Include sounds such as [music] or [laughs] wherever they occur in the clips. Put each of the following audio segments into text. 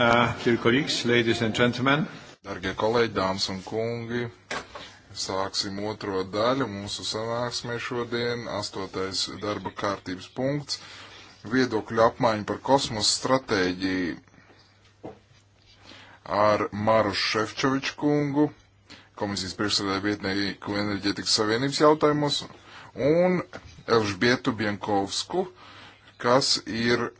Uh, Darbie kolēģi, dāmas un kungi, sāksim otro daļu mūsu sanāksmē šodien, astotais darba kārtības punkts - viedokļu apmaiņa par kosmosa stratēģiju ar Maru Šefčoviču kungu, komisijas priekšsēdētāju vietnieku enerģetikas savienības jautājumos, un Elžbietu Bienkovsku, kas ir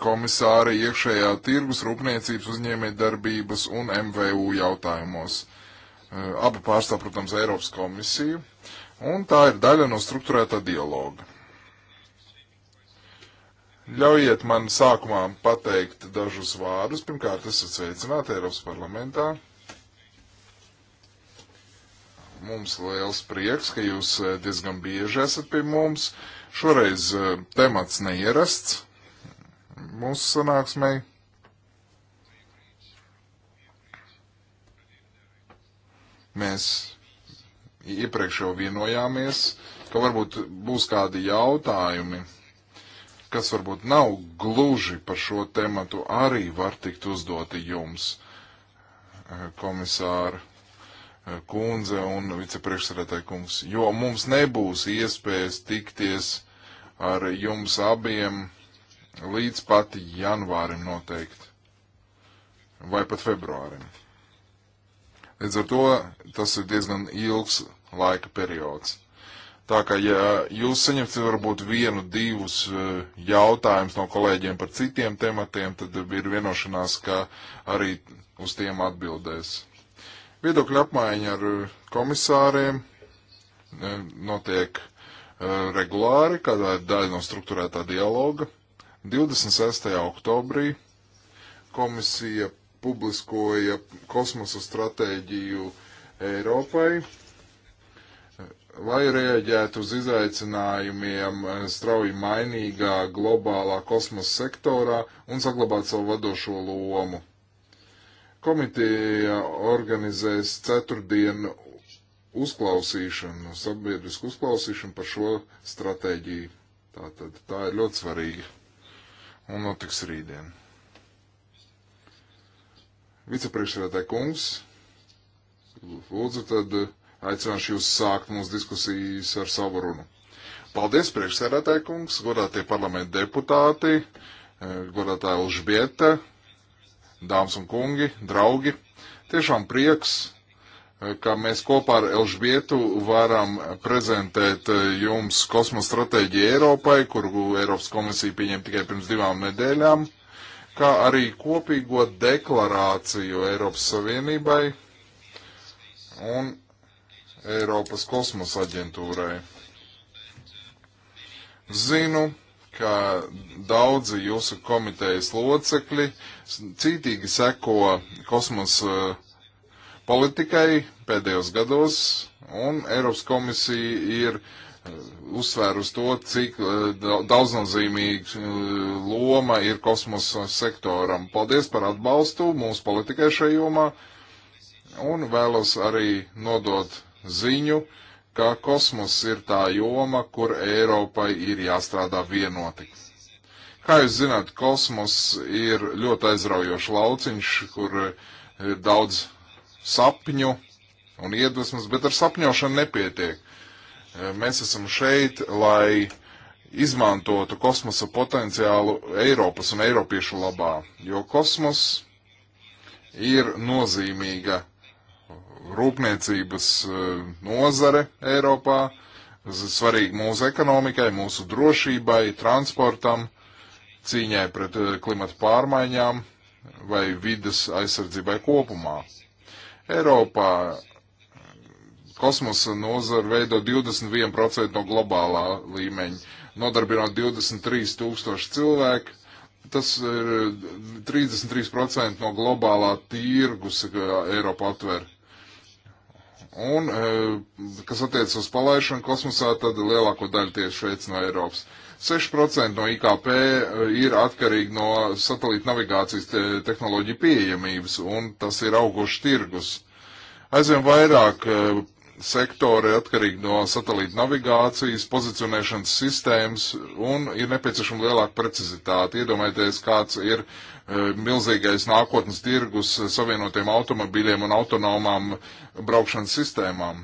komisāra iekšējā tirgus, rūpniecības uzņēmējdarbības un MVU jautājumos. Eh, Abi pārstāv, protams, Eiropas komisiju, un tā ir daļa no struktūrētā dialoga. Ļaujiet man sākumā pateikt dažus vārdus. Pirmkārt, esat sveicināti Eiropas parlamentā. Mums liels prieks, ka jūs eh, diezgan bieži esat pie mums. Šoreiz eh, temats neierasts mūsu sanāksmei. Mēs iepriekš jau vienojāmies, ka varbūt būs kādi jautājumi, kas varbūt nav gluži par šo tematu, arī var tikt uzdoti jums, eh, komisāra eh, kundze un vicepriekšsēdētāja kungs, jo mums nebūs iespējas tikties ar jums abiem līdz pat janvārim noteikti, vai pat februārim. Līdz ar to tas ir diezgan ilgs laika periods. Tā kā, ja jūs saņemat varbūt vienu, divus eh, jautājumus no kolēģiem par citiem tematiem, tad ir vienošanās, ka arī uz tiem atbildēs. Viedokļa apmaiņa ar eh, komisāriem eh, notiek regulāri, kādā ir daļa no struktūrētā dialoga 26. oktobrī komisija publiskoja kosmosa stratēģiju Eiropai, lai reaģētu uz izaicinājumiem eh, strauji mainīgā globālā kosmosa sektorā un saglabātu savu vadošo lomu. Komiteja organizēs ceturtdienu uzklausīšanu, sabiedrisku uzklausīšanu par šo stratēģiju. Tātad tā ir ļoti svarīga un notiks rītdien. Vicepriekšsēdētāji kungs, lūdzu tad eh, aicināšu jūs sākt mūsu diskusijas ar savu runu. Paldies, priekšsēdētāji kungs, godātie parlamenta deputāti, eh, godātāja Elžbieta, dāmas un kungi, draugi. Tiešām prieks ka mēs kopā ar Elžbietu varam prezentēt eh, jums kosmosa stratēģiju Eiropai, kuru Eiropas komisija pieņem tikai pirms divām nedēļām, kā arī kopīgo deklarāciju Eiropas Savienībai un Eiropas kosmosa aģentūrai. Zinu, ka daudzi jūsu komitejas locekļi cītīgi seko kosmosa uh, politikai pēdējos gados, un Eiropas komisija ir eh, uzsvērus to, cik eh, daudznozīmīga eh, loma ir kosmosa sektoram. Paldies par atbalstu mūsu politikai šajā jomā un vēlos arī nodot ziņu, ka kosmos ir tā joma, kur Eiropai ir jāstrādā vienoti. Kā jūs zināt, kosmos ir ļoti aizraujošs lauciņš, kur ir daudz sapņu un iedvesmas, bet ar sapņošanu nepietiek. E, mēs esam šeit, lai izmantotu kosmosa potenciālu Eiropas un Eiropiešu labā, jo kosmos ir nozīmīga rūpniecības e, nozare Eiropā, svarīga mūsu ekonomikai, mūsu drošībai, transportam, cīņai pret e, klimatu pārmaiņām vai vidas aizsardzībai kopumā. Eiropā kosmosa nozara veido 21% no globālā līmeņa, nodarbinot 23 tūkstoši cilvēku. Tas ir 33% no globālā tirgus, kā Eiropa atver. Un, eh, kas attiecas uz palaišanu kosmosā, tad lielāko daļu tieši veic no Eiropas. Uh, 6% no IKP eh, ir atkarīgi no satelīta navigācijas te tehnoloģiju pieejamības, un tas ir augošs tirgus. Aizvien vairāk eh, sektori atkarīgi no satelīta navigācijas, pozicionēšanas sistēmas un ir nepieciešama lielāka precizitāte. Iedomājieties, kāds ir e, milzīgais nākotnes tirgus savienotiem automobiļiem un autonomām braukšanas sistēmām.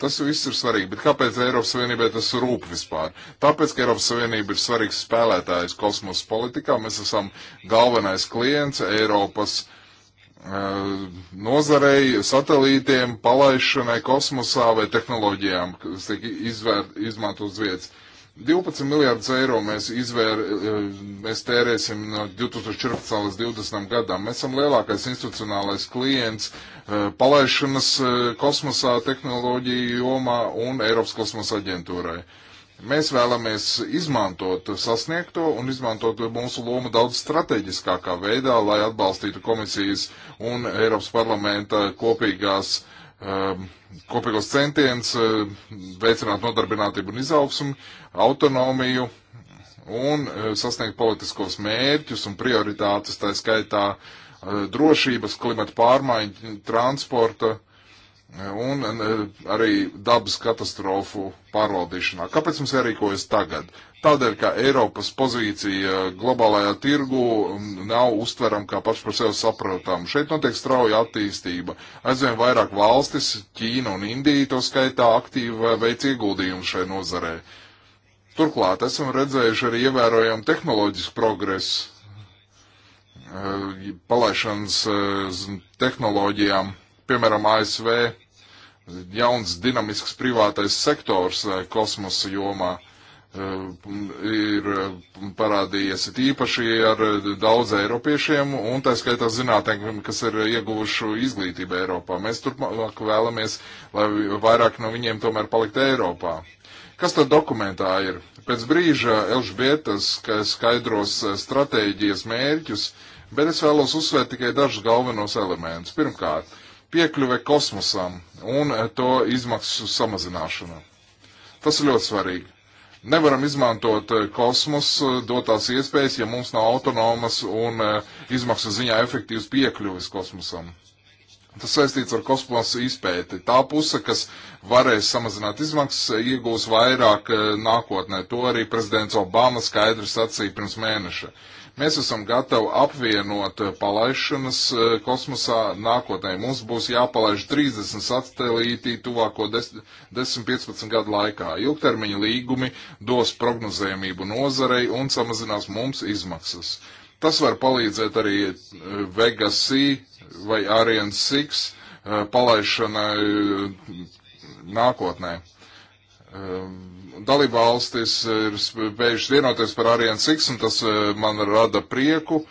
Tas viss ir svarīgi, bet kāpēc Eiropas Savienībai tas rūp vispār? Tāpēc, ka Eiropas Savienība ir svarīgs spēlētājs kosmosa politikā, mēs esam galvenais klients Eiropas uh, nozarei, satelītiem, palaišanai kosmosā vai tehnoloģijām, kas tiek izvērt, izmantotas vietas. Uh, 12 miljārdus eiro mēs, izvēr, e, mēs tērēsim no 2014. līdz 2020. gadam. Mēs esam lielākais institucionālais klients e, palaišanas e, kosmosā, tehnoloģiju jomā un Eiropas kosmosa aģentūrai. Mēs vēlamies izmantot sasniegto un izmantot mūsu lomu daudz strateģiskākā veidā, lai atbalstītu komisijas un Eiropas parlamenta kopīgās uh, Ehm, kopīgos centiens ehm, veicināt nodarbinātību un izaugsmu, autonomiju un eh, sasniegt politiskos mērķus un prioritātes, tā skaitā eh, drošības, klimata pārmaiņu, transporta eh, un arī dabas katastrofu pārvaldīšanā. Kāpēc mums jārīkojas tagad? Tādēļ, ka Eiropas pozīcija globālajā tirgu nav uztveram kā paši par sevi saprotam. Šeit notiek strauja attīstība. Aizvien vairāk valstis, Ķīna un Indija, to skaitā aktīvi veic ieguldījumu šai nozarē. Turklāt esam redzējuši arī ievērojamu tehnoloģisku progresu, eh, palaišanas eh, tehnoloģijām, piemēram, ASV jauns dinamisks privātais sektors eh, kosmosa jomā. Eh, ir eh, parādījies īpaši ar eh, daudz eiropiešiem un tā skaitā zinātniekiem, kas ir ieguvuši izglītību Eiropā. Mēs turpmāk vēlamies, lai vairāk no viņiem tomēr palikt Eiropā. Kas tad dokumentā ir? Pēc brīža Elžbietas skaidros stratēģijas mērķus, bet es vēlos uzsvērt tikai dažus galvenos elementus. Pirmkārt, piekļuve kosmosam un to izmaksu samazināšana. Tas ir ļoti svarīgi Nevaram izmantot eh, kosmosu eh, dotās iespējas, ja mums nav autonomas un eh, izmaksu ziņā efektīvas piekļuvis kosmosam. Tas saistīts ar kosmosa izpēti. Tā puse, kas varēs samazināt izmaksas, iegūs vairāk nākotnē. To arī prezidents Obama skaidri sacīja pirms mēneša. Uh, Mēs esam gatavi apvienot eh, palaišanas eh, kosmosā nākotnē. Mums būs jāpalaiž 30 satelītī tuvāko 10-15 gadu laikā. Ilgtermiņa līgumi dos prognozējumību nozarei un samazinās mums izmaksas. Tas var palīdzēt arī eh, Vega C vai Ariane 6 palaišanai nākotnē dalībvalstis ir spējušas vienoties par Ariane 6, un tas eh, man rada prieku.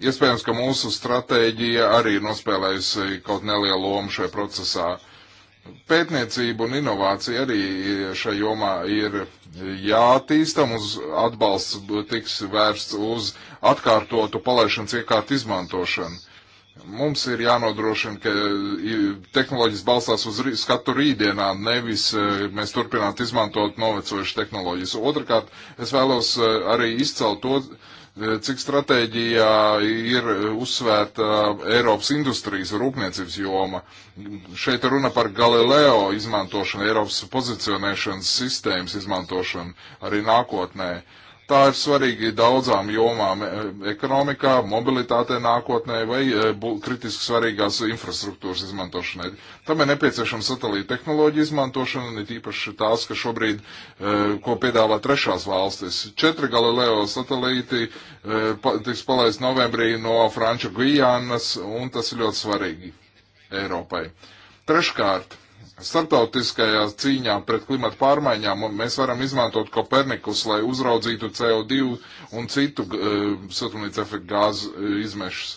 Iespējams, ka mūsu stratēģija arī ir nospēlējusi kaut nelielu lomu šajā procesā. Pētniecība un inovācija arī šajā jomā ir jātīsta, mums atbalsts tiks vērsts uz atkārtotu palaišanas iekārtu izmantošanu Mums ir jānodrošina, ka tehnoloģijas balstās uz skatu rītdienā, nevis e, mēs turpināt izmantot novecojušas tehnoloģijas. Otrakārt, es vēlos e, arī izcelt to, e, cik stratēģijā ir uzsvērta Eiropas industrijas rūpniecības joma. Šeit runa par Galileo izmantošanu, Eiropas pozicionēšanas sistēmas izmantošanu arī nākotnē. Uh, Tā ir svarīga daudzām jomām - e, ekonomikā, mobilitātē nākotnē vai e, kritiski svarīgās infrastruktūras izmantošanai. Tam ir nepieciešama satelīta tehnoloģija izmantošana, un it īpaši tās, kas šobrīd, e, ko piedāvā trešās valstis. Četri Galileo satelīti tiks palaist novembrī no Franča Gujānas, un tas ir ļoti svarīgi Eiropai. Treškārt, starptautiskajā cīņā pret klimatu pārmaiņām mēs varam izmantot Kopernikus, lai uzraudzītu CO2 un citu e, eh, satunīca efektu gāzu eh, izmešus.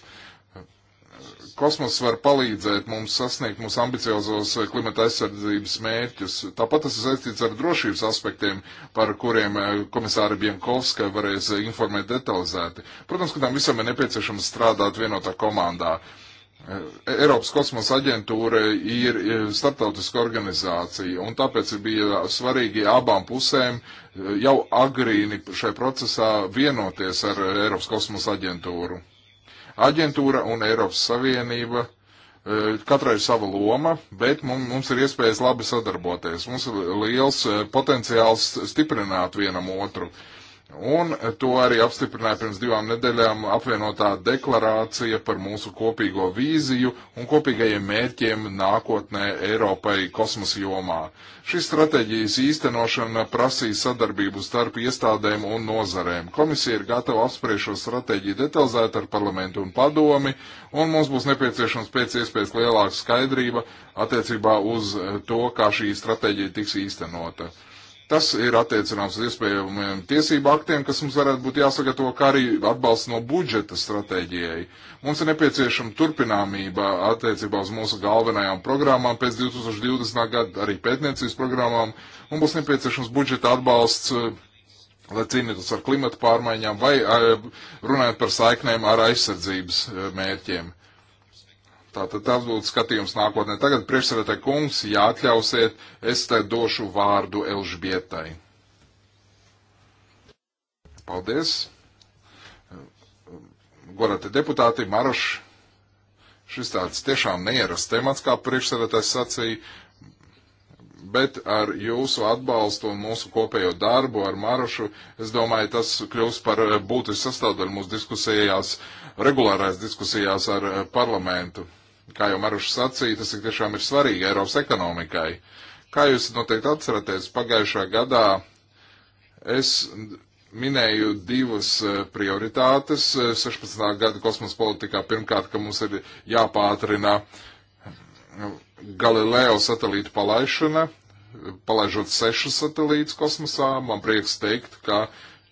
Kosmos var palīdzēt mums sasniegt mūsu ambiciozos eh, klimata aizsardzības mērķus. Tāpat tas ir saistīts ar drošības aspektiem, par kuriem komisāra Bienkovska varēs informēt detalizēti. Protams, ka tam visam ir nepieciešams strādāt vienotā komandā. Uh, E, Eiropas kosmosa aģentūra ir e, starptautiska organizācija, un tāpēc bija svarīgi abām pusēm e, jau agrīni šai procesā vienoties ar Eiropas kosmosa aģentūru. Aģentūra un Eiropas Savienība katrai ir sava loma, bet mums ir iespējas labi sadarboties. Mums ir liels potenciāls stiprināt vienam otru. Uh, Un to arī apstiprināja pirms divām nedēļām apvienotā deklarācija par mūsu kopīgo vīziju un kopīgajiem mērķiem nākotnē Eiropai kosmosa jomā. Šīs stratēģijas īstenošana prasīs sadarbību starp iestādēm un nozarēm. Komisija ir gatava apspriest šo stratēģiju detalizēt ar parlamentu un padomi, un mums būs nepieciešams pēc iespējas lielāka skaidrība attiecībā uz to, kā šī stratēģija tiks īstenota. Tas ir attiecināms uz iespējamiem tiesību aktiem, kas mums varētu būt jāsagatavo, kā arī atbalsts no budžeta stratēģijai. Mums ir nepieciešama turpināmība attiecībā uz mūsu galvenajām programmām pēc 2020. gada, arī pētniecības programmām. Mums būs nepieciešams budžeta atbalsts, eh, lai cīnītos ar klimatu pārmaiņām vai eh, runājot par saiknēm ar aizsardzības eh, mērķiem. Tātad tas būtu skatījums nākotnē. Tagad priekšsēdētāji kungs, ja atļausiet, es te došu vārdu Elžbietai. Paldies. Gorate deputāti, Maraš, šis tāds tiešām neieras temats, kā priekšsēdētājs sacīja, bet ar jūsu atbalstu un mūsu kopējo darbu ar Marošu, es domāju, tas kļūs par eh, būtisku sastāvdaļu mūsu diskusijās, regulārās diskusijās ar eh, parlamentu. Kā jau Maruša sacīja, tas ir tiešām ir svarīgi Eiropas ekonomikai. Kā jūs noteikti atceraties, pagājušā gadā es minēju divas eh, prioritātes 16. Eh, gada kosmosa politikā. Pirmkārt, ka mums ir jāpātrina eh, Galileo satelīta palaišana, palaižot sešus satelītus kosmosā. Man prieks teikt, ka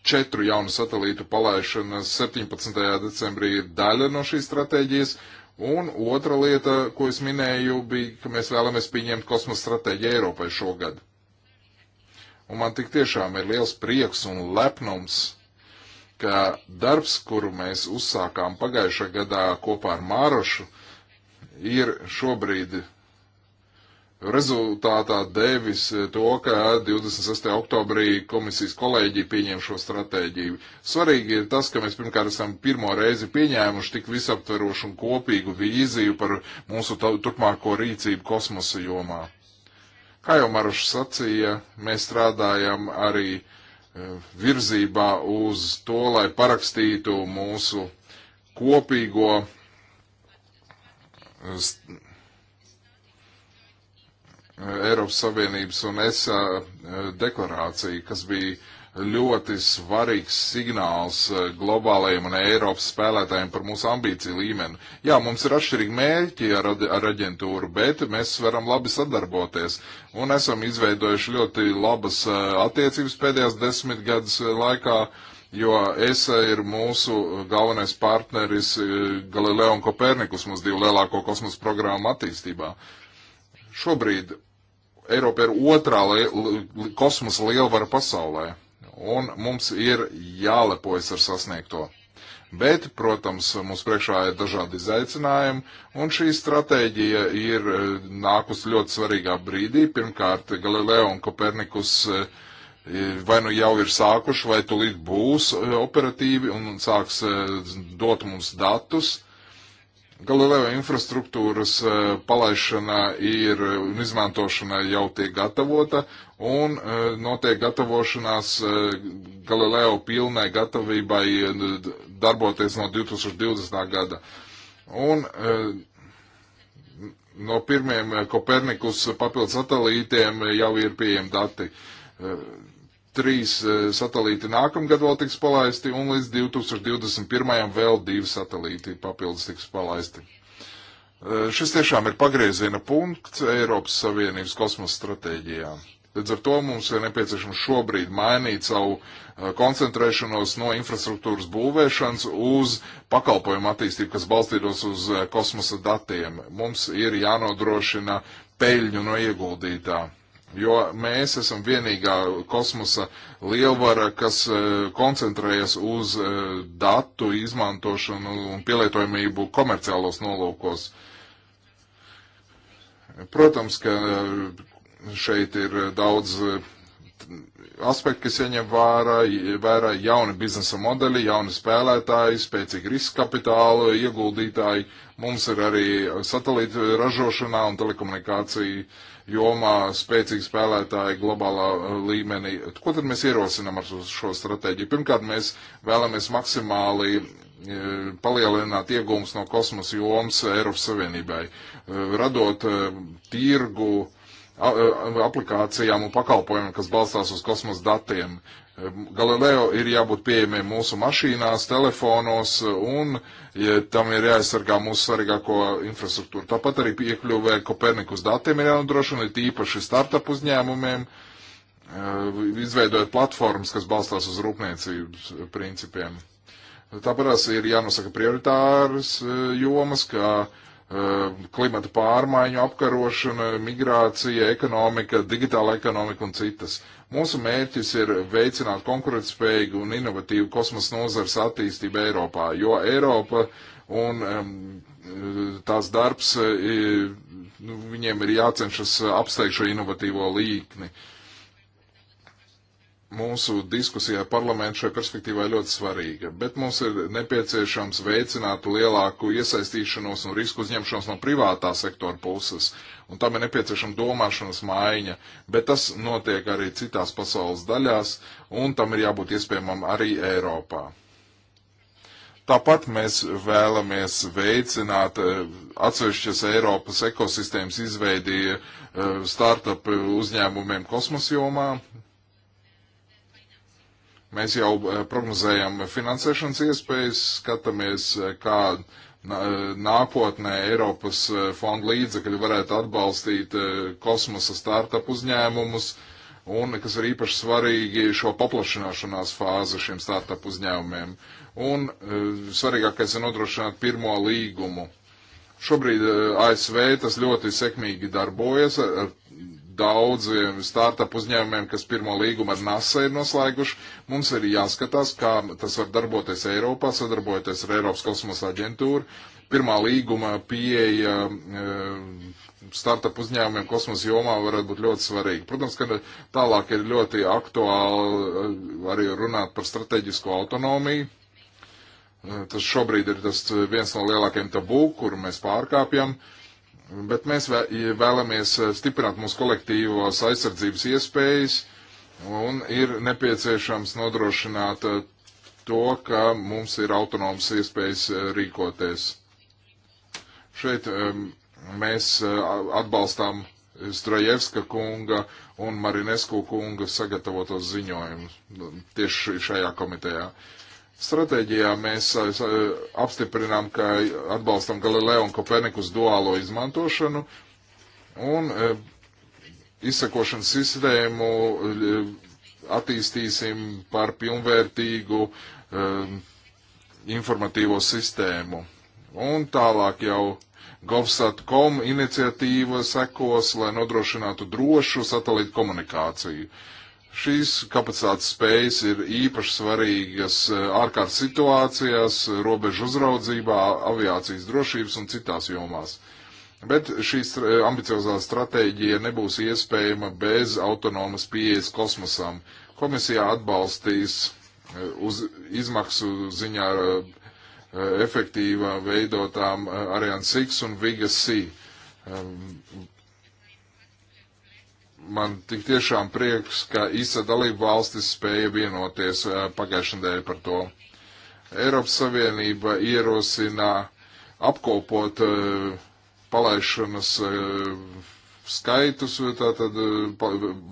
četru jaunu satelītu palaišana 17. decembrī ir daļa no šīs stratēģijas, Un otra lieta, ko es minēju, bija, ka mēs vēlamies pieņemt kosmosa stratēģiju Eiropai šogad. Un man tik tiešām ir liels prieks un lepnums, ka darbs, kuru mēs uzsākām pagājušā gadā kopā ar Mārošu, ir šobrīd rezultātā devis eh, to, ka 26. oktobrī komisijas kolēģi pieņem šo stratēģiju. Svarīgi ir tas, ka mēs pirmkārt esam pirmo reizi pieņēmuši tik visaptverošu un kopīgu vīziju par mūsu turpmāko rīcību kosmosa jomā. Kā jau Marušs sacīja, mēs strādājam arī eh, virzībā uz to, lai parakstītu mūsu kopīgo eh, st Eiropas Savienības un ESA e, deklarācija, kas bija ļoti svarīgs signāls e, globālajiem un Eiropas spēlētājiem par mūsu ambīciju līmeni. Jā, mums ir atšķirīgi mērķi ar, ar aģentūru, bet mēs varam labi sadarboties un esam izveidojuši ļoti labas e, attiecības pēdējās desmit gadus laikā, jo ESA ir mūsu galvenais partneris Galileo un Kopernikus, mūsu divu lielāko kosmosa programmu attīstībā. Šobrīd Eiropa ir otrā li, li, kosmosa lielvara pasaulē, un mums ir jālepojas ar sasniegto. Bet, protams, mums priekšā ir dažādi izaicinājumi, un šī stratēģija ir e, nākus ļoti svarīgā brīdī. Pirmkārt, Galileo un Kopernikus e, e, vai nu jau ir sākuši, vai tūlīt būs operatīvi un sāks dot mums datus Galileo infrastruktūras eh, palaišanā ir un izmantošanā jau tiek gatavota, un eh, notiek gatavošanās eh, Galileo pilnai gatavībai darboties no 2020. gada. Un no pirmiem Kopernikus papildus satelītiem jau ir pieejami dati trīs eh, satelīti nākamgad vēl tiks palaisti, un līdz 2021. vēl divi satelīti papildus tiks palaisti. Eh, šis tiešām ir pagrieziena punkts Eiropas Savienības kosmosa stratēģijā. Līdz ar to mums ir nepieciešams šobrīd mainīt savu eh, koncentrēšanos no infrastruktūras būvēšanas uz pakalpojumu attīstību, kas balstītos uz kosmosa datiem. Mums ir jānodrošina peļņu no ieguldītā jo mēs esam vienīgā kosmosa lielvara, kas e, koncentrējas uz e, datu izmantošanu un pielietojamību komerciālos nolūkos. Protams, ka e, šeit ir daudz aspekti, kas ieņem vērā, vērā jauni biznesa modeļi, jauni spēlētāji, spēcīgi riska kapitāla, ieguldītāji. Mums ir arī satelīta ražošanā un telekomunikācija jomā spēcīgi spēlētāji globālā uh, līmenī. Ko tad mēs ierosinām ar šo stratēģiju? Pirmkārt, mēs vēlamies maksimāli uh, palielināt iegūmus no kosmosa jomas Eiropas Savienībai, uh, radot tirgu, aplikācijām un pakalpojumiem, kas balstās uz kosmosa datiem. Galileo ir jābūt pieejamiem mūsu mašīnās, telefonos un ja tam ir jāaizsargā mūsu svarīgāko infrastruktūru. Tāpat arī piekļuvē Kopernikus datiem ir jānodrošina, ir īpaši startup uzņēmumiem, eh, izveidojot platformas, kas balstās uz rūpniecības principiem. Tāpēc ir jānosaka prioritāras eh, jomas, kā uh, Um, klimata pārmaiņu apkarošana, migrācija, ekonomika, digitāla ekonomika un citas. Mūsu mērķis ir veicināt konkurētspējīgu un inovatīvu kosmosa nozars attīstību Eiropā, jo Eiropa un um, tās darbs, e, nu, viņiem ir jācenšas apsteigt šo inovatīvo līkni. Uh, mūsu diskusijā parlamentā šai perspektīvai ļoti svarīga, bet mums ir nepieciešams veicināt lielāku iesaistīšanos un risku uzņemšanos no privātā sektora puses, un tam ir nepieciešama domāšanas maiņa, bet tas notiek arī citās pasaules daļās, un tam ir jābūt iespējamam arī Eiropā. Tāpat mēs vēlamies veicināt e, atsevišķas Eiropas ekosistēmas izveidi e, startup uzņēmumiem kosmosjomā, Mēs jau eh, prognozējam finansēšanas iespējas, skatāmies, eh, kā eh, nākotnē Eiropas fonda līdzekļi varētu atbalstīt kosmosa startup uzņēmumus, un, kas ir īpaši svarīgi, šo paplašināšanās fāzi šiem startup uzņēmumiem. Un svarīgākais ir nodrošināt pirmo līgumu. Šobrīd ASV tas ļoti sekmīgi darbojas ar daudziem startup uzņēmumiem, kas pirmo līgumu ar NASA ir noslēguši. Mums ir jāskatās, kā tas var darboties Eiropā, sadarbojoties ar Eiropas kosmosa aģentūru. Pirmā līguma pieeja eh, startup uzņēmumiem kosmosa jomā varētu būt ļoti svarīga. Protams, ka tālāk ir ļoti aktuāli eh, arī runāt par strateģisko autonomiju. Eh, tas šobrīd ir tas viens no lielākajiem tabū, kuru mēs pārkāpjam. Uh, Bet mēs vēlamies eh, stiprināt mūsu kolektīvos aizsardzības iespējas un ir nepieciešams nodrošināt eh, to, ka mums ir autonomas iespējas eh, rīkoties. Šeit mēs atbalstām Strojevska kunga un Marinesku kunga sagatavotos ziņojumus tieši šajā komitejā. Uh, Stratēģijā mēs eh, eh, apstiprinām, ka atbalstam Galileo un Kopernikus duālo izmantošanu un eh, izsakošanas sistēmu attīstīsim par pilnvērtīgu informatīvo sistēmu. Un tālāk jau Govsat.com iniciatīva sekos, lai nodrošinātu drošu satelītu komunikāciju. Uh, Šīs kapacitātes spējas ir īpaši svarīgas e, ārkārtas situācijās, robežu uzraudzībā, aviācijas drošības un citās jomās. Bet šī e, ambiciozā stratēģija nebūs iespējama bez autonomas pieejas kosmosam. Komisijā atbalstīs e, uz izmaksu ziņā efektīvā veidotām Ariane 6 un Viga C man tik tiešām prieks, ka ISA dalību valstis spēja vienoties pagājušajā nedēļā par to. Eiropas Savienība ierosina apkopot palaišanas skaitus, tātad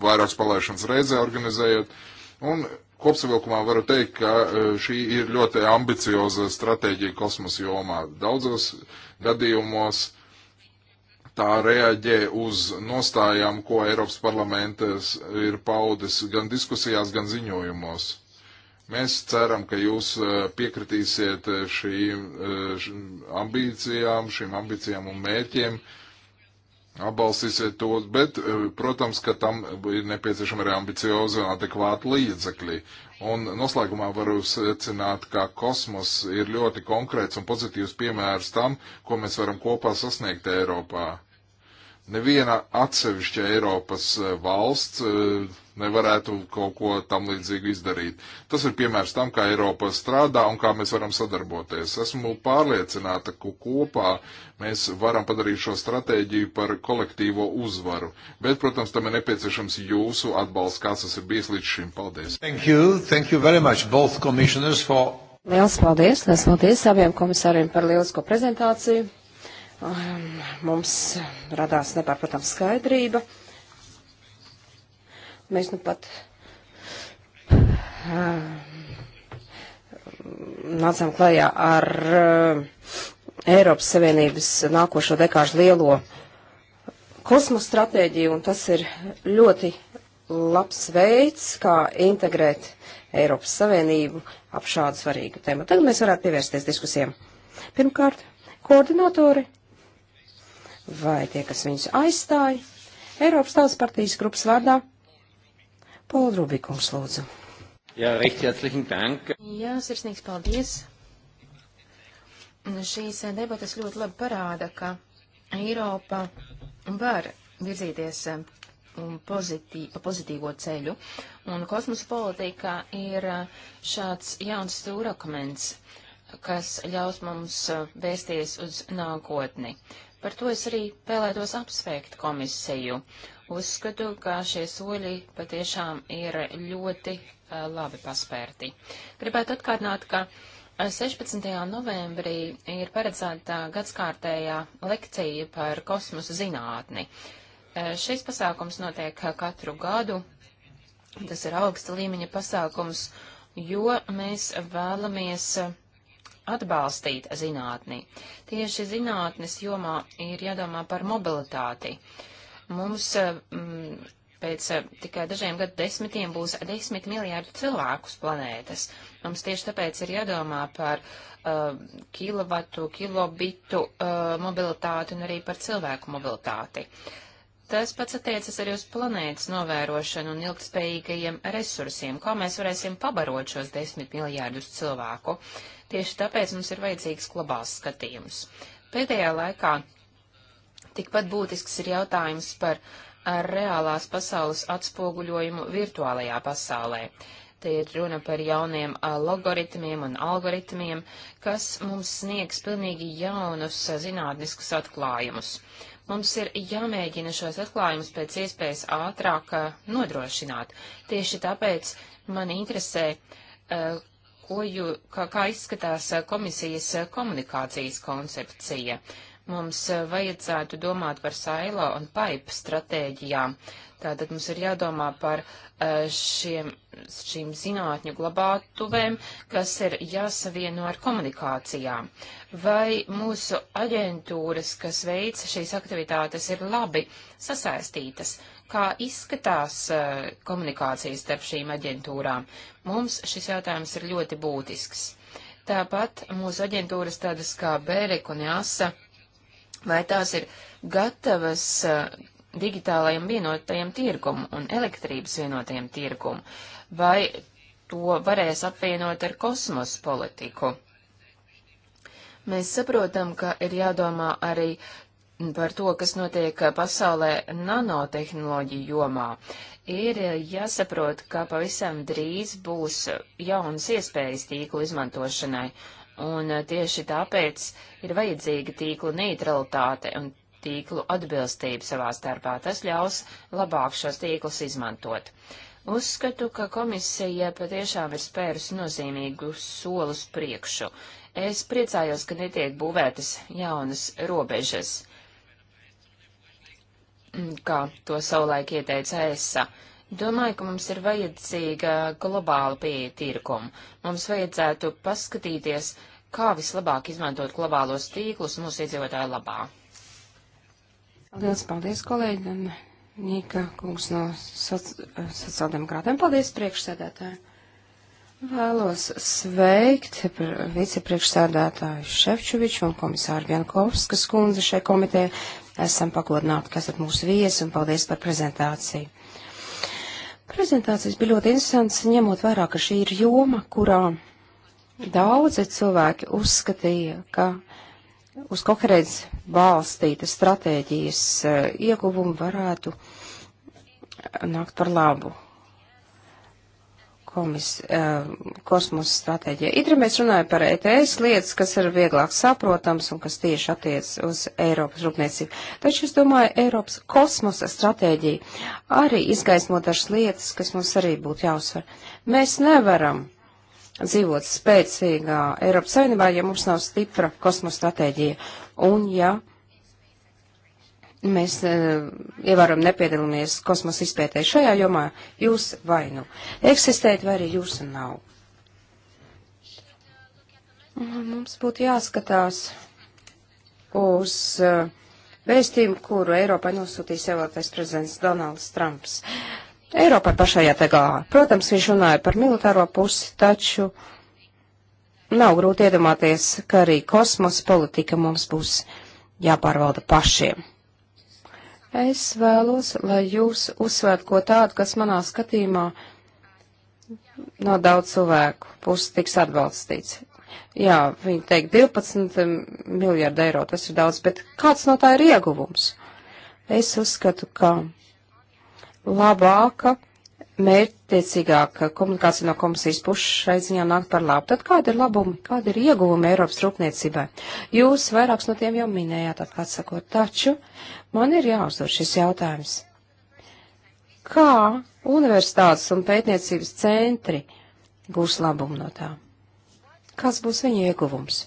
vairākas palaišanas reizē organizējot. Un kopsavilkumā varu teikt, ka šī ir ļoti ambicioza stratēģija kosmosa jomā. Daudzos gadījumos tā reaģē uz nostājām, ko Eiropas parlamentas ir paudis gan diskusijās, gan ziņojumos. Mēs ceram, ka jūs eh, piekritīsiet eh, šīm eh, ambīcijām, šīm ambīcijām un mērķiem, atbalstīsiet to, bet, protams, ka tam ir nepieciešama arī ambicioza un adekvāta līdzekļi. Un noslēgumā varu secināt, ka kosmos ir ļoti konkrēts un pozitīvs piemērs tam, ko mēs varam kopā sasniegt Eiropā. Neviena atsevišķa Eiropas eh, valsts eh, nevarētu kaut ko tam līdzīgu izdarīt. Tas ir piemērs tam, kā Eiropa strādā un kā mēs varam sadarboties. Esmu pārliecināta, ka kopā mēs varam padarīt šo stratēģiju par kolektīvo uzvaru. Bet, protams, tam ir nepieciešams jūsu atbalsts, kāds tas ir bijis līdz šim. Paldies! Thank you, thank you very much, both commissioners for. Liels paldies, liels paldies abiem komisāriem par lielisko prezentāciju. Mums radās nepārprotams skaidrība. Mēs nu pat nācām klajā ar Eiropas Savienības nākošo dekāžu lielo kosmosa stratēģiju, un tas ir ļoti labs veids, kā integrēt Eiropas Savienību ap šādu svarīgu tēmu. Tagad mēs varētu pievērsties diskusijām. Pirmkārt, koordinatori vai tie, kas viņus aizstāja. Eiropas Tautas partijas grupas vārdā Paula Rubikums lūdzu. Jā, recht herzlichen dank. Jā, sirsnīgs paldies. Šīs debatas ļoti labi parāda, ka Eiropa var virzīties um, pozitī, pa pozitīvo ceļu, un kosmosa politika ir uh, šāds jauns stūrakmens, kas ļaus mums uh, vēsties uz nākotni. Uh, Par to es arī vēlētos apsveikt komisiju. Uzskatu, ka šie soļi patiešām ir ļoti uh, labi paspērti. Gribētu atkārtināt, ka 16. Eh, novembrī ir paredzēta gadskārtējā lekcija par kosmosa zinātni. Uh, šis pasākums notiek katru gadu. Tas ir augsta līmeņa pasākums, jo mēs vēlamies uh, atbalstīt zinātni. Tieši zinātnes jomā ir jādomā par mobilitāti. Mums eh, m, mm, pēc eh, tikai dažiem gadu desmitiem būs desmit miljārdu cilvēku uz planētas. Mums tieši tāpēc ir jādomā par uh, kilovatu, kilobitu uh, mobilitāti un arī par cilvēku mobilitāti. Uh, Tas pats attiecas arī uz planētas novērošanu un ilgspējīgajiem resursiem, kā mēs varēsim pabarot šos desmit miljārdus cilvēku. Tieši tāpēc mums ir vajadzīgs globāls skatījums. Pēdējā laikā tikpat būtisks ir jautājums par reālās pasaules atspoguļojumu virtuālajā pasaulē. Te ir runa par jauniem logaritmiem un algoritmiem, kas mums sniegs pilnīgi jaunus zinātniskus atklājumus. Mums ir jāmēģina šos atklājumus pēc iespējas ātrāk uh, nodrošināt. Tieši tāpēc man interesē, uh, ko jū, kā, kā izskatās uh, komisijas komunikācijas koncepcija. Mums vajadzētu domāt par sailo un paipu stratēģijām. Uh, Tātad mums ir jādomā par eh, šiem, šīm zinātņu glabātuvēm, kas ir jāsavieno ar komunikācijām. Vai mūsu aģentūras, kas veica šīs aktivitātes, ir labi sasaistītas? Kā izskatās eh, komunikācijas starp šīm aģentūrām? Mums šis jautājums ir ļoti būtisks. Tāpat mūsu aģentūras tādas kā Bērek un Jāsa, vai tās ir gatavas eh, digitālajam vienotajam tirgumu un elektrības vienotajam tirgumu, vai to varēs apvienot ar kosmos politiku. Mēs saprotam, ka ir jādomā arī par to, kas notiek pasaulē nanotehnoloģiju jomā. Ir jāsaprot, ka pavisam drīz būs jaunas iespējas tīklu izmantošanai, un tieši tāpēc ir vajadzīga tīkla neutralitāte un tīklu atbilstību savā starpā. Tas ļaus labāk šos tīklus izmantot. Uzskatu, ka komisija patiešām ir spērusi nozīmīgu solus priekšu. Es priecājos, ka netiek būvētas jaunas robežas, kā to savulaik ieteica ESA. Domāju, ka mums ir vajadzīga globāla pieeja tirkumu. Mums vajadzētu paskatīties, kā vislabāk izmantot globālos tīklus mūsu iedzīvotāju labā. Liels paldies, kolēģi, un Nīka kungs no soci sociāldemokrātiem. Paldies, priekšsēdētāji. Vēlos sveikt vicepriekšsēdētāju Šefčoviču un komisāru Jankovskas kundzi šai komitē. Esam pagodināti, kas ir mūsu viesi, un paldies par prezentāciju. Prezentācijas bija ļoti interesants, ņemot vērā, ka šī ir joma, kurā daudzi cilvēki uzskatīja, ka uz koherēdz balstītas stratēģijas eh, ieguvumu varētu nākt par labu komis, uh, kosmosa stratēģija. Itri mēs runājam par ETS lietas, kas ir vieglāk saprotams un kas tieši attiec uz Eiropas rūpniecību. Taču es domāju, Eiropas kosmosa stratēģija arī izgaismo dažas lietas, kas mums arī būtu jāuzsver. Mēs nevaram dzīvot spēcīgā Eiropas Savienībā, ja mums nav stipra kosmosa stratēģija un ja mēs e, eh, ievērojam nepiedalāmies kosmosa izpētē šajā jomā, jūs vai nu eksistēt, vai arī jūs nav. Mums būtu jāskatās uz uh, vēstījumu, kuru Eiropai nosūtīs ievēlētais prezidents Donalds Trumps. Uh, Eiropai pašajā te galā. Protams, viņš runāja par militāro pusi, taču nav grūti iedomāties, ka arī kosmosa politika mums būs jāpārvalda pašiem. Es vēlos, lai jūs uzsvērt ko tādu, kas manā skatījumā no daudz cilvēku puses tiks atbalstīts. Jā, viņi teikt 12 miljārdu eiro, tas ir daudz, bet kāds no tā ir ieguvums? Es uzskatu, ka labāka, mērķtiecīgāka komunikācija no komisijas puses šai ziņā nāk par labu. Tad kāda ir labumi, kāda ir ieguvumi Eiropas rūpniecībai? Jūs vairākus no tiem jau minējāt, atklāt sakot, taču man ir jāuzdod šis jautājums. Kā universitātes un pētniecības centri gūs labumu no tā? Kas būs viņu ieguvums?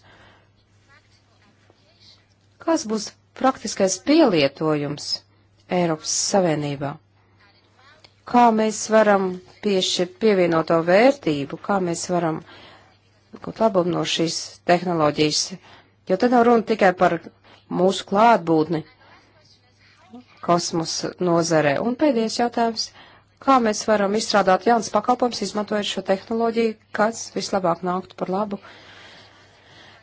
Kas būs praktiskais pielietojums Eiropas Savienībā? kā mēs varam piešķirt pievienoto vērtību, kā mēs varam kaut labumu no šīs tehnoloģijas. Jo te nav runa tikai par mūsu klātbūtni kosmosa nozarē. Un pēdējais jautājums - kā mēs varam izstrādāt jaunas pakalpojumus, izmantojot šo tehnoloģiju, kas vislabāk nāktu par labu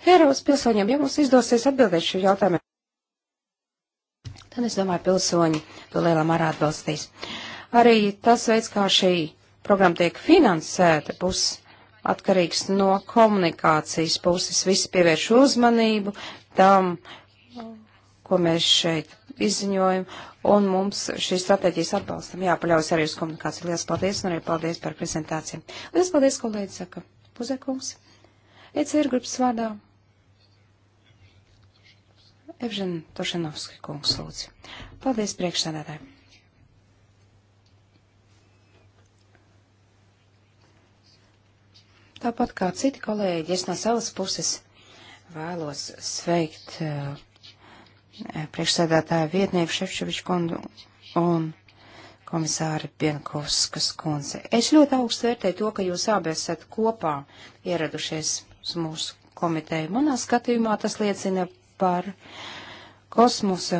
Eiropas pilsoņiem? Ja mums izdosies atbildēt šo jautājumu, tad es domāju, pilsoņi to lielā mērā atbalstīs. Uh, Arī tas veids, kā šī programma tiek finansēta, būs atkarīgs no komunikācijas puses. Visi pievērš uzmanību tam, ko mēs šeit izziņojam, un mums šīs stratēģijas atbalstam jāpaļaujas arī uz komunikāciju. Lielas paldies, un arī paldies par prezentāciju. Lielas paldies, kolēģi, saka Puzekungs. ECR grupas vārdā. Evžen Tošanovski kungs lūdzu. Paldies priekšsēdētāji. Tāpat kā citi kolēģi, es no savas puses vēlos sveikt uh, priekšsēdētāju vietnieku Šefčoviču kundu un komisāri Pienkovskas kundze. Es ļoti augstu vērtēju to, ka jūs abi esat kopā ieradušies uz mūsu komiteju. Manā skatījumā tas liecina par kosmosa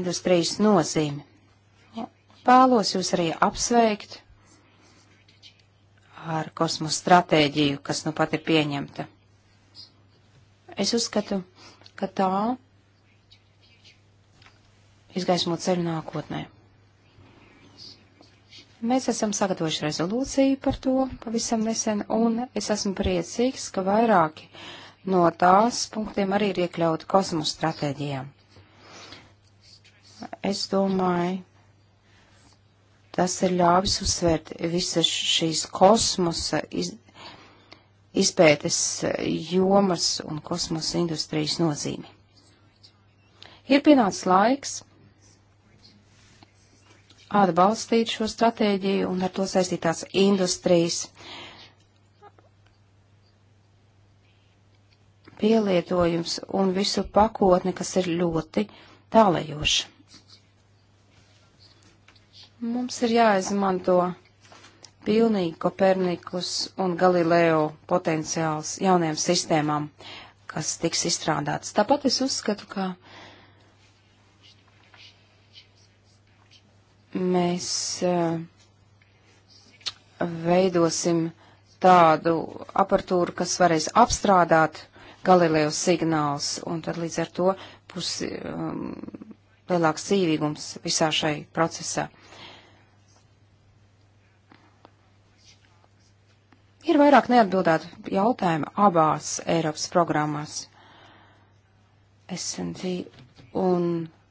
industrijas nozīmi. Vēlos jūs arī apsveikt ar kosmosa stratēģiju, kas nu pat ir pieņemta. Es uzskatu, ka tā izgaismo ceļu nākotnē. Mēs esam sagatavojuši rezolūciju par to pavisam nesen, un es esmu priecīgs, ka vairāki no tās punktiem arī ir iekļauti kosmosa stratēģijām. Es domāju, Tas ir ļāvis uzsvērt visas šīs kosmosa iz, izpētes jomas un kosmosa industrijas nozīmi. Ir pienācis laiks atbalstīt šo stratēģiju un ar to saistītās industrijas, pielietojums un visu pakotni, kas ir ļoti tālējoša. Mums ir jāizmanto pilnīgi Kopernikus un Galileo potenciāls jaunajām sistēmām, kas tiks izstrādāts. Tāpat es uzskatu, ka mēs eh, veidosim tādu aparatūru, kas varēs apstrādāt Galileo signāls, un tad līdz ar to būs um, lielāks cīvīgums visā šai procesā. Ir vairāk neatbildētu jautājumu abās Eiropas programmās. SND un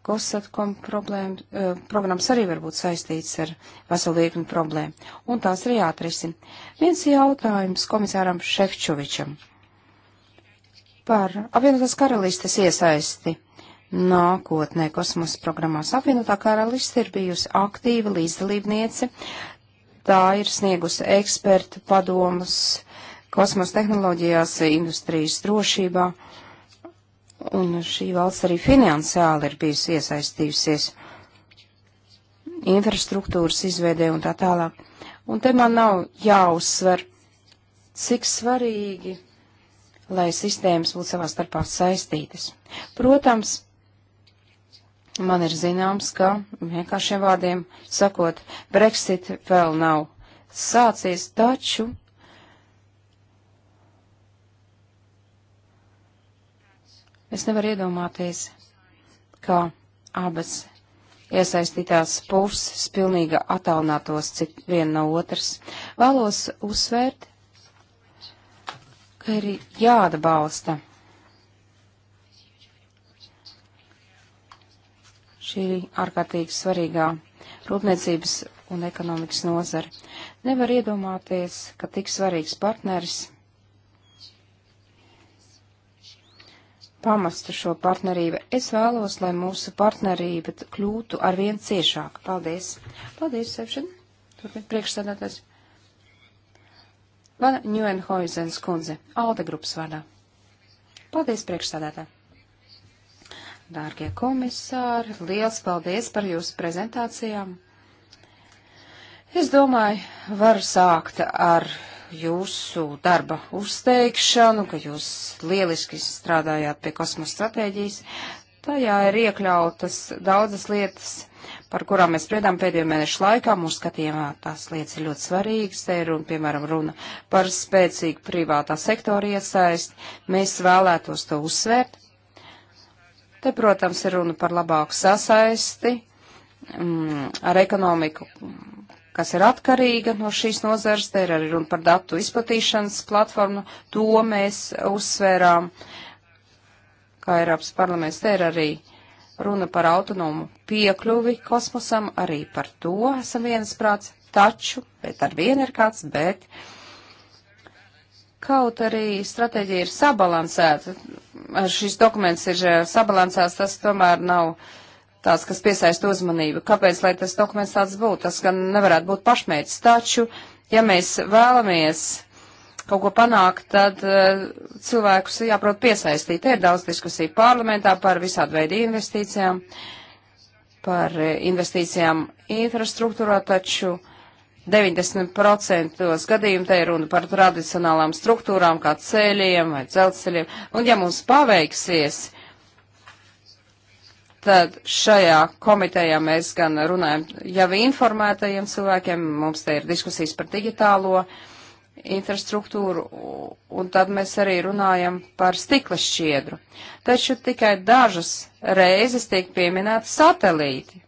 Kosatkom problēma, uh, programmas arī var būt saistīts ar veselīgumu problēmu, un tās arī atrisina. Viens jautājums komisāram Šefčovičam par apvienotās karalistes iesaisti nākotnē kosmosa programmās. Apvienotā karaliste ir bijusi aktīva līdzdalībniece Tā ir sniegusi ekspertu padomus kosmosa tehnoloģijās, industrijas drošībā, un šī valsts arī finansiāli ir bijusi iesaistījusies infrastruktūras izveidē un tā tālāk. Un te man nav jāuzsver, cik svarīgi, lai sistēmas būtu savā starpā saistītas. Protams, Man ir zināms, ka vienkāršiem vārdiem sakot, Brexit vēl nav sācies, taču es nevaru iedomāties, kā abas iesaistītās puses pilnīgi attālinātos cik viena no otras. Vēlos uzsvērt, ka ir jāatbalsta šī ārkārtīgi svarīgā rūpniecības un ekonomikas nozara. Nevar iedomāties, ka tik svarīgs partneris pamestu šo partnerību. Es vēlos, lai mūsu partnerība kļūtu arvien ciešāka. Paldies! Paldies, Sevšin! Turpin priekšstādātājs. Lana Ņuenhoizens kundze, Alde grupas vārdā. Paldies, priekšstādātāji! dārgie komisāri, liels paldies par jūsu prezentācijām. Es domāju, varu sākt ar jūsu darba uzteikšanu, ka jūs lieliski strādājāt pie kosmosa stratēģijas. Tajā ir iekļautas daudzas lietas, par kurām mēs spriedām pēdējo mēnešu laikā. Mūsu skatījumā tās lietas ir ļoti svarīgas. Te ir runa, piemēram, runa par spēcīgu privātā sektora iesaisti. Mēs vēlētos to uzsvērt. Te, protams, ir runa par labāku sasaisti mm, ar ekonomiku, kas ir atkarīga no šīs nozars. Te ir arī runa par datu izplatīšanas platformu. To mēs uzsvērām, kā Eiropas parlaments. Te ir arī runa par autonomu piekļuvi kosmosam. Arī par to esam viensprāts. Taču, bet ar vienu ir kāds, bet. Uh, Kaut arī stratēģija ir sabalansēta, šis dokuments ir eh, sabalansēts, tas tomēr nav tāds, kas piesaista uzmanību. Kāpēc, lai tas dokuments tāds būtu? Tas gan nevarētu būt pašmērķis, taču, ja mēs vēlamies kaut ko panākt, tad uh, cilvēkus jāprot piesaistīt. Te ir daudz diskusiju parlamentā par visādu veidu investīcijām, par eh, investīcijām infrastruktūrā, taču uh, 90% gadījumu te ir runa par tradicionālām struktūrām, kā ceļiem vai dzelzceļiem. Un ja mums paveiksies, tad šajā komitejā mēs gan runājam jau informētajiem cilvēkiem, mums te ir diskusijas par digitālo infrastruktūru, un tad mēs arī runājam par stikla šķiedru. Taču tikai dažas reizes tiek pieminēti satelīti.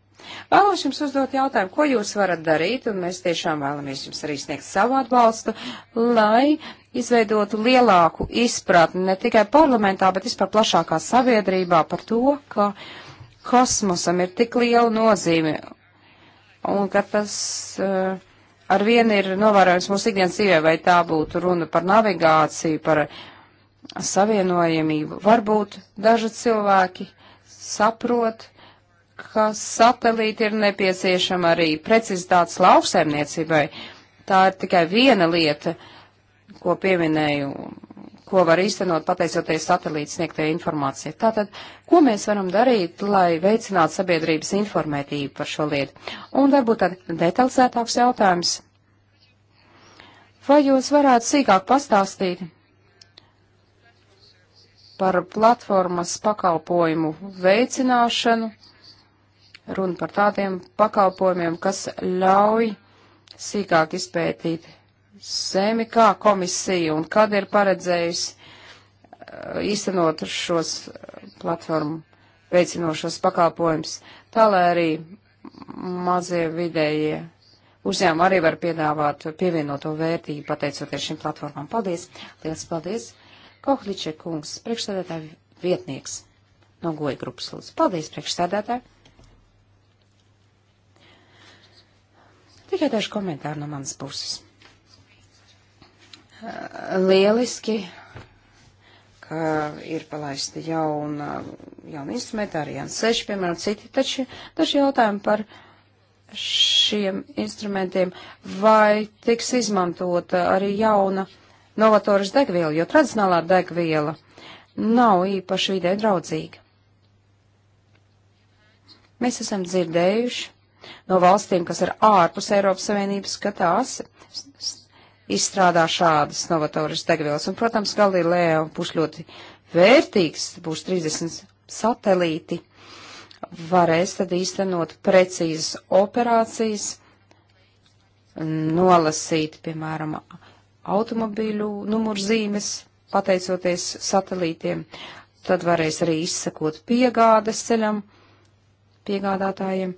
Vēlos jums uzdot jautājumu, ko jūs varat darīt, un mēs tiešām vēlamies jums arī sniegt savu atbalstu, lai izveidotu lielāku izpratni ne tikai parlamentā, bet vispār plašākā sabiedrībā par to, ka kosmosam ir tik liela nozīme un ka tas uh, ar vienu ir novērojams mūsu ikdienas dzīvē, vai tā būtu runa par navigāciju, par savienojamību. Varbūt daži cilvēki saprot, ka satelīti ir nepieciešama arī precizitātes lauksaimniecībai. Tā ir tikai viena lieta, ko pieminēju, ko var īstenot pateicoties satelītas sniegtajai informācijai. Tātad, ko mēs varam darīt, lai veicinātu sabiedrības informētību par šo lietu? Un varbūt tad detalizētāks jautājums. Vai jūs varētu sīkāk pastāstīt par platformas pakalpojumu veicināšanu? Runa par tādiem pakalpojumiem, kas ļauj sīkāk izpētīt zemi, kā komisija un kad ir paredzējusi eh, īstenot šos eh, platformu veicinošos pakalpojumus, tā lai arī mazie vidējie uzņēmumi arī var piedāvāt pievienoto vērtību pateicoties šīm platformām. Paldies! Lielas paldies! Kohličē kungs, priekšsēdētāji vietnieks no goja grupas lūdzu. Paldies, priekšsēdētāji! Tikai daži komentāri no manas puses. Eh, lieliski, ka ir palaisti jauna, jauna instrumenti, arī Jans Seši, piemēram, citi, taču daži jautājumi par šiem instrumentiem, vai tiks izmantota arī jauna novatoras degviela, jo tradicionālā degviela nav īpaši vidē draudzīga. Mēs esam dzirdējuši, no valstīm, kas ir ārpus Eiropas Savienības, ka tās izstrādā šādas novatoras degvielas. Un, protams, Galileo būs ļoti vērtīgs, būs 30 satelīti, varēs tad īstenot precīzas operācijas, nolasīt, piemēram, automobīļu numurzīmes, pateicoties satelītiem, tad varēs arī izsakot piegādes ceļam, piegādātājiem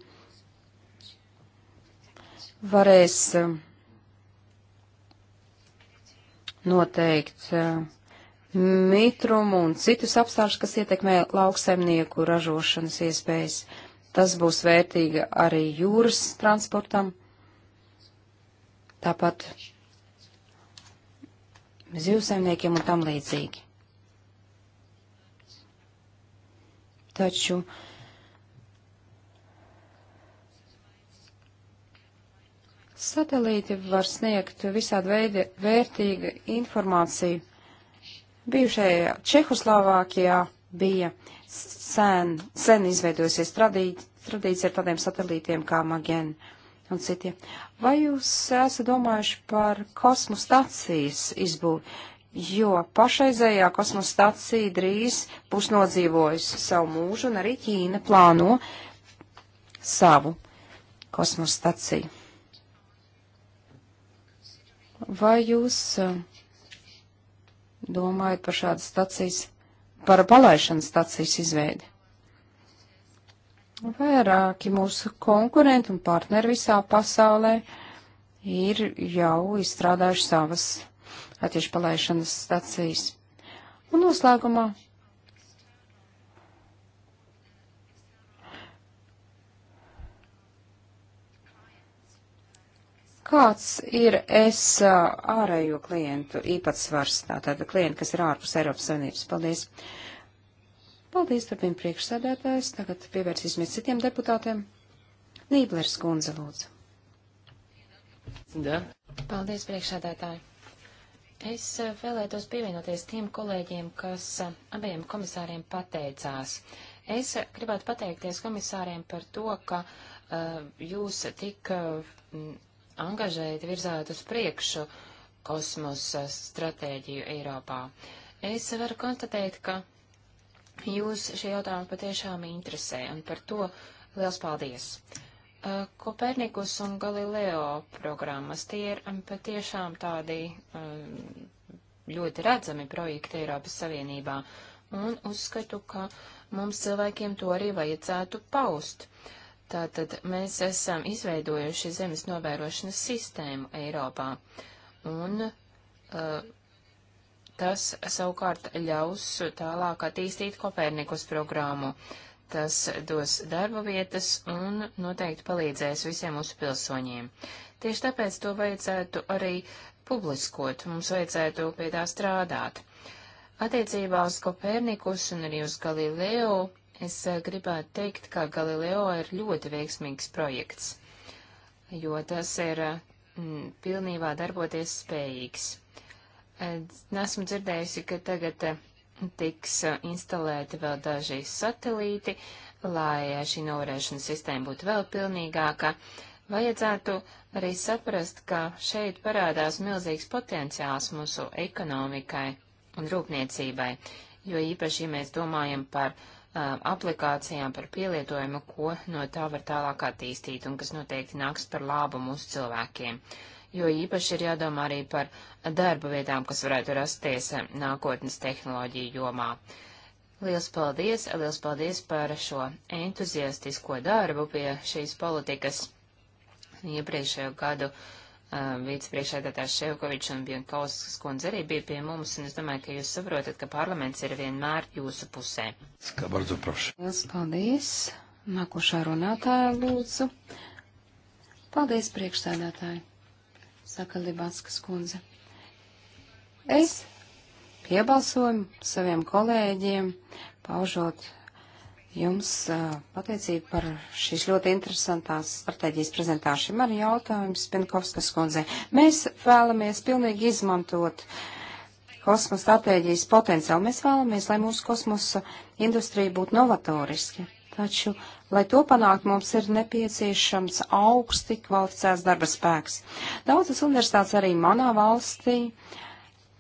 varēs eh, noteikt eh, mitrumu un citus apstākļus, kas ietekmē lauksaimnieku ražošanas iespējas. Tas būs vērtīga arī jūras transportam. Tāpat zivsaimniekiem un tam līdzīgi. Taču uh, Satelīti var sniegt visādi veidi vērtīgu informāciju. Bijušajā Čehoslovākijā bija sen, sen izveidojusies tradīcija ar tādiem satelītiem kā Magen un citiem. Vai jūs esat domājuši par kosmostacijas izbūvi? Jo pašreizējā kosmostacija drīz būs nodzīvojusi savu mūžu, un arī Ķīna plāno savu kosmostaciju. Vai jūs eh, domājat par šādas stacijas, par palaišanas stacijas izveidi? Vairāki mūsu konkurenti un partneri visā pasaulē ir jau izstrādājuši savas attieši palaišanas stacijas. Un noslēgumā Kāds ir es ārējo klientu īpatsvars, tātad klienti, kas ir ārpus Eiropas Savienības? Paldies! Paldies, turpina priekšsēdētājs. Tagad pievērsīsimies citiem deputātiem. Nīblers kundze, lūdzu. Da. Paldies, priekšsēdētāji. Es vēlētos pievienoties tiem kolēģiem, kas abiem komisāriem pateicās. Es gribētu pateikties komisāriem par to, ka uh, jūs tik uh, angažēti virzētu uz priekšu kosmosa stratēģiju Eiropā. Es varu konstatēt, ka jūs šie jautājumi patiešām interesē, un par to liels paldies. Kopernikus un Galileo programmas tie ir um, patiešām tādi um, ļoti redzami projekti Eiropas Savienībā, un uzskatu, ka mums cilvēkiem to arī vajadzētu paust. Uh, Tātad mēs esam izveidojuši zemes novērošanas sistēmu Eiropā, un uh, tas savukārt ļaus tālāk attīstīt Kopernikus programmu. Tas dos darba vietas un noteikti palīdzēs visiem mūsu pilsoņiem. Tieši tāpēc to vajadzētu arī publiskot, mums vajadzētu pie tā strādāt. Attiecībā uz Kopernikus un arī uz Galileo Es eh, gribētu teikt, ka Galileo ir ļoti veiksmīgs projekts, jo tas ir mm, pilnībā darboties spējīgs. Nesmu dzirdējusi, ka tagad eh, tiks instalēti vēl daži satelīti, lai šī novērēšanas sistēma būtu vēl pilnīgāka. Vajadzētu arī saprast, ka šeit parādās milzīgs potenciāls mūsu ekonomikai un rūpniecībai, jo īpaši, ja mēs domājam par uh, Um, aplikācijām, par pielietojumu, ko no tā var tālāk attīstīt un kas noteikti nāks par labu mūsu cilvēkiem. Jo īpaši ir jādomā arī par darba vietām, kas varētu rasties um, nākotnes tehnoloģiju jomā. Liels paldies, liels paldies par šo entuziastisko darbu pie šīs politikas iepriekšējo gadu uh, Um, vicepriekšēdētājs Ševkovičs un Bienkauskas kundze arī bija pie mums, un es domāju, ka jūs saprotat, ka parlaments ir vienmēr jūsu pusē. Skabardzu, prašu. Lielas paldies. Nākošā runātāja lūdzu. Paldies, priekšsēdētāji, saka Libanskas kundze. Es piebalsoju saviem kolēģiem, paužot jums pateicību par šīs ļoti interesantās strateģijas prezentāciju. Man ir jautājums Pinkovskas kundze. Mēs vēlamies pilnīgi izmantot kosmosa stratēģijas potenciālu. Mēs vēlamies, lai mūsu kosmosa industrija būtu novatoriski. Taču, lai to panākt, mums ir nepieciešams augsti kvalificēts darba spēks. Daudzas universitātes arī manā valstī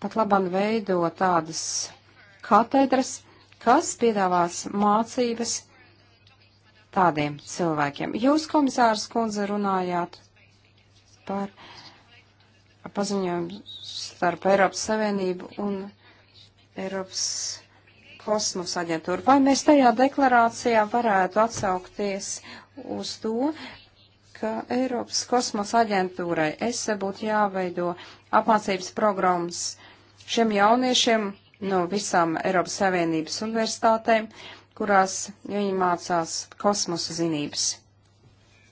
pat labam veido tādas katedras, kas piedāvās mācības tādiem cilvēkiem. Jūs, komisārs kundze, runājāt par paziņojumu starp Eiropas Savienību un Eiropas kosmosa aģentūru. Vai mēs tajā deklarācijā varētu atsaukties uz to, ka Eiropas kosmosa aģentūrai ESA būtu jāveido apmācības programmas šiem jauniešiem, no visām Eiropas Savienības universitātēm, kurās viņi mācās kosmosa zinības,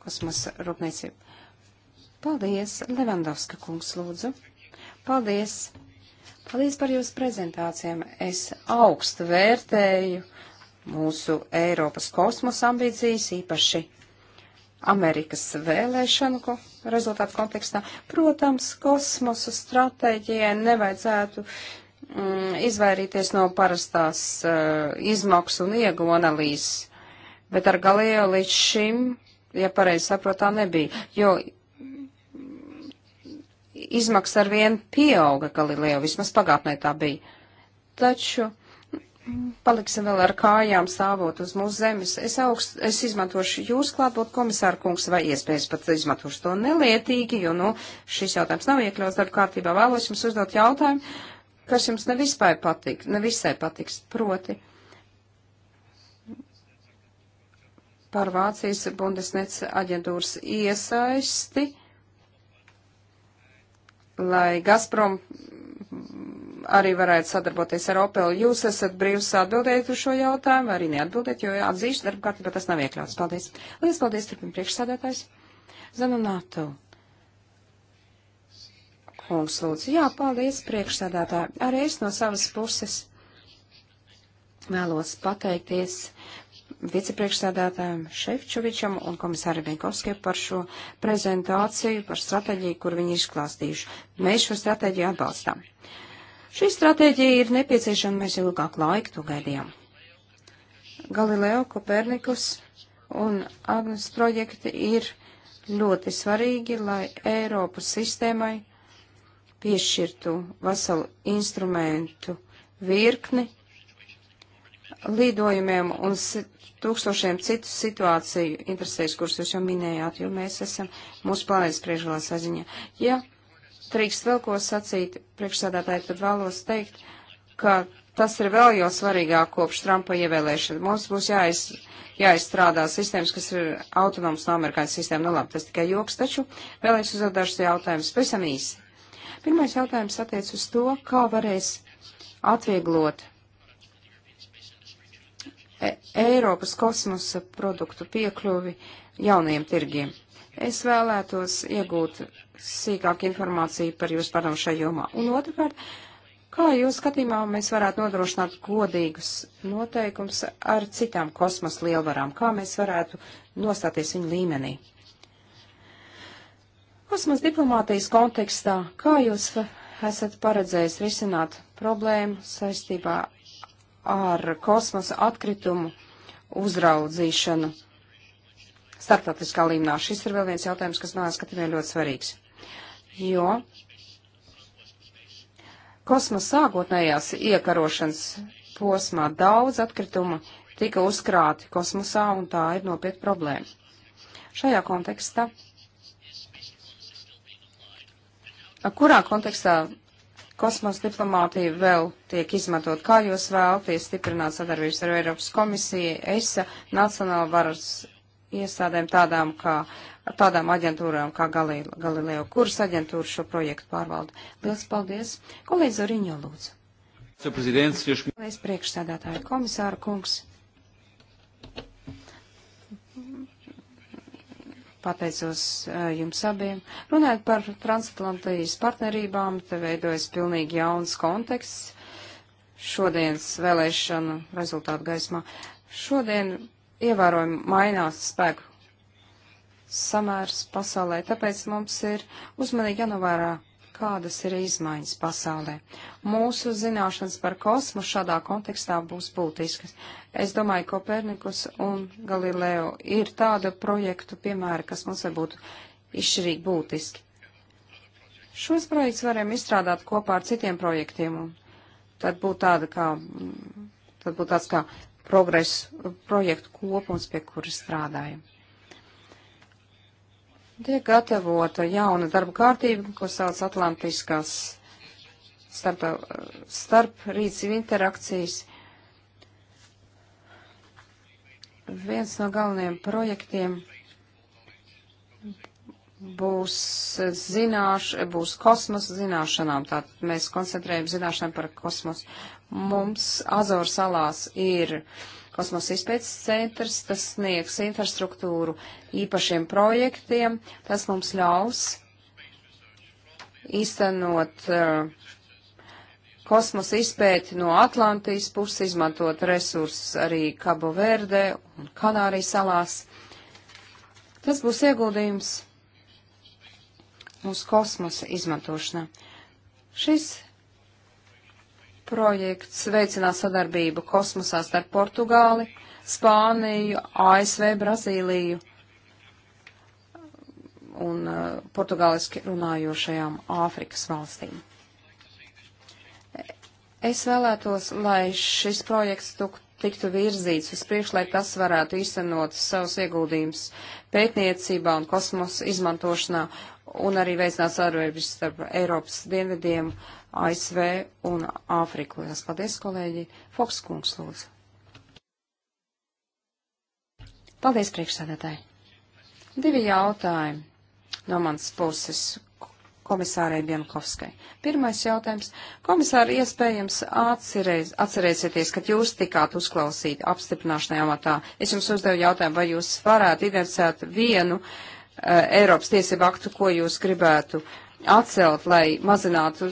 kosmosa rūpniecību. Paldies, Levandovska kungs, lūdzu. Paldies. Paldies par jūsu prezentācijām. Es augstu vērtēju mūsu Eiropas kosmosa ambīcijas, īpaši Amerikas vēlēšanu rezultātu kontekstā. Protams, kosmosa stratēģijai nevajadzētu Mm, izvairīties no parastās uh, izmaksu un iegu analīzes, bet ar Galileo līdz šim, ja pareizi saprotā, nebija, jo izmaksas ar vienu pieauga Galileo, vismaz pagātnē tā bija. Taču mm, paliksim vēl ar kājām stāvot uz mūsu zemes. Es, augst, es izmantošu jūs klātbūt komisāru kungs vai iespējas pat izmantošu to nelietīgi, jo, nu, šis jautājums nav iekļauts darba kārtībā. Vēlos jums uzdot jautājumu. Uh, kas jums nevispār patīk, nevisai patiks, proti par Vācijas Bundesnets aģentūras iesaisti, lai Gazprom arī varētu sadarboties ar Opel. Jūs esat brīvs atbildēt uz šo jautājumu, arī neatbildēt, jo atzīšu darba kārtībā tas nav iekļauts. Paldies. Lielas paldies, turpin priekšsādātājs. Zanonātu kungs lūdzu. Jā, paldies priekšsēdētāji. Arī es no savas puses vēlos pateikties vicepriekšsēdētājiem Šefčovičam un komisāram Vienkovskiem par šo prezentāciju, par stratēģiju, kur viņi izklāstījuši. Mēs šo stratēģiju atbalstām. Šī stratēģija ir nepieciešama, mēs jau ilgāku laiku to gaidījām. Galileo, Kopernikus un Agnes projekti ir ļoti svarīgi, lai Eiropas sistēmai piešķirtu veselu instrumentu virkni lidojumiem un tūkstošiem citu situāciju interesēs, kuras jūs jau minējāt, jo mēs esam mūsu planētas priekšgalā saziņā. Ja trīkst vēl ko sacīt priekšsādātāji, tad vēlos teikt, ka tas ir vēl jau svarīgāk kopš Trumpa ievēlēšana. Mums būs jāiz, jāizstrādā sistēmas, kas ir autonomas no amerikāņu sistēma. Nu labi, tas tikai joks, taču vēlēs uzdot dažus jautājumus. Pēc tam īsi. Pirmais jautājums attiec uz to, kā varēs atvieglot e Eiropas kosmosa produktu piekļuvi jauniem tirgiem. Es vēlētos iegūt sīkāku informāciju par jūsu padomu šajā jomā. Un otrkārt, Kā jūs skatījumā mēs varētu nodrošināt godīgus noteikums ar citām kosmosa lielvarām? Kā mēs varētu nostāties viņu līmenī? Kosmas diplomātijas kontekstā, kā jūs esat paredzējis risināt problēmu saistībā ar kosmosa atkritumu uzraudzīšanu starptautiskā līmenā? Šis ir vēl viens jautājums, kas manā skatījumā ļoti svarīgs. Jo kosmosa sākotnējās iekarošanas posmā daudz atkritumu tika uzkrāti kosmosā, un tā ir nopietna problēma. Šajā kontekstā kurā kontekstā kosmosa diplomātija vēl tiek izmantot? Kā jūs vēlaties stiprināt sadarbības ar Eiropas komisiju, ESA, Nacionāla varas iestādēm tādām kā tādām aģentūrām kā Galileo, kuras aģentūra šo projektu pārvalda. Lielas paldies! Kolēģi Zoriņo lūdzu. Paldies priekšsēdētāju komisāru kungs. Pateicos jums abiem. Runājot par transatlantijas partnerībām, te veidojas pilnīgi jauns konteksts šodienas vēlēšanu rezultātu gaismā. Šodien ievērojami mainās spēku samērs pasaulē, tāpēc mums ir uzmanīgi jānovērā kādas ir izmaiņas pasaulē. Mūsu zināšanas par kosmosu šādā kontekstā būs būtiskas. Es domāju, Kopernikus un Galileo ir tāda projektu piemēra, kas mums var būt izšķirīgi būtiski. Šos projektus varam izstrādāt kopā ar citiem projektiem, un tad būtu tāda kā, tad būtu tāds kā progresu projektu kopums, pie kura strādājam tiek gatavota jauna darba kārtība, ko sauc Atlantiskās starp, starp rīcību interakcijas. Viens no galvenajiem projektiem būs, zināš, būs kosmosa zināšanām. Tātad mēs koncentrējam zināšanām par kosmosu. Mums Azoru salās ir uh, Kosmosa izpētes centrs, tas sniegs infrastruktūru īpašiem projektiem, tas mums ļaus īstenot uh, kosmosa izpēti no Atlantijas puses, izmantot resursus arī Kabo Verde un Kanārijas salās. Tas būs ieguldījums mūsu kosmosa izmantošanā. Šis Projekts veicinās sadarbību kosmosā starp Portugāli, Spāniju, ASV, Brazīliju un uh, portugāliski runājošajām Āfrikas valstīm. Es vēlētos, lai šis projekts tuk, tiktu virzīts uz priekšu, lai tas varētu īstenot savus ieguldījumus pētniecībā un kosmosa izmantošanā un arī veicināt sadarbības starp Eiropas dienvidiem, ASV un Āfriku. Lielas paldies, kolēģi. Foks kungs, lūdzu. Paldies, priekšsēdētāji. Divi jautājumi no manas puses komisārai Bienkovskai. Pirmais jautājums. Komisāri, iespējams, atcerēs, atcerēsieties, kad jūs tikāt uzklausīti apstiprināšanai amatā. Es jums uzdevu jautājumu, vai jūs varētu identificēt vienu uh, Eiropas tiesību aktu, ko jūs gribētu atcelt, lai mazinātu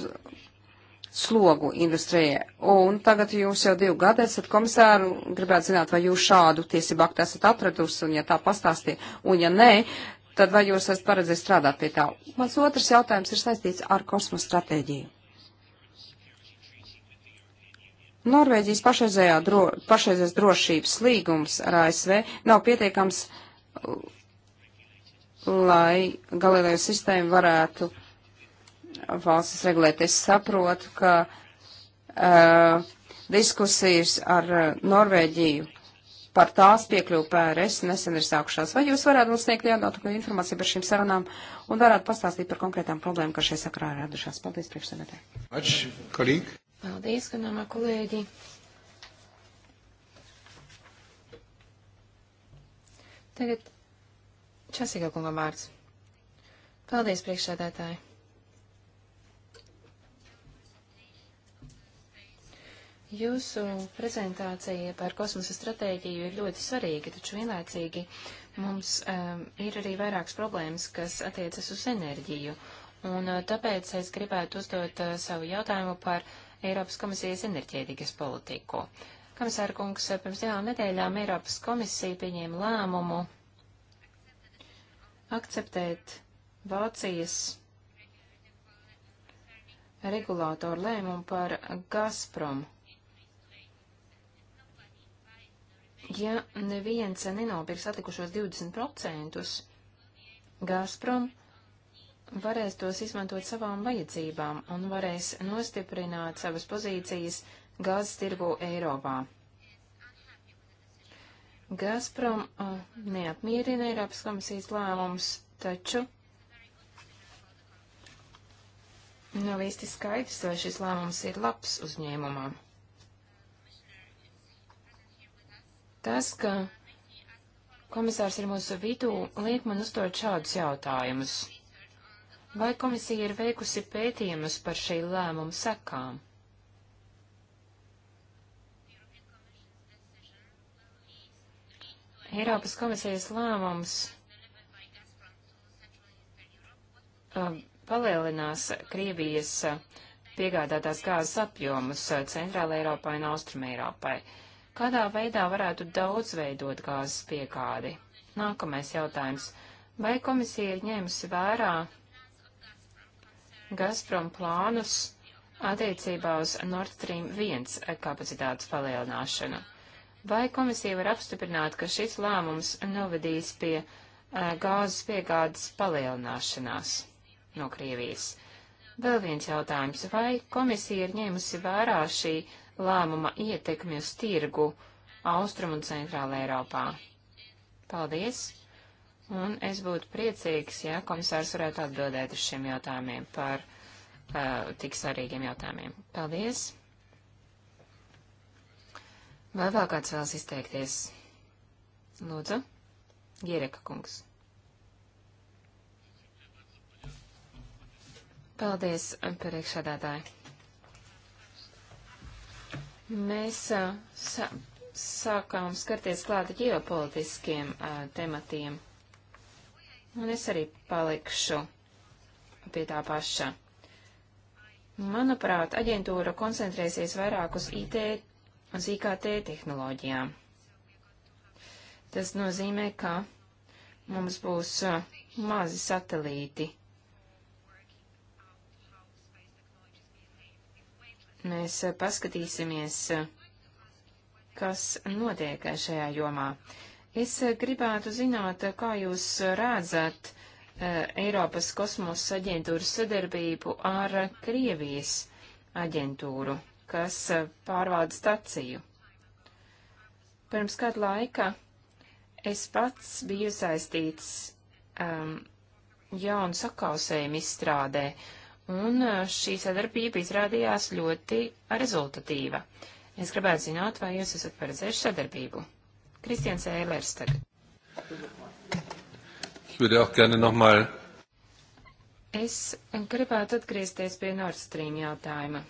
slogu industrijai. Un tagad jūs jau divu gadu esat komisāru, gribētu zināt, vai jūs šādu tiesību aktu esat atradusi, un ja tā pastāstīja, un ja nē, tad vai jūs esat paredzējis strādāt pie tā? Mans otrs jautājums ir saistīts ar kosmosa stratēģiju. Norvēģijas pašreizējā dro, pašreizējais drošības līgums ar ASV nav pietiekams, lai galilēju sistēmu varētu uh, valstis regulēt. Es saprotu, ka uh, diskusijas ar uh, Norvēģiju par tās piekļuvu PRS nesen ir sākušās. Vai jūs varētu mums sniegt jaunāko informāciju par šīm sarunām un varētu pastāstīt par konkrētām problēmām, kas šajā sakarā ir radušās? Paldies, priekšsēdētāji. Paldies, ganāmā kolēģi. Tagad Časīgā kungam vārds. Paldies, priekšsēdētāji. Jūsu prezentācija par kosmosa stratēģiju ir ļoti svarīga, taču vienlaicīgi mums um, ir arī vairākas problēmas, kas attiecas uz enerģiju. Un uh, tāpēc es gribētu uzdot uh, savu jautājumu par Eiropas komisijas enerģētikas politiku. Komisārkungs, uh, pirms divām nedēļām Eiropas komisija pieņēma lēmumu akceptēt Vācijas regulātoru lēmumu par Gazpromu ja neviens nenopirks atlikušos 20%, Gazprom varēs tos izmantot savām vajadzībām un varēs nostiprināt savas pozīcijas gāzes tirgu Eiropā. Gazprom uh, neapmierina Eiropas komisijas lēmums, taču nav īsti skaidrs, vai šis lēmums ir labs uzņēmumam. Tas, ka komisārs ir mūsu vidū, liek man uzdot šādus jautājumus. Vai komisija ir veikusi pētījumus par šī lēmuma sekām? Eiropas komisijas lēmums uh, palielinās Krievijas uh, piegādātās gāzes apjomus uh, Centrāla Eiropai un Austrum Eiropai. Uh, kādā veidā varētu daudzveidot gāzes piekādi. Nākamais jautājums. Vai komisija ir ņēmusi vērā Gazprom plānus attiecībā uz Nord Stream 1 kapacitātes palielināšanu? Vai komisija var apstiprināt, ka šis lēmums novedīs pie eh, gāzes piegādes palielināšanās no Krievijas? Vēl viens jautājums. Vai komisija ir ņēmusi vērā šī lēmuma ietekmi uz tirgu Austrum un Centrāla Eiropā. Paldies! Un es būtu priecīgs, ja komisārs varētu atbildēt uz šiem jautājumiem par uh, tik svarīgiem jautājumiem. Paldies! Vai vēl kāds vēlas izteikties? Lūdzu, Giereka kungs. Paldies, priekšādātāji. Mēs sa sākām skarties klāt ģeopolitiskiem uh, tematiem. Un es arī palikšu pie tā paša. Manuprāt, aģentūra koncentrēsies vairāk uz IT, uz IKT tehnoloģijām. Tas nozīmē, ka mums būs mazi satelīti, mēs eh, paskatīsimies, eh, kas notiek eh, šajā jomā. Es gribētu zināt, kā jūs rādzat Eiropas kosmosa aģentūras sadarbību ar Krievijas aģentūru, kas pārvalda staciju. Pirms kādu laika es pats biju saistīts um, jaunu sakausējumu izstrādē, uh, un šī sadarbība izrādījās ļoti rezultatīva. Es gribētu zināt, vai jūs esat paredzējuši sadarbību. Kristians Eilers tagad. Es gribētu atgriezties pie Nord Stream jautājuma.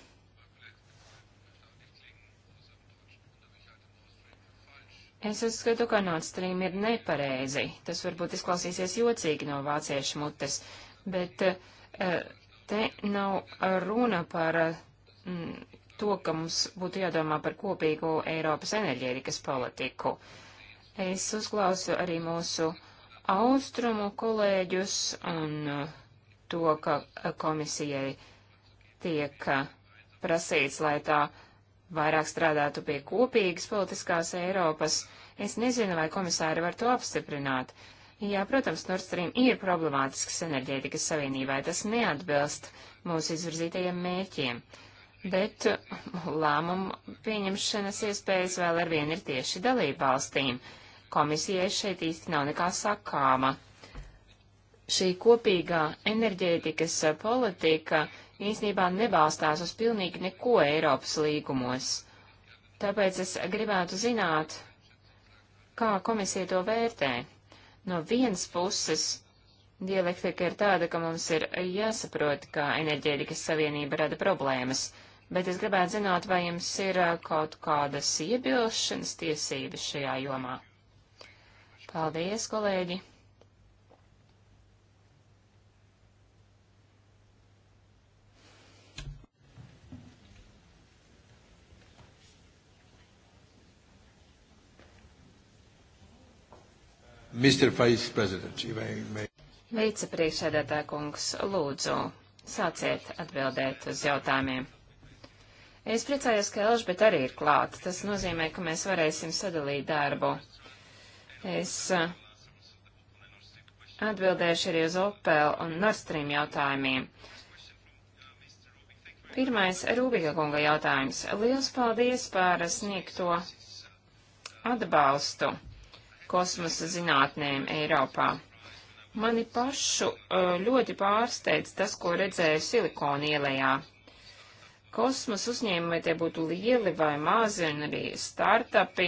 Es uzskatu, ka Nord Stream ir nepareizi. Tas varbūt izklausīsies jocīgi no vāciešu mutes, bet uh, Te nav runa par mm, to, ka mums būtu jādomā par kopīgu Eiropas enerģētikas politiku. Es uzklausu arī mūsu austrumu kolēģus un uh, to, ka uh, komisijai tiek uh, prasīts, lai tā vairāk strādātu pie kopīgas politiskās Eiropas. Es nezinu, vai komisāri var to apstiprināt. Uh, Jā, protams, Nord Stream ir problemātisks enerģētikas savienībai, tas neatbilst mūsu izvirzītajiem mērķiem, bet uh, lēmumu pieņemšanas iespējas vēl ar vienu ir tieši dalību valstīm. Komisijai šeit īsti nav nekā sakāma. Šī kopīgā enerģētikas uh, politika īstenībā nebalstās uz pilnīgi neko Eiropas līgumos. Tāpēc es gribētu zināt, kā komisija to vērtē. No vienas puses dialektika ir tāda, ka mums ir jāsaprot, kā enerģētikas savienība rada problēmas, bet es gribētu zināt, vai jums ir uh, kaut kādas iebilšanas tiesības šajā jomā. Paldies, kolēģi! Mr. Vice President, may, may. Vicepriekšēdētā kungs, lūdzu, sāciet atbildēt uz jautājumiem. Es priecājos, ka Elžbet arī ir klāt. Tas nozīmē, ka mēs varēsim sadalīt darbu. Es uh, atbildēšu arī uz Opel un Nord Stream jautājumiem. Pirmais Rūbīga kunga jautājums. Liels paldies par sniegto atbalstu kosmosa zinātnēm Eiropā. Mani pašu uh, ļoti pārsteidz tas, ko redzēju Silikona ielējā. Kosmos uzņēmumi, vai tie būtu lieli vai mazi, un arī startupi,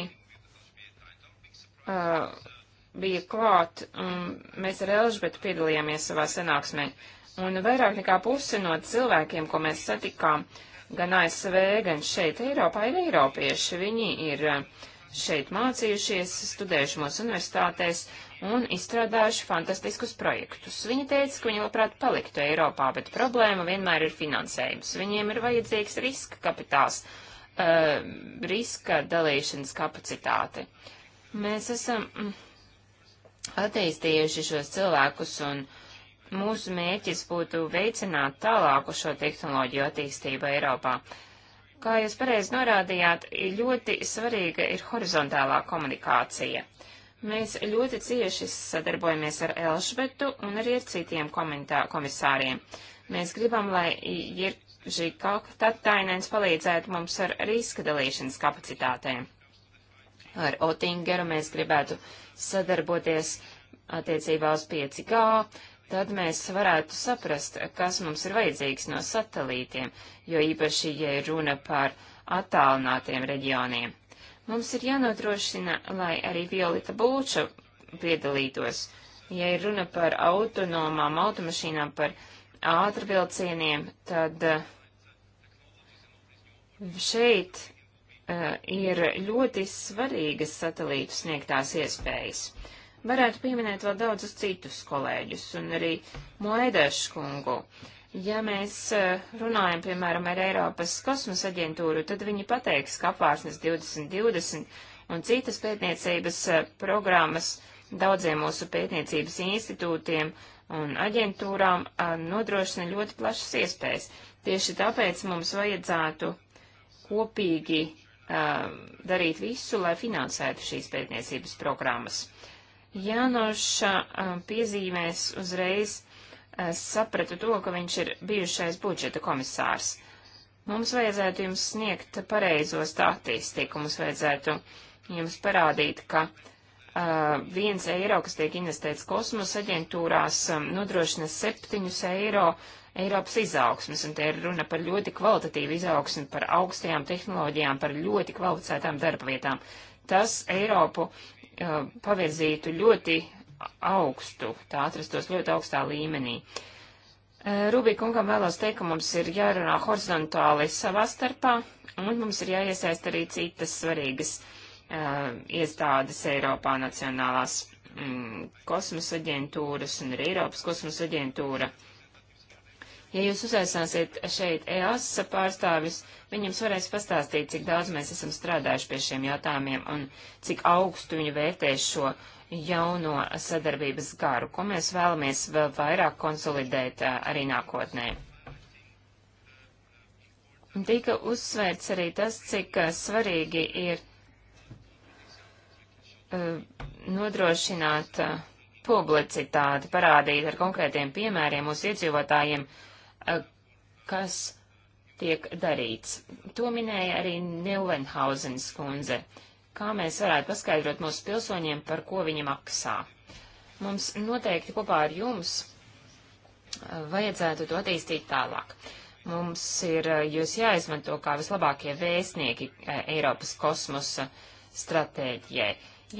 uh, bija klāt, un mēs ar Elžbetu piedalījāmies savā sanāksmē, un vairāk nekā pusi no cilvēkiem, ko mēs satikām, gan ASV, gan šeit Eiropā, ir eiropieši. Viņi ir uh, šeit mācījušies, studējuši mūsu universitātēs un izstrādājuši fantastiskus projektus. Viņi teica, ka viņi labprāt paliktu Eiropā, bet problēma vienmēr ir finansējums. Viņiem ir vajadzīgs riska kapitāls, uh, riska dalīšanas kapacitāte. Mēs esam mm, attīstījuši šos cilvēkus un mūsu mērķis būtu veicināt tālāku šo tehnoloģiju attīstību Eiropā. Uh, Kā jūs pareizi norādījāt, ļoti svarīga ir horizontālā komunikācija. Mēs ļoti cieši sadarbojamies ar Elžbetu un arī ar citiem komentā, komisāriem. Mēs gribam, lai Jirži Kalkatainens palīdzētu mums ar riska dalīšanas kapacitātēm. Ar Otingeru mēs gribētu sadarboties attiecībā uz 5G, tad mēs varētu saprast, kas mums ir vajadzīgs no satelītiem, jo īpaši, ja ir runa par attālinātiem reģioniem. Mums ir jānodrošina, lai arī Violeta Bulča piedalītos, ja ir runa par autonomām automašīnām, par ātrvilcieniem, tad eh, šeit uh, ir ļoti svarīgas satelītu sniegtās iespējas. Uh, Varētu pieminēt vēl daudzus citus kolēģus un arī Moedašu kungu. Ja mēs eh, runājam, piemēram, ar Eiropas kosmosa aģentūru, tad viņi pateiks, ka apvārsnes 2020 un citas pētniecības eh, programmas daudziem mūsu pētniecības institūtiem un aģentūrām eh, nodrošina ļoti plašas iespējas. Tieši tāpēc mums vajadzētu kopīgi um, darīt visu, lai finansētu šīs pētniecības programmas. Jānoša piezīmēs uzreiz sapratu to, ka viņš ir bijušais budžeta komisārs. Mums vajadzētu jums sniegt pareizo statistiku, mums vajadzētu jums parādīt, ka uh, viens eiro, kas tiek investēts kosmosa aģentūrās, um, nodrošina septiņus eiro Eiropas izaugsmes, un te ir runa par ļoti kvalitatīvu izaugsmu, par augstajām tehnoloģijām, par ļoti kvalificētām darba vietām. Tas Eiropu pavirzītu ļoti augstu, tā atrastos ļoti augstā līmenī. Rubikungam vēlos teikt, ka mums ir jārunā horizontāli savā starpā, un mums ir jāiesaist arī citas svarīgas uh, iestādes Eiropā nacionālās mm, kosmosa aģentūras un arī Eiropas kosmosa aģentūra. Uh, Ja jūs uzaicināsiet šeit EASA pārstāvis, viņams varēs pastāstīt, cik daudz mēs esam strādājuši pie šiem jautājumiem un cik augstu viņi vērtē šo jauno sadarbības garu, ko mēs vēlamies vēl vairāk konsolidēt arī nākotnē. Tika uzsvērts arī tas, cik svarīgi ir nodrošināt publicitāti, parādīt ar konkrētiem piemēriem mūsu iedzīvotājiem, uh, kas tiek darīts. To minēja arī Nilvenhausenes kundze. Kā mēs varētu paskaidrot mūsu pilsoņiem, par ko viņi maksā? Mums noteikti kopā ar jums vajadzētu to attīstīt tālāk. Mums ir jūs jāizmanto kā vislabākie vēstnieki Eiropas kosmosa stratēģijai.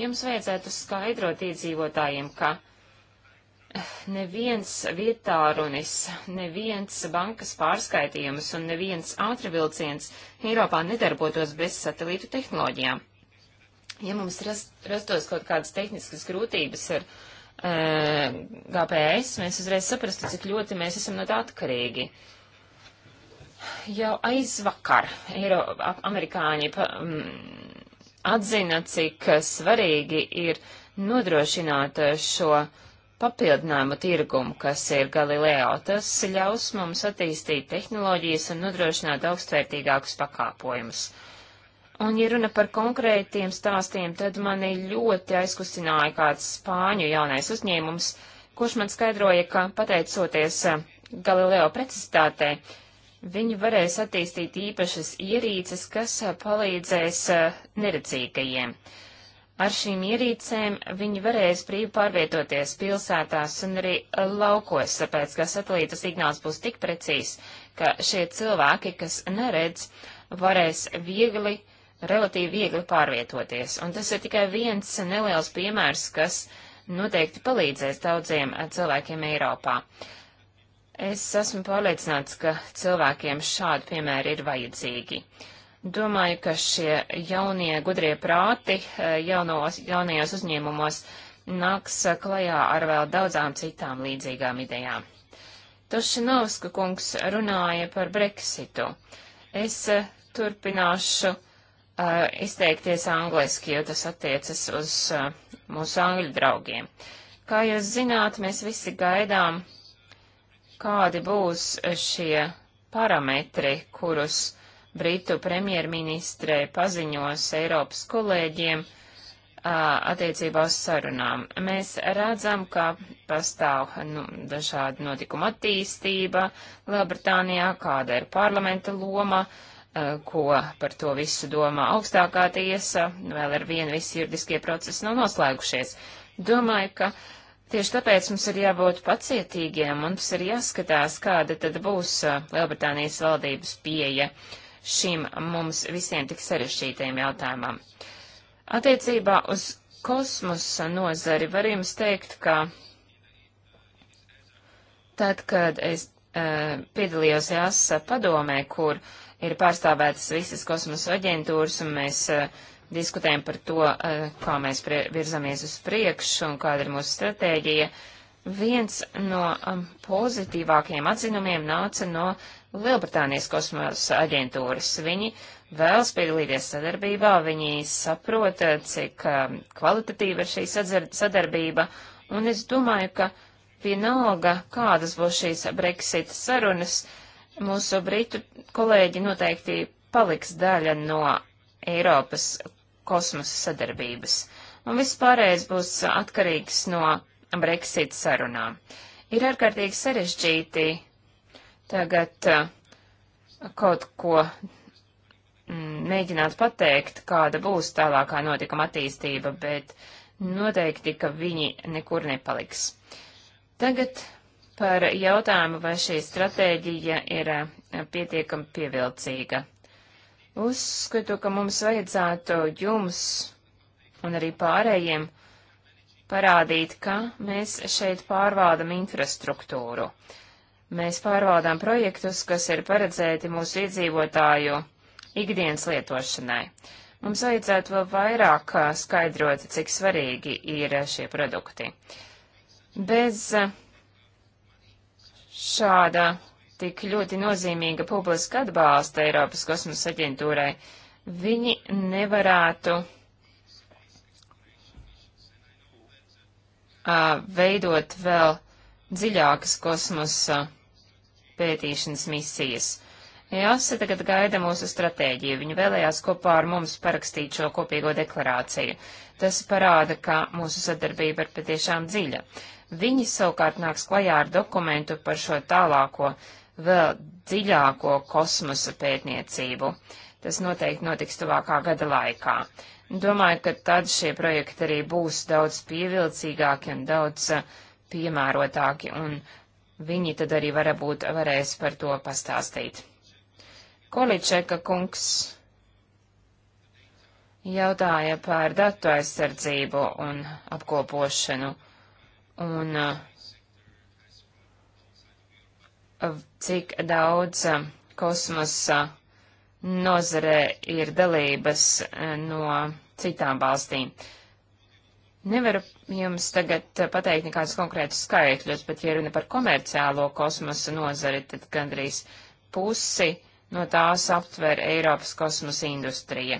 Jums vajadzētu skaidrot iedzīvotājiem, ka neviens vietārunis, neviens bankas pārskaitījums un neviens ātrvilciens Eiropā nedarbotos bez satelītu tehnoloģijām. Ja mums rast, rastos kaut kādas tehniskas grūtības ar e, eh, GPS, mēs uzreiz saprastu, cik ļoti mēs esam no tā atkarīgi. Jau aizvakar Eiro, amerikāņi pa, m, mm, atzina, cik svarīgi ir nodrošināt eh, šo uh, papildinājumu tirgumu, kas ir Galileo. Tas ļaus mums attīstīt tehnoloģijas un nodrošināt augstvērtīgākus pakāpojumus. Un, ja runa par konkrētiem stāstiem, tad mani ļoti aizkustināja kāds spāņu jaunais uzņēmums, kurš man skaidroja, ka pateicoties eh, Galileo precizitātei, viņi varēs attīstīt īpašas ierīces, kas eh, palīdzēs eh, neredzīgajiem. Uh, Ar šīm ierīcēm viņi varēs brīvi pārvietoties pilsētās un arī laukos, tāpēc, ka satelīta signāls būs tik precīzs, ka šie cilvēki, kas neredz, varēs viegli, relatīvi viegli pārvietoties. Un tas ir tikai viens neliels piemērs, kas noteikti palīdzēs daudziem cilvēkiem Eiropā. Es esmu pārliecināts, ka cilvēkiem šādi piemēri ir vajadzīgi. Uh, Domāju, ka šie jaunie gudrie prāti eh, jaunos, jaunajos uzņēmumos nāks eh, klajā ar vēl daudzām citām līdzīgām idejām. Tošinovska kungs runāja par Brexitu. Es eh, turpināšu uh, izteikties angliski, jo tas attiecas uz uh, mūsu angļu draugiem. Kā jūs zināt, mēs visi gaidām, kādi būs šie parametri, kurus Britu premjerministrē paziņos Eiropas kolēģiem attiecībā uz sarunām. Mēs redzam, ka pastāv nu, dažādi notikuma attīstība Lielbritānijā, kāda ir parlamenta loma, a, ko par to visu domā augstākā tiesa, vēl ar vienu visi juridiskie procesi nav noslēgušies. Domāju, ka tieši tāpēc mums ir jābūt pacietīgiem, mums ir jāskatās, kāda tad būs a, Lielbritānijas valdības pieeja. Uh, šim mums visiem tik sarešķītajam jautājumam. Attiecībā uz kosmosa nozari var jums teikt, ka tad, kad es uh, piedalījos JASA padomē, kur ir pārstāvētas visas kosmosa aģentūras, un mēs uh, diskutējam par to, uh, kā mēs virzamies uz priekšu un kāda ir mūsu stratēģija, viens no um, pozitīvākajiem atzinumiem nāca no Lielbritānijas kosmosa aģentūras. Viņi vēlas piedalīties sadarbībā, viņi saprot, eh, cik eh, kvalitatīva ir šī sadarbība, un es domāju, ka vienalga, kādas būs šīs Brexit sarunas, mūsu britu kolēģi noteikti paliks daļa no Eiropas kosmosa sadarbības, un viss pārējais būs atkarīgs no Brexit sarunām. Ir ārkārtīgi sarežģīti tagad uh, kaut ko mm, mēģināt pateikt, kāda būs tālākā notikuma attīstība, bet noteikti, ka viņi nekur nepaliks. Tagad par jautājumu, vai šī stratēģija ir uh, pietiekami pievilcīga. Uzskatu, ka mums vajadzētu jums un arī pārējiem parādīt, ka mēs šeit pārvaldam infrastruktūru. Uh, Mēs pārvaldām projektus, kas ir paredzēti mūsu iedzīvotāju ikdienas lietošanai. Mums vajadzētu vēl vairāk skaidrot, cik svarīgi ir šie produkti. Bez šāda tik ļoti nozīmīga publiska atbalsta Eiropas kosmosa aģentūrai, viņi nevarētu uh, veidot vēl dziļākas kosmosa pētīšanas misijas. EASA tagad gaida mūsu stratēģiju. Viņi vēlējās kopā ar mums parakstīt šo kopīgo deklarāciju. Tas parāda, ka mūsu sadarbība ir patiešām dziļa. Viņi savukārt nāks klajā ar dokumentu par šo tālāko, vēl dziļāko kosmosa pētniecību. Tas noteikti notiks tuvākā gada laikā. Domāju, ka tad šie projekti arī būs daudz pievilcīgāki un daudz eh, piemērotāki un Viņi tad arī varbūt varēs par to pastāstīt. Količeka kungs jautāja par datu aizsardzību un apkopošanu un cik daudz kosmosa nozarē ir dalības no citām valstīm. Nevaru jums tagad eh, pateikt nekādus konkrētus skaitļus, bet, ja runa par komerciālo kosmosa nozari, tad gandrīz pusi no tās aptver Eiropas kosmosa industrija.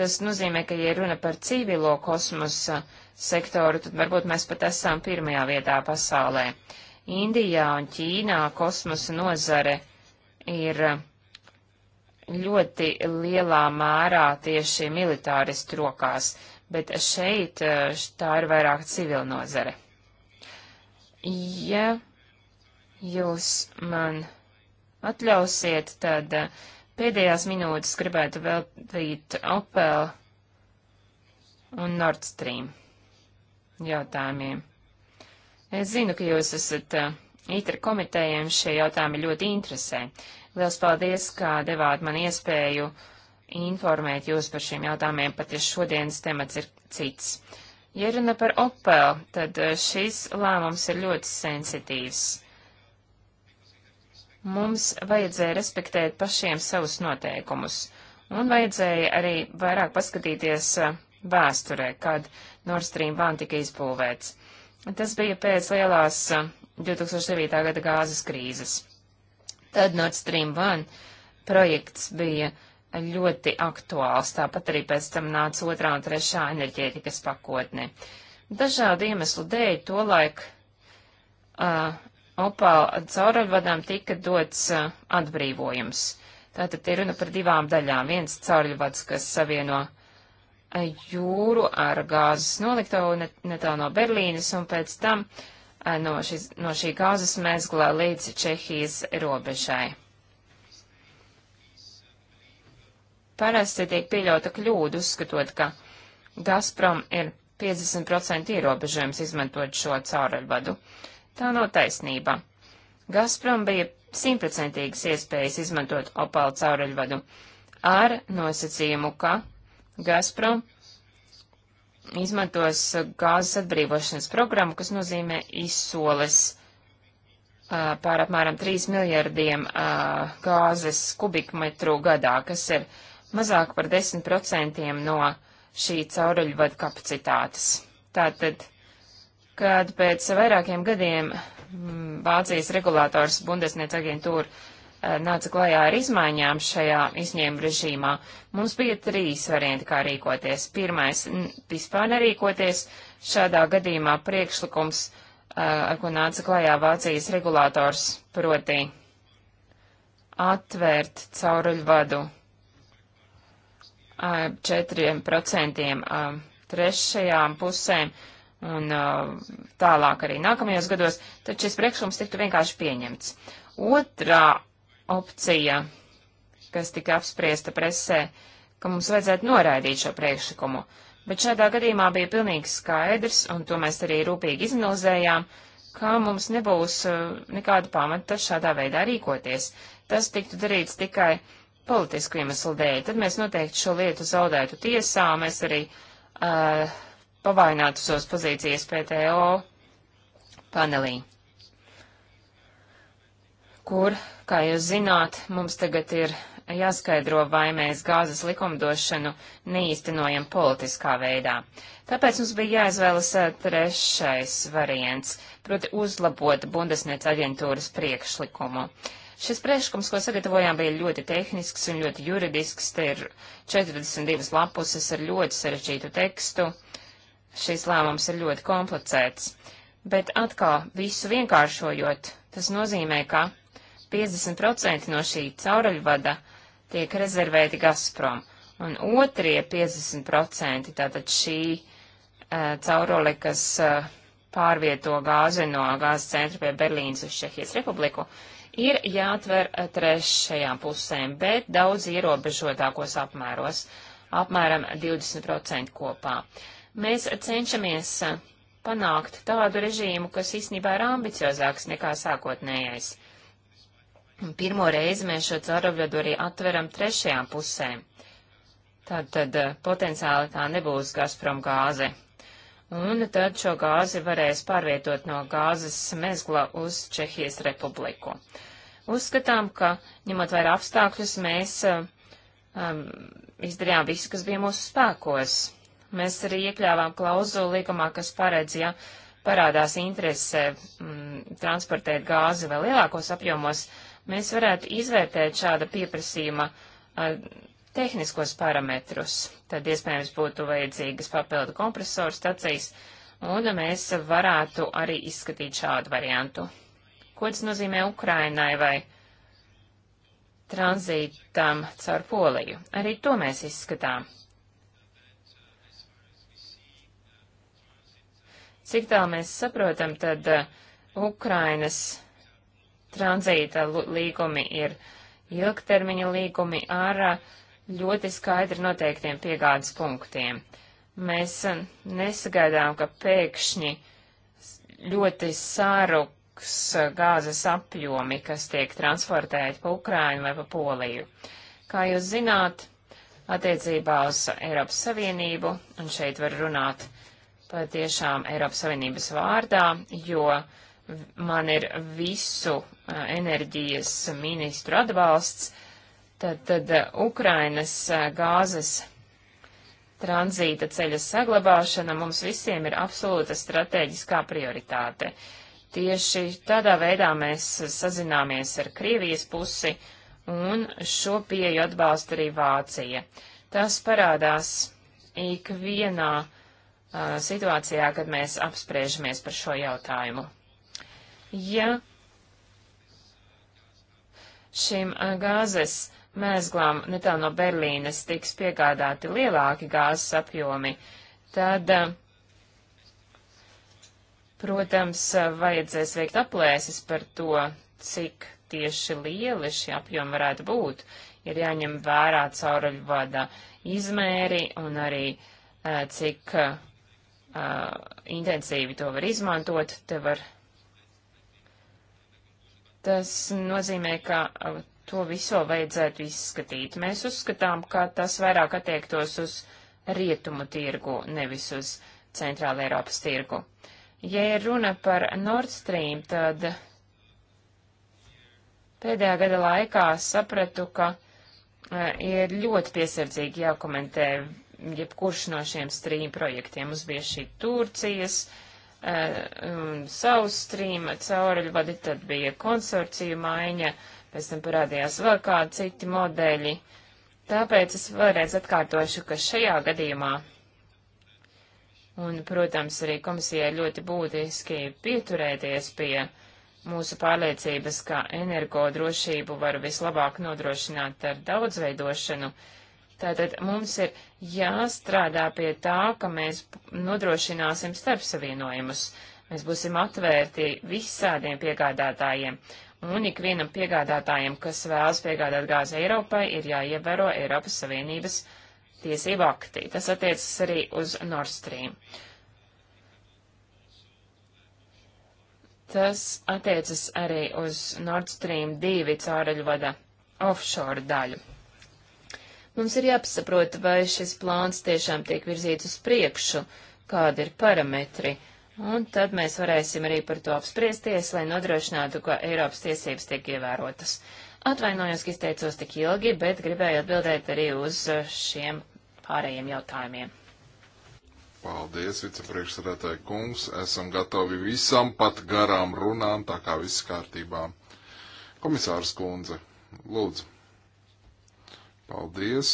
Tas nozīmē, ka, ja runa par civilo kosmosa sektoru, tad varbūt mēs pat esam pirmajā vietā pasaulē. Indijā un Ķīnā kosmosa nozare ir ļoti lielā mērā tieši militāristu rokās bet šeit e, tā ir vairāk civila nozare. Ja jūs man atļausiet, tad e, pēdējās minūtes gribētu veltīt Opel un Nord Stream jautājumiem. Es zinu, ka jūs esat e, ITRA komitējiem, šie jautājumi ļoti interesē. Liels paldies, ka devāt man iespēju uh, informēt jūs par šiem jautājumiem, pat ja šodienas temats ir cits. Ja runa par Opel, tad eh, šis lēmums ir ļoti sensitīvs. Mums vajadzēja respektēt pašiem savus noteikumus, un vajadzēja arī vairāk paskatīties eh, vēsturē, kad Nord Stream 1 tika izbūvēts. Tas bija pēc lielās 2009. Eh, gada gāzes krīzes. Tad Nord Stream 1 projekts bija uh, ļoti aktuāls, tāpat arī pēc tam nāca otrā un trešā enerģētikas pakotne. Dažādu iemeslu dēļ tolaik uh, opāla cauruļvadām tika dots uh, atbrīvojums. Tātad ir runa par divām daļām. Viens cauruļvads, kas savieno uh, jūru ar gāzes noliktavu net, netālu no Berlīnes, un pēc tam uh, no, šis, no šī gāzes mezglā līdz Čehijas robežai. Parasti tiek pieļauta kļūda uzskatot, ka Gazprom ir 50% ierobežojums izmantot šo cauruļvadu. Tā nav taisnība. Gazprom bija simtprocentīgas iespējas izmantot opālu cauruļvadu ar nosacījumu, ka Gazprom izmantos gāzes atbrīvošanas programmu, kas nozīmē izsoles uh, pār apmēram 3 miljardiem uh, gāzes kubikmetru gadā, kas ir uh, mazāk par 10% no šī cauruļvada kapacitātes. Tātad, kad pēc vairākiem gadiem mm, Vācijas regulators Bundesniec aģentūra eh, nāca klajā ar izmaiņām šajā izņēmu režīmā, mums bija trīs varianti, kā rīkoties. Pirmais - vispār nerīkoties. Šādā gadījumā priekšlikums, eh, ar ko nāca klajā Vācijas regulators, proti atvērt cauruļvadu 4% trešajām pusēm un tālāk arī nākamajos gados, tad šis priekšlikums tiktu vienkārši pieņemts. Otrā opcija, kas tika apspriesta presē, ka mums vajadzētu noraidīt šo priekšlikumu, bet šādā gadījumā bija pilnīgi skaidrs, un to mēs arī rūpīgi izanalizējām, ka mums nebūs nekāda pamata šādā veidā rīkoties. Tas tiktu darīts tikai uh, politisku iemeslu dēļ, tad mēs noteikti šo lietu zaudētu tiesā, mēs arī uh, pavainātu savas pozīcijas PTO panelī, kur, kā jūs zināt, mums tagad ir jāskaidro, vai mēs gāzes likumdošanu neīstenojam politiskā veidā. Tāpēc mums bija jāizvēlas uh, trešais variants, proti uzlabot Bundesnēc aģentūras priekšlikumu. Uh, Šis priekšlikums, ko sagatavojām, bija ļoti tehnisks un ļoti juridisks. Te ir 42 lapuses ar ļoti sarežģītu tekstu. Šis lēmums ir ļoti komplicēts. Bet atkal, visu vienkāršojot, tas nozīmē, ka 50% no šī cauruļvada tiek rezervēti Gazprom, un otrie 50%, tātad šī uh, eh, caurule, kas uh, pārvieto gāzi no gāzes centra pie Berlīnas uz Čehijas republiku, ir jāatver eh, trešajām pusēm, bet daudz ierobežotākos apmēros, apmēram 20% kopā. Mēs cenšamies eh, panākt tādu režīmu, kas īstenībā ir ambiciozāks nekā sākotnējais. Pirmo reizi mēs šo caurvļodu arī atveram trešajām pusēm. Tad, tad eh, potenciāli tā nebūs Gazprom gāze, un tad šo gāzi varēs pārvietot no gāzes mezgla uz Čehijas republiku. Uzskatām, ka ņemot vairāk apstākļus, mēs eh, um, izdarījām visu, kas bija mūsu spēkos. Mēs arī iekļāvām klauzulu līgumā, kas paredz, ja parādās interese mm, transportēt gāzi vēl lielākos apjomos, mēs varētu izvērtēt šāda pieprasījuma uh, tehniskos parametrus. Tad iespējams būtu vajadzīgas papildu kompresoru stacijas, un mēs varētu arī izskatīt šādu variantu. Ko tas nozīmē Ukrainai vai tranzītam caur Poliju? Arī to mēs izskatām. Cik tālu mēs saprotam, tad uh, Ukrainas tranzīta līgumi ir ilgtermiņa līgumi ar uh, ļoti skaidri noteiktiem piegādes punktiem. Mēs eh, nesagaidām, ka pēkšņi ļoti sāruks eh, gāzes apjomi, kas tiek transportēti pa Ukrainu vai pa Poliju. Kā jūs zināt, attiecībā uz Eiropas Savienību, un šeit var runāt patiešām Eiropas Savienības vārdā, jo man ir visu eh, enerģijas ministru atbalsts, Tad, tad eh, Ukrainas eh, gāzes tranzīta ceļa saglabāšana mums visiem ir absolūta strateģiskā prioritāte. Tieši tādā veidā mēs sazināmies ar Krievijas pusi, un šo pieeju atbalsta arī Vācija. Tas parādās ikvienā uh, situācijā, kad mēs apspriežamies par šo jautājumu. Ja šim gāzes mēzglām netālu no Berlīnes tiks piegādāti lielāki gāzes apjomi, tad, eh, protams, vajadzēs veikt aplēses par to, cik tieši lieli šie apjomi varētu būt. Ir jāņem vērā cauruļu vada izmēri un arī eh, cik uh, intensīvi to var izmantot. Te var Tas nozīmē, ka to viso vajadzētu izskatīt. Mēs uzskatām, ka tas vairāk attiektos uz rietumu tirgu, nevis uz centrāla Eiropas tirgu. Ja ir runa par Nord Stream, tad pēdējā gada laikā sapratu, ka e, ir ļoti piesardzīgi jākomentē jebkurš no šiem strīm projektiem. Mums bija šī Turcijas, uh, um, South Stream, cauruļvadi, tad bija konsorcija maiņa, uh, pēc tam parādījās vēl kādi citi modeļi. Tāpēc es vēlreiz atkārtošu, ka šajā gadījumā, un, protams, arī komisijai ļoti būtiski pieturēties pie mūsu pārliecības, ka energodrošību var vislabāk nodrošināt ar daudzveidošanu, Tātad mums ir jāstrādā pie tā, ka mēs nodrošināsim starpsavienojumus. Mēs būsim atvērti visādiem piegādātājiem un ikvienam piegādātājam, kas vēlas piegādāt gāzi Eiropai, ir jāievēro Eiropas Savienības tiesību akti. Tas attiecas arī uz Nord Stream. Tas attiecas arī uz Nord Stream 2 cāreļvada offshore daļu. Mums ir jāpasaprot, vai šis plāns tiešām tiek virzīts uz priekšu, kādi ir parametri, uh, Un tad mēs varēsim arī par to apspriesties, lai nodrošinātu, ka Eiropas tiesības tiek ievērotas. Atvainojos, ka izteicos tik ilgi, bet gribēju atbildēt arī uz šiem pārējiem jautājumiem. Paldies, vicepriekšsēdētāji kungs. Esam gatavi visam pat garām runām, tā kā viss kārtībā. Komisārs kundze, lūdzu. Paldies.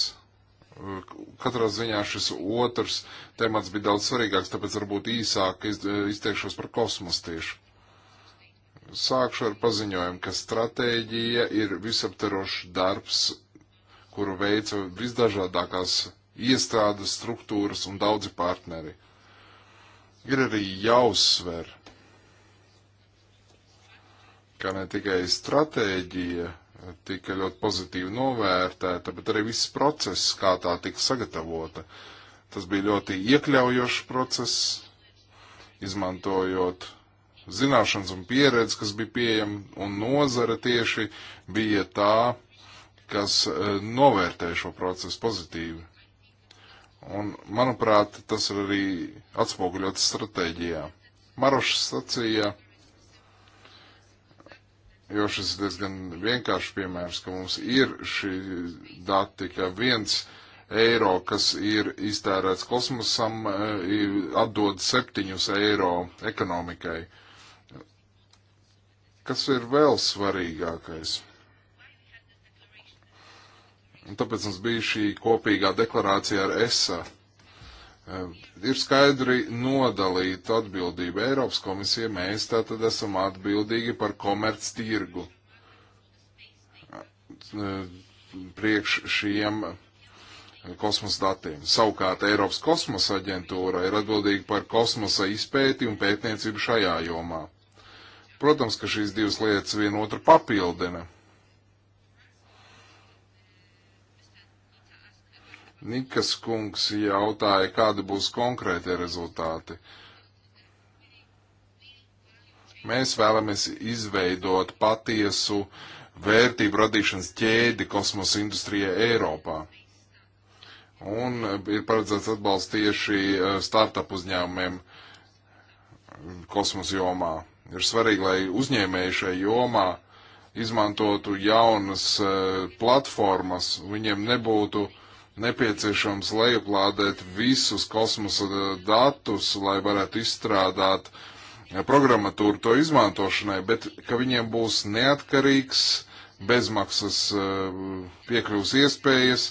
Katrā ziņā šis otrs temats bija daudz svarīgāks, tāpēc varbūt īsāk izteikšos par kosmosu tieši. Sākšu ar paziņojumu, ka stratēģija ir visaptarošs darbs, kuru veica visdažādākās iestrādes, struktūras un daudzi partneri. Ir arī jāuzsver, ka ne tikai stratēģija tika ļoti pozitīvi novērtēta, bet arī viss process, kā tā tika sagatavota. Tas bija ļoti iekļaujošs process, izmantojot zināšanas un pieredzi, kas bija pieejama, un nozara tieši bija tā, kas eh, novērtē šo procesu pozitīvi. Un, manuprāt, tas ir arī atspoguļots stratēģijā. Marošs sacīja, jo šis ir diezgan vienkāršs piemērs, ka mums ir šī dati, ka viens eiro, kas ir iztērēts kosmosam, e, atdod septiņus eiro ekonomikai. Kas ir vēl svarīgākais? Un tāpēc mums bija šī kopīgā deklarācija ar ESA ir skaidri nodalīta atbildība. Eiropas komisija mēs tātad esam atbildīgi par komerc tirgu priekš šiem kosmosa datiem. Savukārt Eiropas kosmosa aģentūra ir atbildīga par kosmosa izpēti un pētniecību šajā jomā. Protams, ka šīs divas lietas vienotru papildina. Nikas kungs jautāja, kādi būs konkrētie rezultāti. Mēs vēlamies izveidot patiesu vērtību radīšanas ķēdi kosmosa industrijai Eiropā. Un ir paredzēts atbalsts tieši eh, startup uzņēmumiem kosmosa jomā. Ir svarīgi, lai uzņēmēji šai jomā izmantotu jaunas eh, platformas, viņiem nebūtu uh, nepieciešams lejuplādēt visus kosmosa datus, lai varētu izstrādāt eh, programmatūru to izmantošanai, bet ka viņiem būs neatkarīgs, bezmaksas eh, piekļuvs iespējas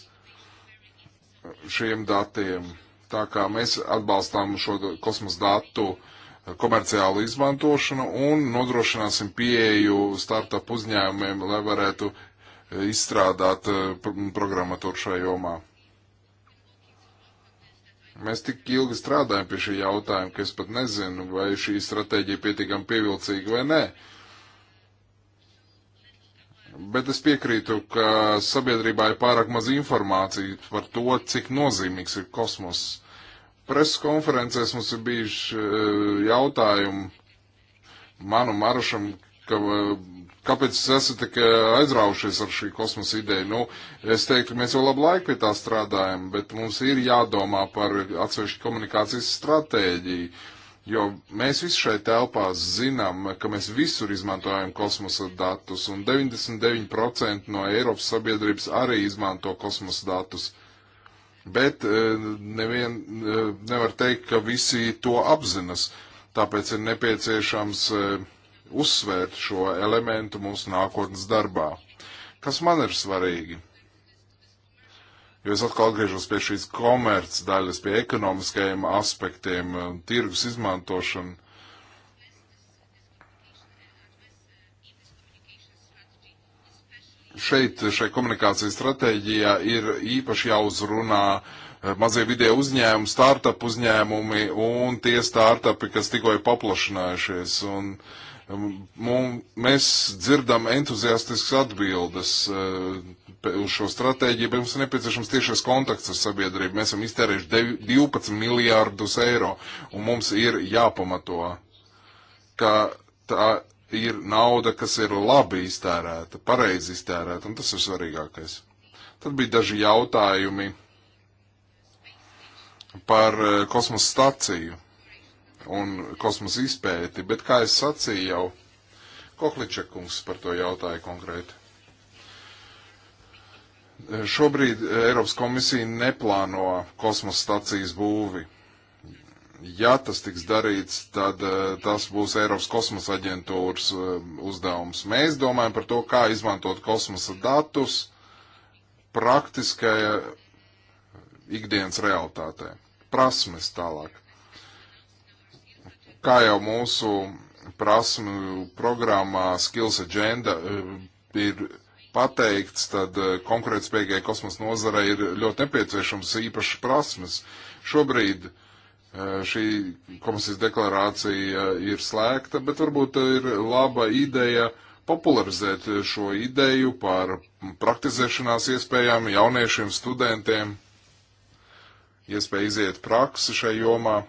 šiem datiem. Tā kā mēs atbalstām šo kosmosa datu eh, komerciālu izmantošanu un nodrošināsim pieeju startup uzņēmumiem, lai varētu izstrādāt programmatūru šajā jomā. Mēs tik ilgi strādājam pie šī jautājuma, ka es pat nezinu, vai šī stratēģija pietiekami pievilcīga vai nē. Bet es piekrītu, ka sabiedrībā ir pārāk maz informācijas par to, cik nozīmīgs ir kosmoss. Preses konferencēs mums ir bijuši e, jautājumi manu Marušam, ka e, Kāpēc esat eh, aizraujušies ar šī kosmosa ideju? Nu, es teiktu, ka mēs jau labu laiku pie tā strādājam, bet mums ir jādomā par atsevišķu komunikācijas stratēģiju. Jo mēs visi šai telpā zinām, ka mēs visur izmantojam kosmosa datus, un 99% no Eiropas sabiedrības arī izmanto kosmosa datus. Bet eh, nevien, eh, nevar teikt, ka visi to apzinas. Tāpēc ir nepieciešams uh, uzsvērt šo elementu mūsu nākotnes darbā. Kas man ir svarīgi? Jo es atkal atgriežos pie šīs komerces daļas, pie ekonomiskajiem aspektiem, eh, tirgus izmantošanu. Šeit, šai komunikācijas stratēģijā ir īpaši jāuzrunā uh, mazie vidē uzņēmumi, startup uzņēmumi un tie startupi, kas tikko ir paplašinājušies. Un Mēs dzirdam entuziastiskas atbildes eh, uz šo stratēģiju, bet mums ir nepieciešams tiešais kontakts ar sabiedrību. Mēs esam iztērējuši 12 miljārdus eiro, un mums ir jāpamato, ka tā ir nauda, kas ir labi iztērēta, pareizi iztērēta, un tas ir svarīgākais. Tad bija daži jautājumi par eh, kosmosa staciju un kosmosa izpēti, bet, kā es sacīju jau, Kohličekungs par to jautāja konkrēti. Šobrīd Eiropas komisija neplāno kosmosa stacijas būvi. Ja tas tiks darīts, tad eh, tas būs Eiropas kosmosa aģentūras eh, uzdevums. Mēs domājam par to, kā izmantot kosmosa datus praktiskajā ikdienas realitātē. Prasmes tālāk. Kā jau mūsu prasmu programmā Skills Agenda eh, ir pateikts, tad eh, konkurētspējīgai kosmosa nozara ir ļoti nepieciešams īpašas prasmes. Šobrīd eh, šī komisijas deklarācija ir slēgta, bet varbūt ir laba ideja popularizēt šo ideju par praktizēšanās iespējām jauniešiem, studentiem, iespēju iziet praksi šai jomā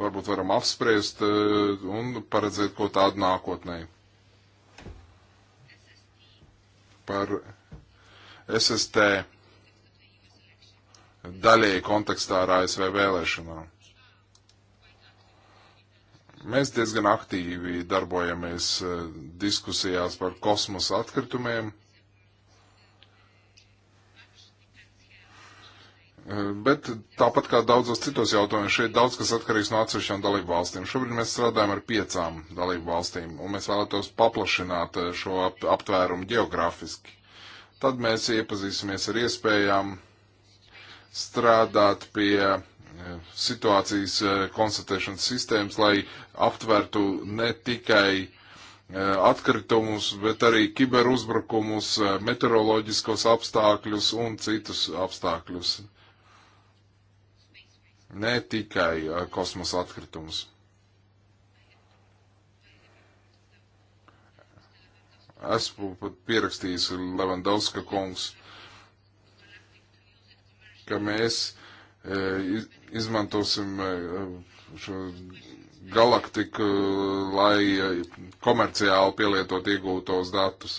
varbūt varam apspriest eh, un paredzēt ko tādu nākotnē. Par SST daļēji kontekstā ar ASV vēlēšanām. Mēs diezgan aktīvi darbojamies eh, diskusijās par kosmosa atkritumiem Bet tāpat kā daudzos citos jautājumos, šeit daudz kas atkarīgs no atsevišķām dalību valstīm. Šobrīd mēs strādājam ar piecām dalību valstīm, un mēs vēlētos paplašināt eh, šo aptvērumu geogrāfiski. Tad mēs iepazīsimies ar iespējām strādāt pie eh, situācijas eh, konstatēšanas sistēmas, lai aptvertu ne tikai atkritumus, bet arī kiberuzbrukumus, meteoroloģiskos apstākļus un citus apstākļus ne tikai uh, kosmosa atkritumus. Esmu pat pierakstījis Levandovska kungs, ka mēs e, izmantosim e, šo galaktiku, lai komerciāli pielietot iegūtos datus.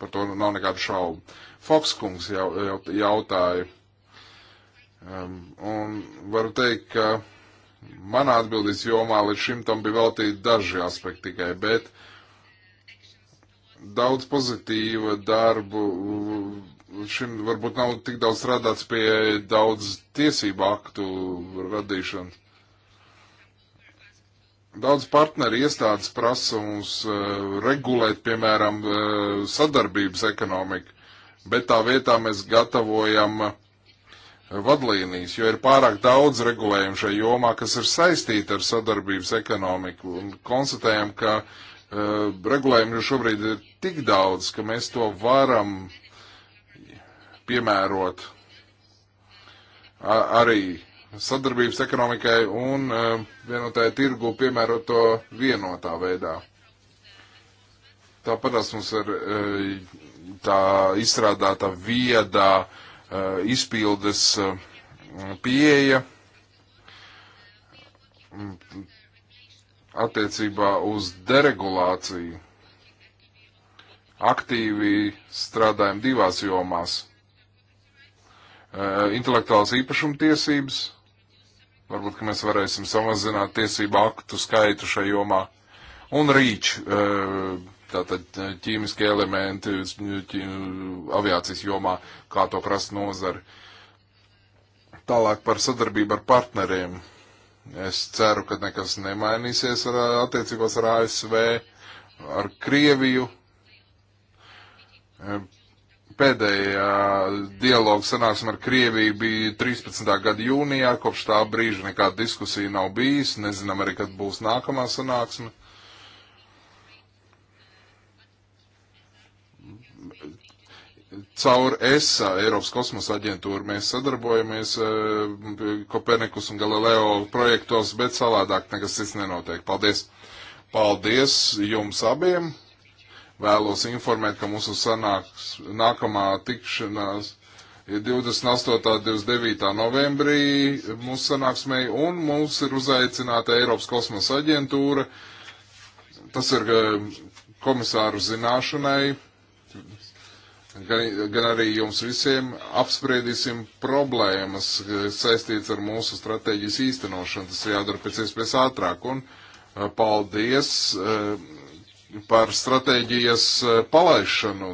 Par to nav nekādu šaubu. Fokskungs jau, jau, jautāja Um, un varu teikt, ka manā atbildīs jomā līdz šim tam bija veltīti daži aspekti tikai, bet daudz pozitīva darbu uh, šim varbūt nav tik daudz strādāts pie daudz tiesību aktu radīšanas. Daudz partneri iestādes prasa mums uh, regulēt, piemēram, uh, sadarbības ekonomiku, bet tā vietā mēs gatavojam uh, vadlīnijas, jo ir pārāk daudz regulējumu šajā jomā, kas ir saistīti ar sadarbības ekonomiku. Un konstatējam, ka uh, eh, regulējumu šobrīd ir tik daudz, ka mēs to varam piemērot A arī sadarbības ekonomikai un uh, eh, vienotāju tirgu piemērot to vienotā veidā. Tāpat mums ir uh, tā izstrādāta viedā uh, Eh, izpildes eh, pieeja mm, attiecībā uz deregulāciju. Aktīvi strādājam divās jomās. Eh, Intelektuālās īpašumtiesības, varbūt, ka mēs varēsim samazināt tiesību aktu skaitu šajā jomā, un rīč tātad eh, ķīmiskie elementi eh, ķīm, aviācijas jomā, kā to prasa nozari. Tālāk par sadarbību ar partneriem. Es ceru, ka nekas nemainīsies ar eh, attiecībās ar ASV, ar Krieviju. Pēdējā dialoga sanāksme ar Krieviju bija 13. gada jūnijā, kopš tā brīža nekāda diskusija nav bijis, nezinām arī, kad būs nākamā sanāksme. Caur ESA, Eiropas kosmosa aģentūru, mēs sadarbojamies eh, Kopernikus un Galileo projektos, bet savādāk nekas cits nenotiek. Paldies! Paldies jums abiem! Vēlos informēt, ka mūsu sanāks nākamā tikšanās ir 28. un 29. novembrī mūsu sanāksmē, un mums ir uzaicināta Eiropas kosmosa aģentūra. Tas ir eh, komisāru zināšanai gan, gan arī jums visiem apspriedīsim problēmas eh, saistīts ar mūsu stratēģijas īstenošanu. Tas ir jādara pēc iespējas ātrāk. Un eh, paldies eh, par stratēģijas palaišanu.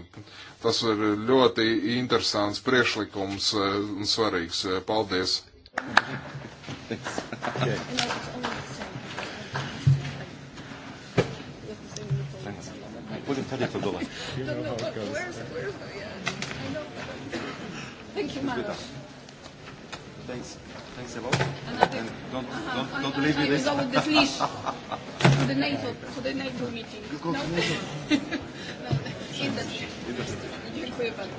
Tas ir ļoti interesants priekšlikums un svarīgs. Paldies! [laughs] Thanks. okay. Budem tady to dole. Thank you, Maros. Thanks. Thanks a lot. And, and don't, uh-huh. don't, don't I, leave I, me I this. I will go with this [laughs] leash to the NATO, to the NATO meeting. You go no? to NATO. [laughs] no, in the Děkuji, pane.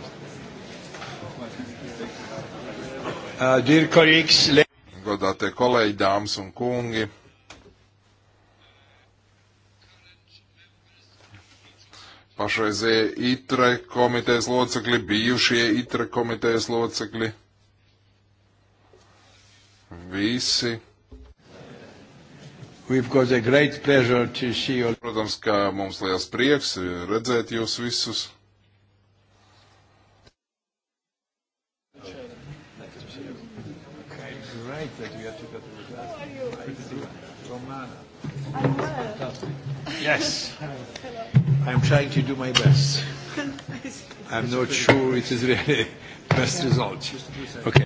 Uh, dear colleagues, godātie kolēģi, dāmas un kungi! pašreizie ITRE komitejas locekļi, bijušie ITRE komitejas locekļi. Visi. Protams, ka mums liels prieks redzēt jūs visus. Yes. I'm trying to do my best. [laughs] I'm not sure it is really best result. Okay.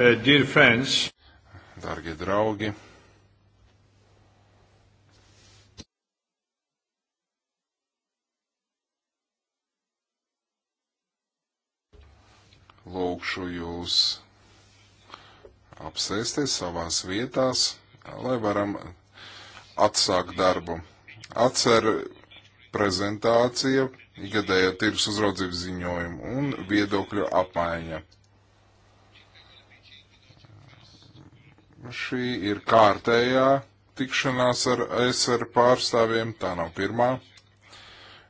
Uh, dear friends, Dargie draugi, lūkšu jūs apsēsties savās vietās, lai varam atsākt darbu. Atcer prezentācija, ikgadēja tirgus uzraudzības ziņojuma un viedokļu apmaiņa. Šī ir kārtējā tikšanās ar SR pārstāvjiem, tā nav pirmā.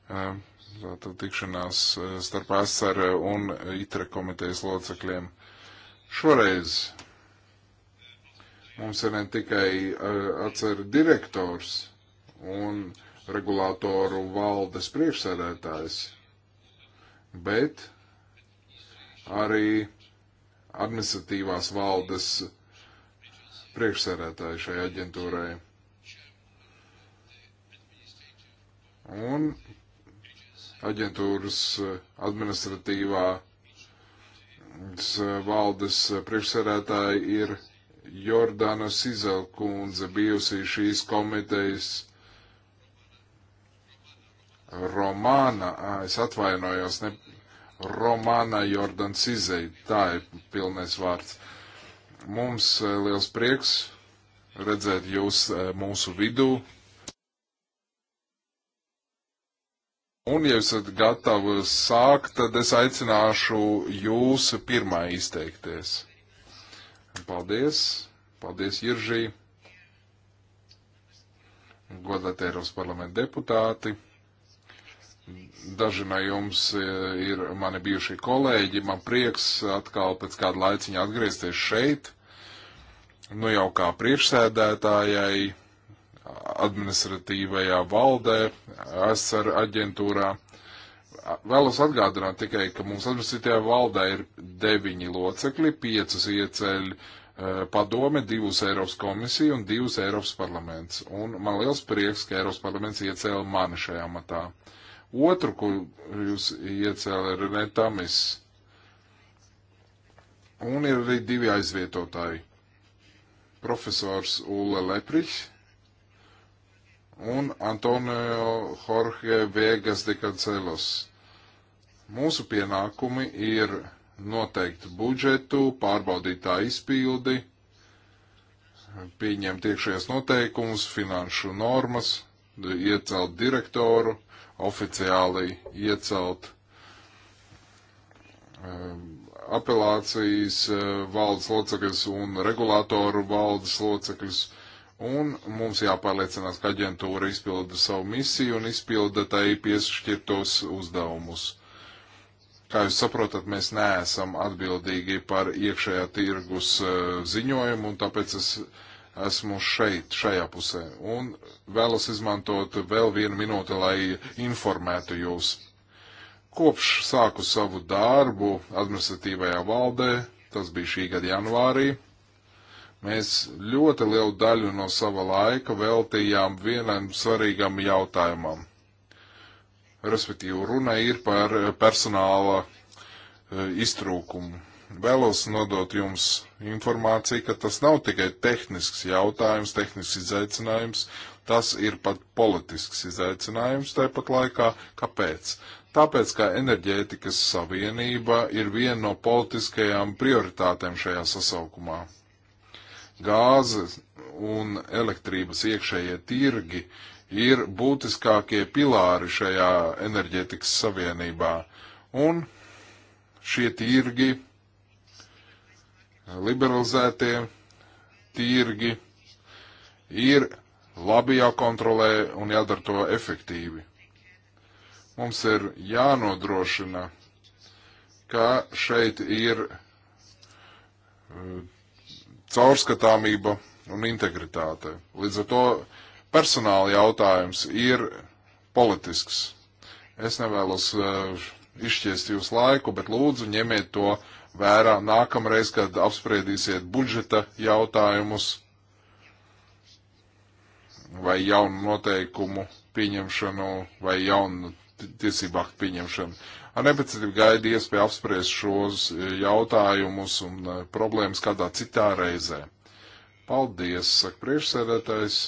Ehm, tātad tikšanās eh, starp SR un ITRE komitejas locekļiem. Šoreiz mums ir ne tikai eh, atcer direktors un regulātoru valdes priekšsēdētājs, bet arī administratīvās valdes priekšsēdētāji šai aģentūrai. Un aģentūras administratīvā valdes priekšsēdētāji ir Jordāna Sizelkundze, bijusi šīs komitejas Romāna, es atvainojos, ne Romāna Jordan Sizei, tā ir pilnais vārds. Uh, Mums e, liels prieks redzēt jūs e, mūsu vidū. Un, ja esat gatavi sākt, tad es aicināšu jūs pirmā izteikties. Paldies! Paldies, Jiržī! Godāt Eiropas parlamenta deputāti! Daži no jums e, ir mani bijušie kolēģi. Man prieks atkal pēc kāda laiciņa atgriezties šeit. Nu jau kā priekšsēdētājai administratīvajā valdē, SR aģentūrā. Vēlos atgādināt tikai, ka mums administratīvajā valdē ir deviņi locekļi, piecus ieceļ e, padome, divus Eiropas komisiju un divus Eiropas parlaments. Un man liels prieks, ka Eiropas parlaments iecēla mani šajā matā. Uh, Otru, kur jūs iecēla, ir Netamis. Un ir arī divi aizvietotāji. Profesors Ulle Lepriķis un Antonio Jorge Vegas de Cancelos. Mūsu pienākumi ir noteikt budžetu, pārbaudīt tā izpildi, pieņemt iekšējās noteikumus, finanšu normas, iecelt direktoru oficiāli iecelt um, apelācijas uh, valdes locekļus un regulātoru valdes locekļus. Un mums jāpārliecinās, ka aģentūra izpilda savu misiju un izpilda tai piešķirtos uzdevumus. Kā jūs saprotat, mēs neesam atbildīgi par iekšējā tirgus uh, ziņojumu, un tāpēc es uh, esmu šeit, šajā pusē, un vēlas izmantot vēl vienu minūti, lai informētu jūs. Kopš sāku savu darbu administratīvajā valdē, tas bija šī gada janvārī, mēs ļoti lielu daļu no sava laika veltījām vienam svarīgam jautājumam. Respektīvi, runa ir par personāla e, iztrūkumu vēlos nodot jums informāciju, ka tas nav tikai tehnisks jautājums, tehnisks izaicinājums, tas ir pat politisks izaicinājums tāpat laikā. Kāpēc? Tāpēc, ka enerģētikas savienība ir viena no politiskajām prioritātēm šajā sasaukumā. Gāzes un elektrības iekšējie tirgi ir būtiskākie pilāri šajā enerģētikas savienībā, un šie tirgi liberalizētie tirgi ir labi jākontrolē un jādara to efektīvi. Mums ir jānodrošina, ka šeit ir eh, caurskatāmība un integritāte. Līdz ar to personāla jautājums ir politisks. Es nevēlos uh, izšķiest jūsu laiku, bet lūdzu ņemiet to vērā nākamreiz, kad apspriedīsiet budžeta jautājumus vai jaunu noteikumu pieņemšanu vai jaunu tiesību aktu pieņemšanu. Ar nepacietību gaidu iespēju apspriest šos e, jautājumus un e, problēmas kādā citā reizē. Paldies, saka priekšsēdētājs.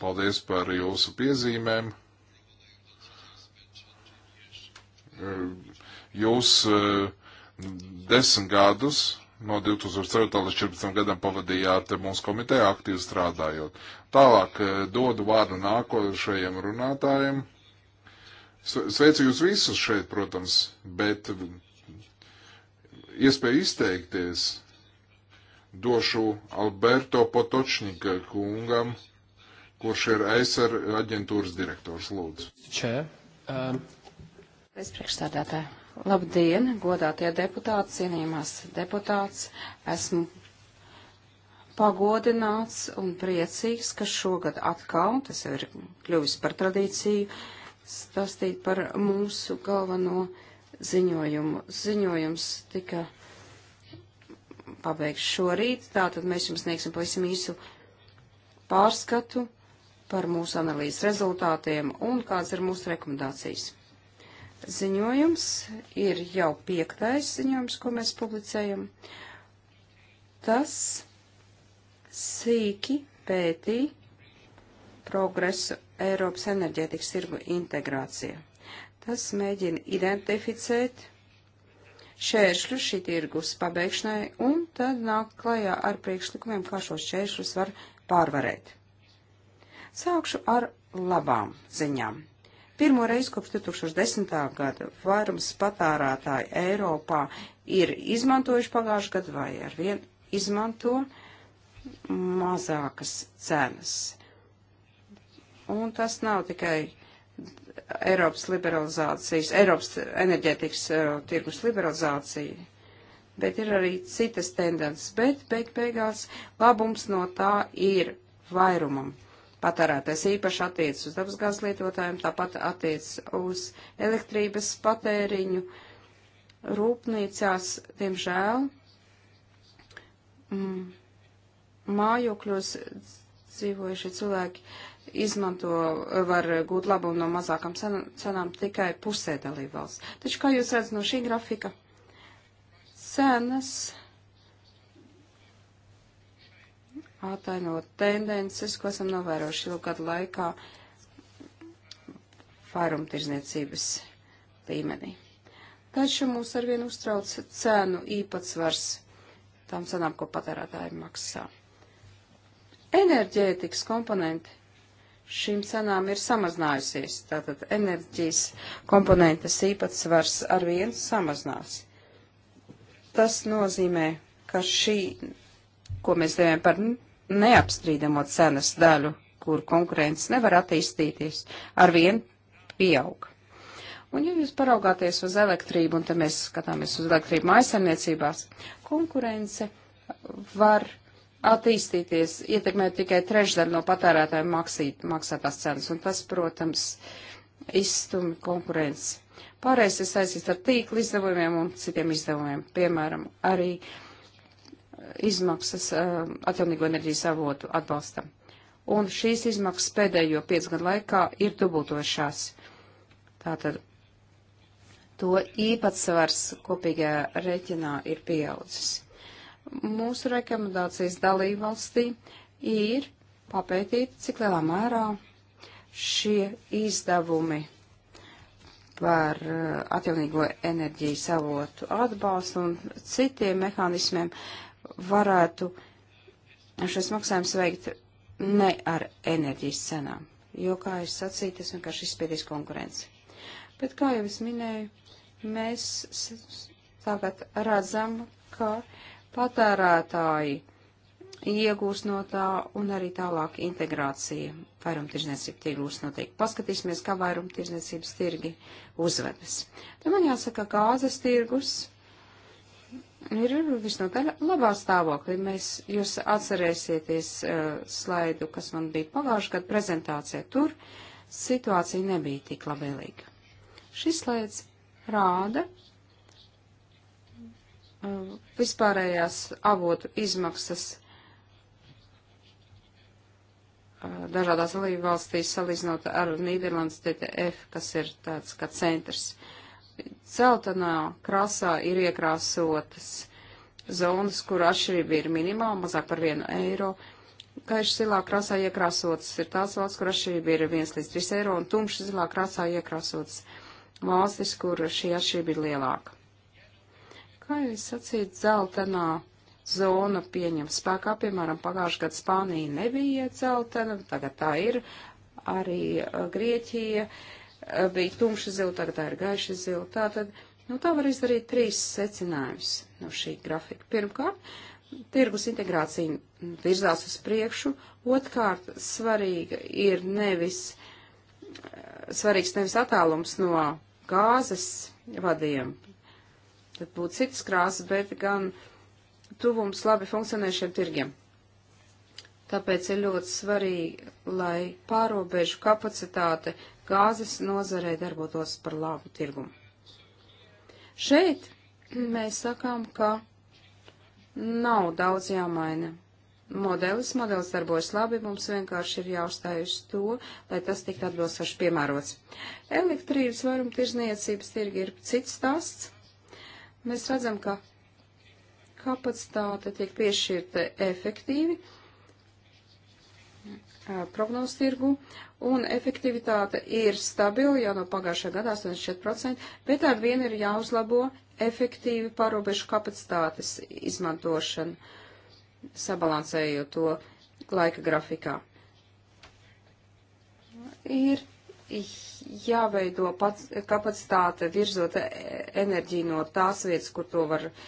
Paldies par jūsu piezīmēm. E, jūs uh, Desmit gadus no 2004. līdz 2014. gadam pavadījāt mūsu komitejā aktīvi strādājot. Tālāk eh, dodu vārdu nākošajiem runātājiem. Sveicu jūs visus šeit, protams, bet iespēju izteikties došu Alberto Potočnika kungam, kurš ir ESR aģentūras direktors. Lūdzu. Čē. Um. Es priekšstādātāju. Labdien, godātie deputāti, cienījumās deputāts. Esmu pagodināts un priecīgs, ka šogad atkal, tas jau ir kļuvis par tradīciju, stāstīt par mūsu galveno ziņojumu. Ziņojums tika pabeigts šorīt, tātad mēs jums sniegsim pavisam īsu pārskatu par mūsu analīzes rezultātiem un kādas ir mūsu rekomendācijas ziņojums, ir jau piektais ziņojums, ko mēs publicējam. Tas sīki pētī progresu Eiropas enerģētikas tirgu integrācija. Tas mēģina identificēt šķēršļus šī tirgus pabeigšanai un tad nāk klajā ar priekšlikumiem, kā šos šķēršļus var pārvarēt. Sākšu ar labām ziņām. Pirmo reizi kopš 2010. gada vairums patārātāji Eiropā ir izmantojuši pagājušajā gadu vai ar vienu izmanto mazākas cenas. Un tas nav tikai Eiropas liberalizācijas, Eiropas enerģētikas uh, tirgus liberalizācija, bet ir arī citas tendences, bet beig beigās labums no tā ir vairumam. Patērētais īpaši attiecas uz dabasgāzes lietotājiem, tāpat attiecas uz elektrības patēriņu rūpnīcās, diemžēl. Mm, mājokļos dzīvojušie cilvēki izmanto, var gūt labumu no mazākām cenām tikai pusē dalībvalsts. Taču, kā jūs redzat no šī grafika, cenas atainot tendences, ko esam novērojuši ilgu gadu laikā vairumtirdzniecības līmenī. Taču mūs arvien uztrauc cēnu īpatsvars tām cenām, ko patērētāji maksā. Enerģētikas komponenti šīm cenām ir samazinājusies, tātad enerģijas komponentes īpatsvars arvien samazinās. Tas nozīmē, ka šī, ko mēs dēvējam par neapstrīdamo cenas daļu, kur konkurence nevar attīstīties, arvien pieaug. Un, ja jūs paraugāties uz elektrību, un te mēs skatāmies uz elektrību mājasemniecībās, konkurence var attīstīties, ietekmēt tikai trešdaļu no patērētāju maksīt, maksātās cenas, un tas, protams, izstumi konkurences. Pārējais ir saistīts ar tīkla izdevumiem un citiem izdevumiem, piemēram, arī uh, izmaksas um, atjaunīgo enerģijas avotu atbalstam. Un šīs izmaksas pēdējo piecu gadu laikā ir dubultošās. Tātad to īpatsvars kopīgajā rēķinā ir pieaudzis. Mūsu rekomendācijas dalībvalstī ir papētīt, cik lielā mērā šie izdevumi par uh, atjaunīgo enerģijas avotu atbalstu un citiem mehānismiem uh, varētu šos maksājumus veikt ne ar enerģijas cenām, jo, kā es sacīju, tas vienkārši izspiedīs konkurenci. Bet, kā jau es minēju, mēs tagad redzam, ka patērētāji iegūs no tā un arī tālāk integrācija vairumtirdzniecību tirgūs notiek. Paskatīsimies, kā vairumtirdzniecības tirgi uzvedas. Tad man jāsaka, gāzes tirgus ir visnotaļ labā stāvoklī. Mēs jūs atcerēsieties uh, slaidu, kas man bija pagājušajā gadā prezentācijā. Tur situācija nebija tik labvēlīga. Šis slaids rāda uh, vispārējās avotu izmaksas uh, dažādās dalību valstīs salīdzinot ar Nīderlandes DTF, kas ir tāds kā centrs. Celtenā krasā ir iekrāsotas zonas, kur atšķirība ir minimāla, mazāk par vienu eiro. Gaiši zilā krāsā iekrāsotas ir tās valsts, kur atšķirība ir 1 līdz 3 eiro, un tumši zilā krāsā iekrāsotas valstis, kur šī atšķirība ir lielāka. Kā jau es sacīju, dzeltenā zona pieņem spēkā, piemēram, pagājušajā gadā Spānija nebija dzeltena, tagad tā ir, arī uh, Grieķija. Uh, Eh, bija tumša zila, tagad tā ir gaiša zila. Tātad, nu tā var izdarīt trīs secinājumus no šī grafika. Pirmkārt, tirgus integrācija virzās uz priekšu, otrkārt, svarīga ir nevis, eh, svarīgs nevis attālums no gāzes vadiem, tad būtu citas krāsas, bet gan tuvums labi funkcionējušiem tirgiem. Tāpēc ir ļoti svarīgi, lai pārobežu kapacitāte gāzes nozarē darbotos par labu tirgumu. Šeit mēs sakām, ka nav daudz jāmaina. Modelis, modelis darbojas labi, mums vienkārši ir jāuzstāj uz to, lai tas tiktu atbilstoši piemērots. Elektrības vairuma tirzniecības tirgi ir cits stāsts. Mēs redzam, ka kapacitāte tiek piešķirta efektīvi Uh, prognozu tirgu, un efektivitāte ir stabila jau no pagājušā gada 84%, bet ar vienu ir jāuzlabo efektīvi parobežu kapacitātes izmantošana, sabalansējot to laika grafikā. Ir jāveido pats kapacitāte virzot e, enerģiju no tās vietas, kur to var uh,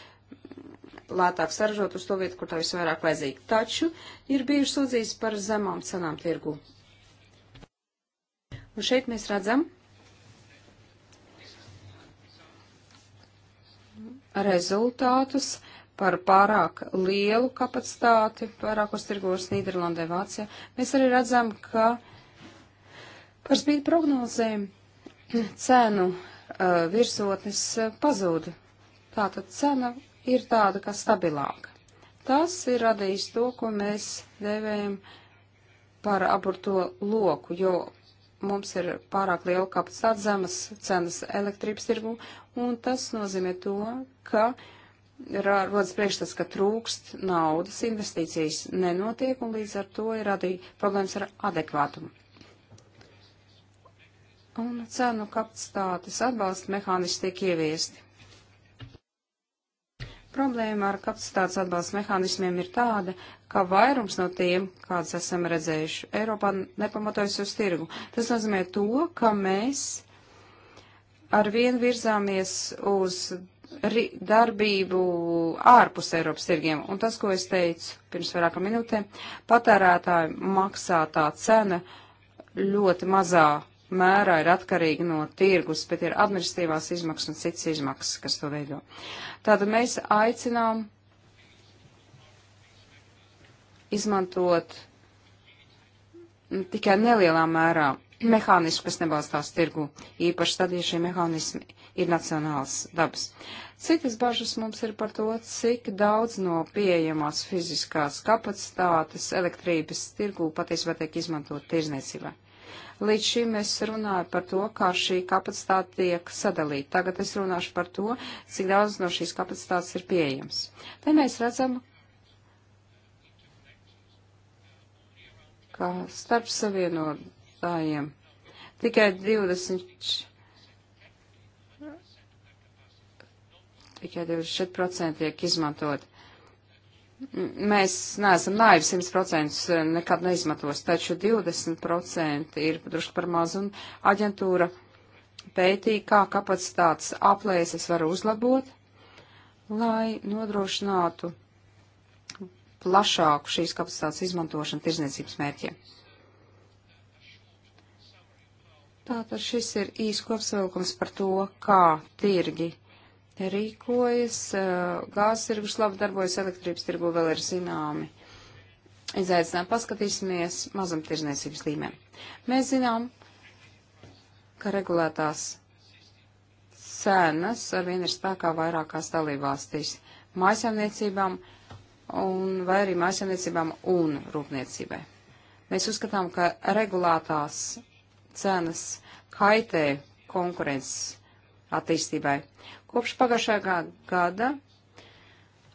lētāk saražot uz to vietu, kur tā visvairāk vajadzīga. Taču ir bijuši sūdzības par zemām cenām tirgu. Un šeit mēs redzam rezultātus par pārāk lielu kapacitāti vairākos tirgos Nīderlandē, Vācijā. Mēs arī redzam, ka par spīti prognozēm cenu uh, virsotnes uh, pazūda. Tātad cena ir tāda, kas stabilāka. Tas ir radījis to, ko mēs devējam par aburto loku, jo mums ir pārāk liela kapacitāte zemes cenas elektrības tirgu, un tas nozīmē to, ka rodas priekšstats, ka trūkst naudas, investīcijas nenotiek, un līdz ar to ir radīja problēmas ar adekvātumu. Un cenu kapacitātes atbalsta mehānismi tiek ieviesti. Problēma ar kapacitātes atbalsta mehānismiem ir tāda, ka vairums no tiem, kādas esam redzējuši, Eiropā nepamatojas uz tirgu. Tas nozīmē to, ka mēs ar vienu virzāmies uz darbību ārpus Eiropas tirgiem. Un tas, ko es teicu pirms vairākam minūtēm, patērētāji maksā tā cena ļoti mazā mērā ir atkarīga no tirgus, bet ir administratīvās izmaksas un citas izmaksas, kas to veido. Tātad mēs aicinām izmantot nu, tikai nelielā mērā mehānismu, kas nebalstās tirgu, īpaši tad, ja šie mehānismi ir nacionāls dabas. Citas bažas mums ir par to, cik daudz no pieejamās fiziskās kapacitātes elektrības tirgu patiesībā tiek izmantot tirzniecībai. Līdz šim es runāju par to, kā šī kapacitāte tiek sadalīta. Tagad es runāšu par to, cik daudz no šīs kapacitātes ir pieejams. Te mēs redzam, ka starp savienotājiem tikai 20. Tikai 24% tiek izmantot. Mēs neesam naivi 100% e, nekad neizmantos, taču 20% ir drusku par maz un aģentūra pētīja, kā kapacitātes aplēses var uzlabot, lai nodrošinātu plašāku šīs kapacitātes izmantošanu tirzniecības mērķiem. Tātad šis ir īsts kopsavilkums par to, kā tirgi rīkojas, gāzes tirgus labi darbojas, elektrības tirgu vēl ir zināmi. Izaicinām paskatīsimies mazumtirzniecības līmēm. Mēs zinām, ka regulētās cenas arvien ir spēkā vairākās dalībvalstīs - mājasēmniecībām un vai arī mājasēmniecībām un rūpniecībai. Mēs uzskatām, ka regulētās cenas kaitē konkurences attīstībai. Kopš pagājušā gada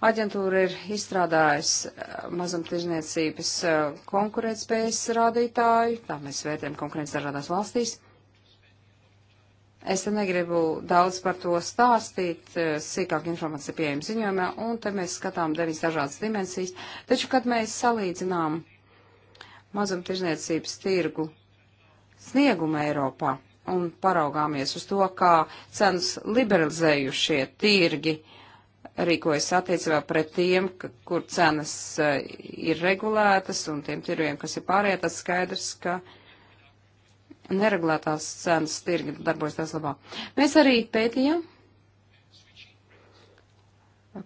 aģentūra ir izstrādājusi eh, mazumtirdzniecības eh, konkurētspējas rādītāju, tā mēs vērtējam konkurence dažādās valstīs. Es te negribu daudz par to stāstīt, eh, sīkāk informācija pieejama ziņojumā, un te mēs skatām deviņas dažādas dimensijas. Taču, kad mēs salīdzinām mazumtirdzniecības tirgu sniegumu Eiropā un paraugāmies uz to, kā cenas liberalizējušie tirgi rīkojas attiecībā pret tiem, kur cenas eh, ir regulētas un tiem tirgiem, kas ir pārējie, tad skaidrs, ka neregulētās cenas tirgi darbojas tās labā. Mēs arī pētījām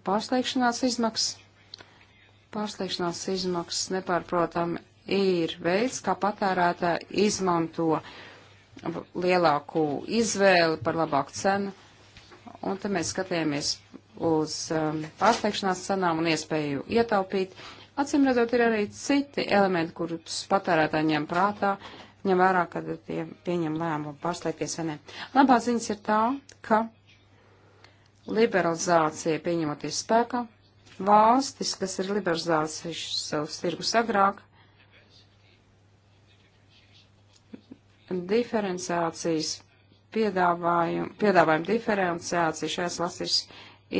pārslēgšanās izmaksas. Pārslēgšanās izmaksas nepārprotami ir veids, kā patērētāji izmanto uh, lielāku izvēli par labāku cenu. Un te mēs skatījāmies uz um, pārsteigšanās cenām un iespēju ietaupīt. Acīm redzot, ir arī citi elementi, kurus patērētāji ņem prātā, ņem vērā, kad tie pieņem lēmumu pārsteigties vai nē. Labā ziņas ir tā, ka liberalizācija pieņemoties spēkā, valstis, kas ir liberalizācijas savus tirgus agrāk, diferenciācijas piedāvājumu, piedāvājumu diferenciācija šajās valstīs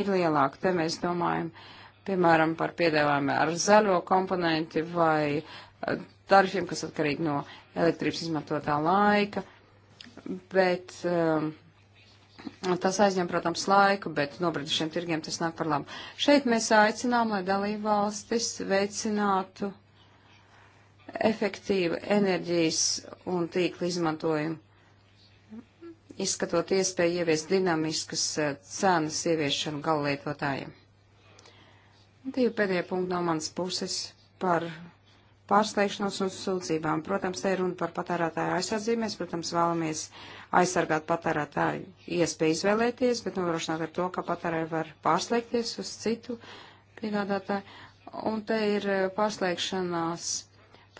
ir lielāka. Te mēs domājam, piemēram, par piedāvājumu ar zaļo komponenti vai eh, tarifiem, kas atkarīgi no elektrības izmantotā laika, bet um, tas aizņem, protams, laiku, bet nobriedušiem tirgiem tas nāk par labu. Šeit mēs aicinām, lai dalībvalstis veicinātu efektīvu enerģijas un tīkla izmantojumu, izskatot iespēju ieviest dinamiskas eh, cenas ieviešanu galvlietotājiem. Divi pēdējie punkti no manas puses par pārsteigšanos un sūdzībām. Protams, te ir runa par patērētāju aizsardzību. Mēs, protams, vēlamies aizsargāt patērētāju iespēju izvēlēties, bet nodrošināt ar to, ka patērētāji var pārsteigties uz citu piegādātāju. Un te ir eh, pārsteigšanās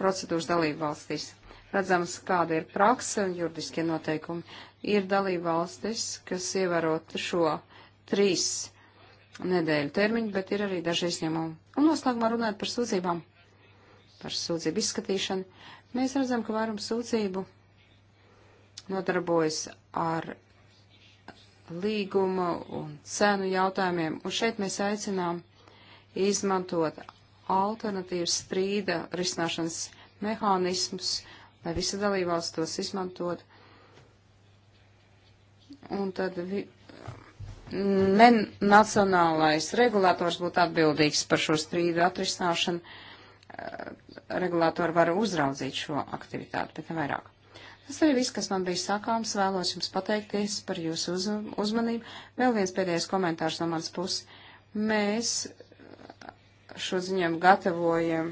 procedūras dalību valstīs. Redzams, kāda ir praksa un juridiskie noteikumi. Ir dalību valstis, kas ievērot šo trīs nedēļu termiņu, bet ir arī daži izņēmumi. Un noslēgumā runājot par sūdzībām, par sūdzību izskatīšanu, mēs redzam, ka vairums sūdzību nodarbojas ar līguma un cenu jautājumiem, un šeit mēs aicinām izmantot alternatīvas strīda risināšanas mehānismus, lai visi dalībvalsts tos izmantot. Un tad vi, ne nacionālais regulators būtu atbildīgs par šo strīdu atrisināšanu. Eh, regulātori var uzraudzīt šo aktivitāti, bet ne vairāk. Tas arī viss, kas man bija sakāms. Vēlos jums pateikties par jūsu uz, uzmanību. Vēl viens pēdējais komentārs no manas puses. Mēs šo ziņojumu gatavojam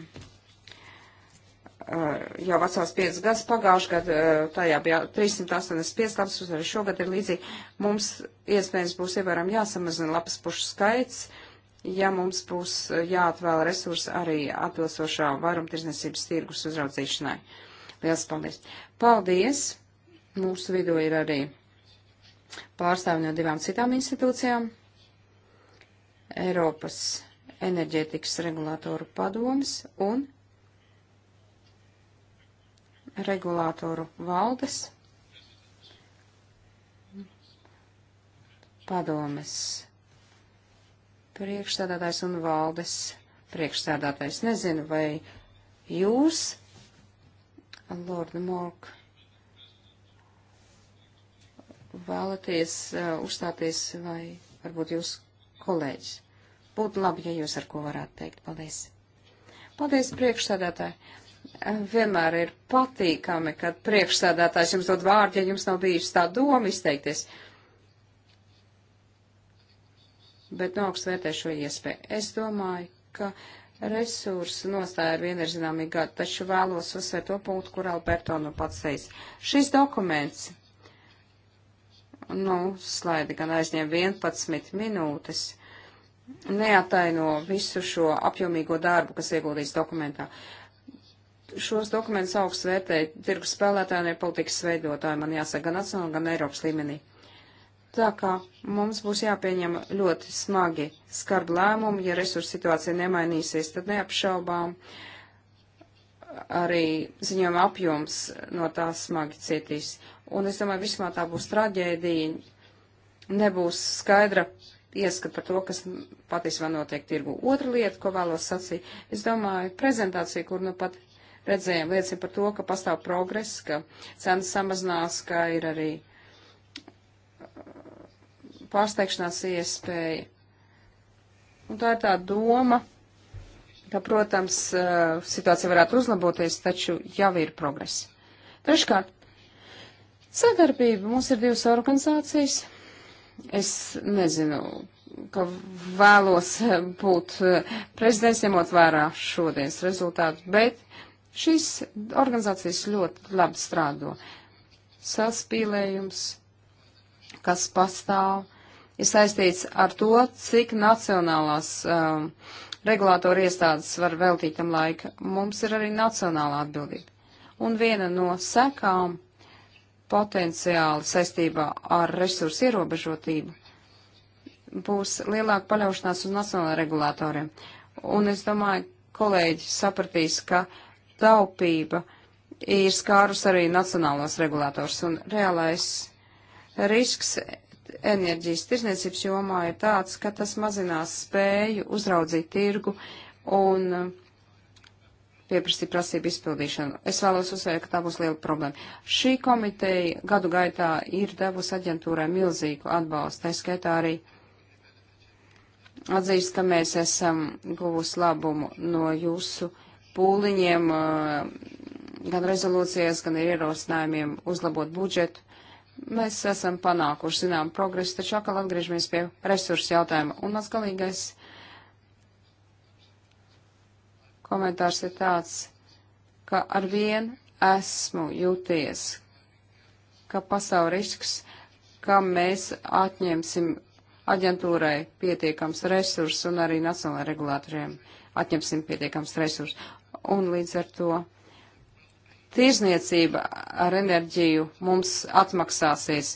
uh, jau vecās 5 gadus, pagājušajā gadā uh, tajā bija 385 lapas puses, arī šogad ir līdzīgi. Mums iespējams būs ievērām jāsamazina lapas pušu skaits, ja mums būs uh, jāatvēl resursi arī atbilstošā vairumtirdzniecības tirgus uzraudzīšanai. Lielas paldies! Paldies! Mūsu vidū ir arī pārstāvi no divām citām institūcijām. Eiropas enerģētikas regulātoru padomas un regulātoru valdes padomas priekšstādātājs un valdes priekšstādātājs. Nezinu, vai jūs, Lorda Mork, vēlaties uh, uzstāties vai varbūt jūs kolēģis. Būtu labi, ja jūs ar ko varētu teikt. Paldies. Paldies, priekšsēdētāji. Vienmēr ir patīkami, kad priekšsēdētājs jums dod vārdu, ja jums nav bijusi tā doma izteikties. Bet no augstu vērtē šo iespēju. Es domāju, ka resursu nostāja ir vienreizināmīgi gadi, taču vēlos uzsvērt to punktu, kur Alberto nu pats teica. Šis dokuments, nu, slaidi gan aizņem 11 minūtes, neataino visu šo apjomīgo darbu, kas ieguldīts dokumentā. Šos dokumentus augsts vērtē tirgus spēlētāji un ir politikas veidotāji, man jāsaka, gan nacionāli, gan Eiropas līmenī. Tā kā mums būs jāpieņem ļoti smagi skarbi lēmumi, ja resursu situācija nemainīsies, tad neapšaubām arī ziņojuma apjoms no tā smagi cietīs. Un es domāju, vismā tā būs traģēdija, nebūs skaidra ieskat par to, kas patiesībā notiek tirgu. Otra lieta, ko vēlos sacīt, es domāju, prezentācija, kur nu pat redzējām, liecina par to, ka pastāv progress, ka cenas samazinās, ka ir arī uh, pārsteigšanās iespēja. Un tā ir tā doma, ka, protams, uh, situācija varētu uzlaboties, taču jau ir progress. Treškārt, sadarbība. Mums ir divas organizācijas Es nezinu, ka vēlos būt prezidents, ņemot vērā šodienas rezultātu, bet šīs organizācijas ļoti labi strādo. Saspīlējums, kas pastāv, ir saistīts ar to, cik nacionālās um, regulātori iestādes var veltīt tam laika. Mums ir arī nacionāla atbildība. Un viena no sekām potenciāli saistībā ar resursu ierobežotību, būs lielāka paļaušanās uz nacionālajiem regulātoriem. Un es domāju, kolēģi sapratīs, ka taupība ir skārus arī nacionālos regulātors un reālais risks enerģijas tirsniecības jomā ir tāds, ka tas mazinās spēju uzraudzīt tirgu un uh, pieprasīt prasību izpildīšanu. Es vēlos uzsvērt, ka tā būs liela problēma. Šī komiteja gadu gaitā ir devusi aģentūrai milzīgu atbalstu, tā skaitā arī atzīst, ka mēs esam guvusi labumu no jūsu pūliņiem, eh, gan rezolūcijas, gan ir ierosinājumiem uzlabot budžetu. Mēs esam panākuši, zinām, progresu, taču atkal atgriežamies pie resursu jautājuma. Un mans galīgais komentārs ir tāds, ka ar vien esmu jūties, ka pastāv risks, ka mēs atņemsim aģentūrai pietiekams resursus un arī nacionālajiem regulātoriem atņemsim pietiekams resursus. Un līdz ar to tirzniecība ar enerģiju mums atmaksāsies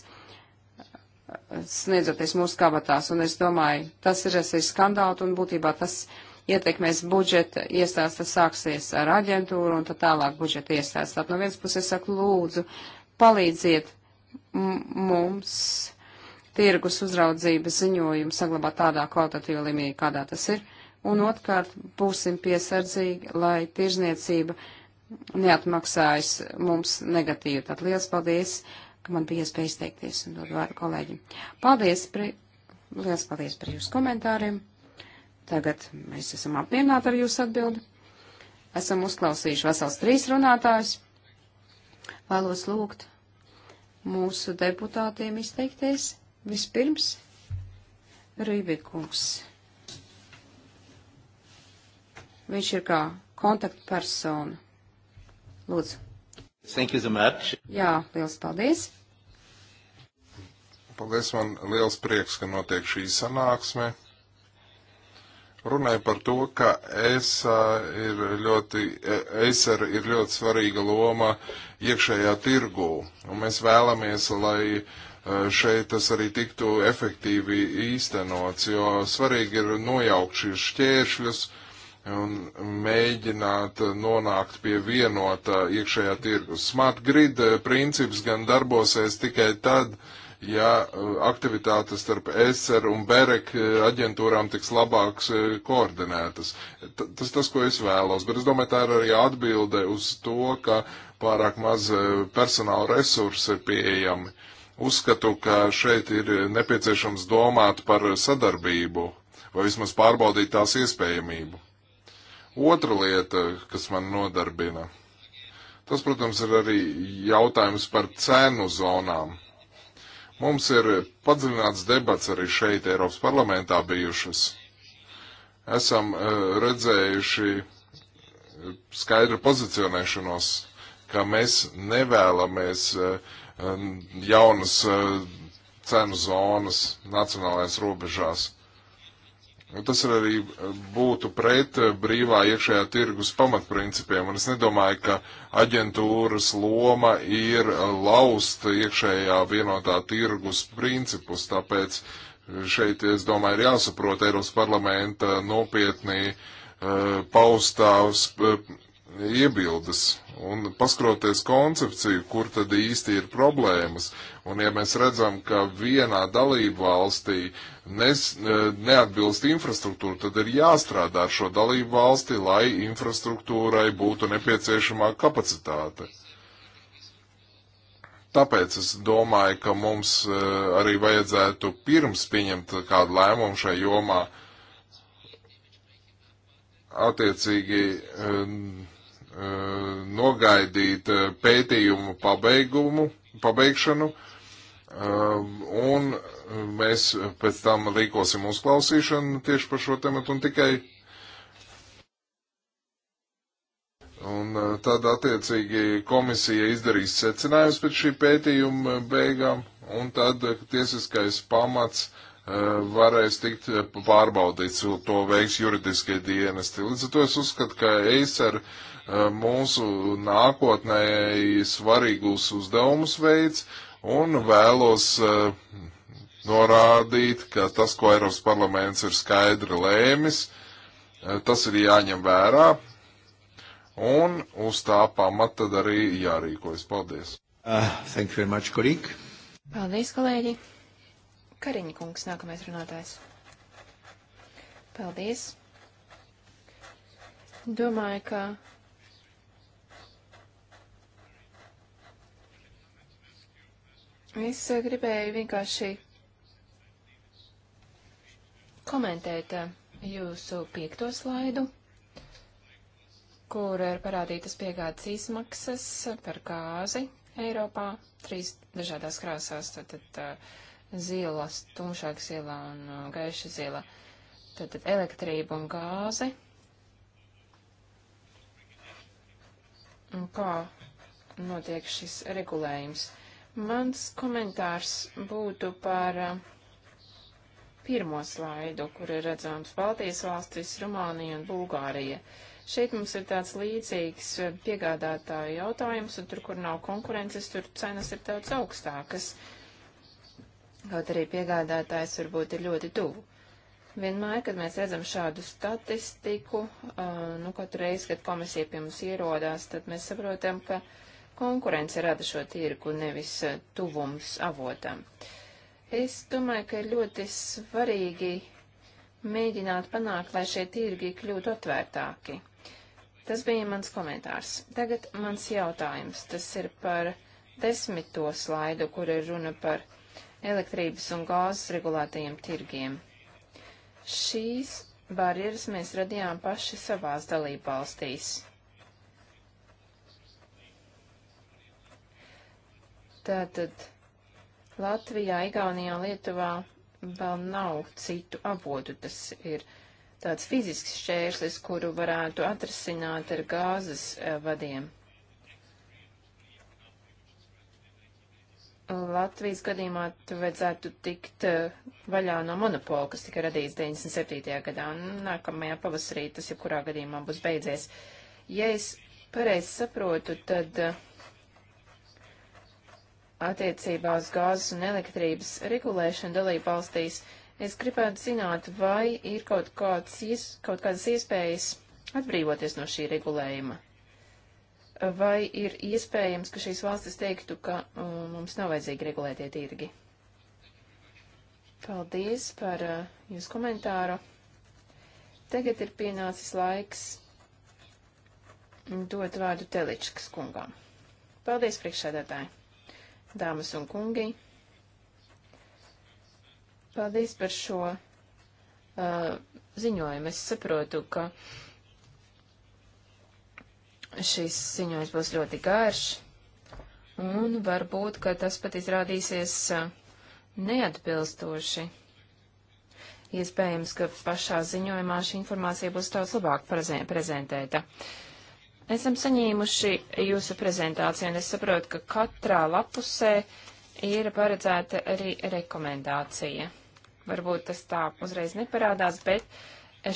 sniedzoties mūsu kabatās, un es domāju, tas ir esi skandāls, un būtībā tas ietekmēs budžeta iestādes, tas sāksies ar aģentūru un tad tālāk budžeta iestādes. Tad no vienas puses saku, lūdzu, palīdziet mums tirgus uzraudzības ziņojumu saglabāt tādā kvalitatīvā līmenī, kādā tas ir. Un otrkārt, būsim piesardzīgi, lai tirzniecība neatmaksājas mums negatīvi. Tad liels paldies, ka man bija iespēja izteikties un dod vārdu kolēģim. Paldies, pri... liels paldies par jūsu komentāriem. Tagad mēs esam apmierināti ar jūsu atbildi. Esam uzklausījuši vesels trīs runātājus. Vēlos lūgt mūsu deputātiem izteikties. Vispirms Rībikungs. Viņš ir kā kontaktpersona. Lūdzu. Thank you so much. Jā, liels paldies. Paldies, man liels prieks, ka notiek šī sanāksme runāja par to, ka ESA ir ļoti, ESR ir ļoti svarīga loma iekšējā tirgū, un mēs vēlamies, lai e, šeit tas arī tiktu efektīvi īstenots, jo svarīgi ir nojaukt šīs šķēršļus un mēģināt nonākt pie vienota iekšējā tirgus. Smart grid e, princips gan darbosies tikai tad, uh, ja uh, aktivitātes starp ESR un BEREK uh, aģentūrām tiks labāks uh, koordinētas. Tas tas, ko es vēlos, bet es domāju, tā ir arī atbilde uz to, ka pārāk maz personāla resursi ir pieejami. Uzskatu, ka šeit ir nepieciešams domāt par sadarbību vai vismaz pārbaudīt tās iespējamību. Otra lieta, kas man nodarbina, tas, protams, ir arī jautājums par cenu zonām Mums ir padziļināts debats arī šeit, Eiropas parlamentā bijušas. Esam e, redzējuši e, skaidru pozicionēšanos, ka mēs nevēlamies e, jaunas cenu zonas nacionālajās robežās. Nu, tas ir arī e, būtu pret e, brīvā iekšējā tirgus pamatprincipiem, un es nedomāju, ka aģentūras loma ir e, laust iekšējā vienotā tirgus principus, tāpēc šeit, es domāju, ir jāsaprot Eiropas parlamenta nopietnī paustās iebildes un paskroties koncepciju, kur tad īsti ir problēmas. Un ja mēs redzam, ka vienā dalību valstī nes, e, neatbilst infrastruktūra, tad ir jāstrādā ar šo dalību valsti, lai infrastruktūrai būtu nepieciešamā kapacitāte. Tāpēc es domāju, ka mums e, arī vajadzētu pirms pieņemt kādu lēmumu šai jomā attiecīgi e, Eh, nogaidīt eh, pētījumu pabeigumu, pabeigšanu, eh, un mēs pēc tam rīkosim uzklausīšanu tieši par šo tematu un tikai. Un tad attiecīgi komisija izdarīs secinājumus pēc šī pētījuma beigām, un tad tiesiskais pamats varēs tikt pārbaudīts, to veiks juridiskie dienesti. Līdz ar to es uzskatu, ka EIS ar uh, mūsu nākotnē svarīgus uzdevumus veids un vēlos norādīt, ka tas, ko Eiropas parlaments ir skaidri lēmis, tas ir jāņem vērā un uz tā pamata tad arī jārīkojas. Paldies! Uh, thank you very much, Korīk! Paldies, kolēģi! Kariņa kungs, nākamais runātājs. Paldies! Domāju, ka Es eh, gribēju vienkārši komentēt eh, jūsu piekto slaidu, kur ir parādītas piegādes izmaksas par gāzi Eiropā, trīs dažādās krāsās, tātad eh, zilas, tumšāk zila un gaiša zila, tātad elektrība un gāze. Un kā notiek šis regulējums? Mans komentārs būtu par uh, pirmo slaidu, kur ir redzams Baltijas valstis, Rumānija un Bulgārija. Šeit mums ir tāds līdzīgs uh, piegādātāju jautājums, un tur, kur nav konkurences, tur cenas ir daudz augstākas. Kaut arī piegādātājs varbūt ir ļoti tuvu. Vienmēr, kad mēs redzam šādu statistiku, uh, nu, katru reizi, kad komisija pie mums ierodās, tad mēs saprotam, ka uh, konkurence rada šo tirgu, nevis eh, tuvums avotam. Es domāju, ka ir ļoti svarīgi mēģināt panākt, lai šie tirgi kļūtu atvērtāki. Tas bija mans komentārs. Tagad mans jautājums. Tas ir par desmito slaidu, kur ir runa par elektrības un gāzes regulētajiem tirgiem. Šīs barjeras mēs radījām paši savās dalību valstīs. Tātad Latvijā, Igaunijā un Lietuvā vēl nav citu avotu. Tas ir tāds fizisks šķērslis, kuru varētu atrasināt ar gāzes e, vadiem. Latvijas gadījumā tu vajadzētu tikt e, vaļā no monopola, kas tika radīts 97. gadā, un nākamajā pavasarī tas jebkurā gadījumā būs beidzies. Ja es pareizi saprotu, tad uh, attiecībā uz gāzes un elektrības regulēšanu dalību valstīs, es gribētu zināt, vai ir kaut, kāds, kaut kādas iespējas atbrīvoties no šī regulējuma. Vai ir iespējams, ka šīs valstis teiktu, ka um, mums nav vajadzīgi regulētie tirgi? Paldies par uh, jūsu komentāru. Tagad ir pienācis laiks dot vārdu Teličkas kungām. Paldies, priekšsēdētāji! dāmas un kungi. Paldies par šo uh, ziņojumu. Es saprotu, ka šis ziņojums būs ļoti garš, un varbūt, ka tas pat izrādīsies uh, neatbilstoši. Iespējams, ka pašā ziņojumā šī informācija būs daudz labāk prezentēta. Uh, Esam saņēmuši jūsu prezentāciju, un es saprotu, ka katrā lapusē ir paredzēta arī rekomendācija. Varbūt tas tā uzreiz neparādās, bet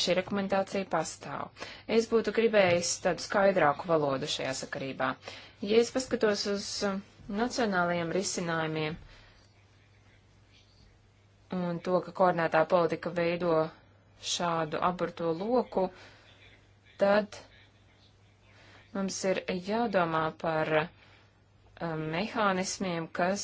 šī rekomendācija pastāv. Es būtu gribējis tādu skaidrāku valodu šajā sakarībā. Ja es paskatos uz nacionālajiem risinājumiem un to, ka koordinētā politika veido šādu aburto loku, tad Mums ir jādomā par um, mehānismiem, kas.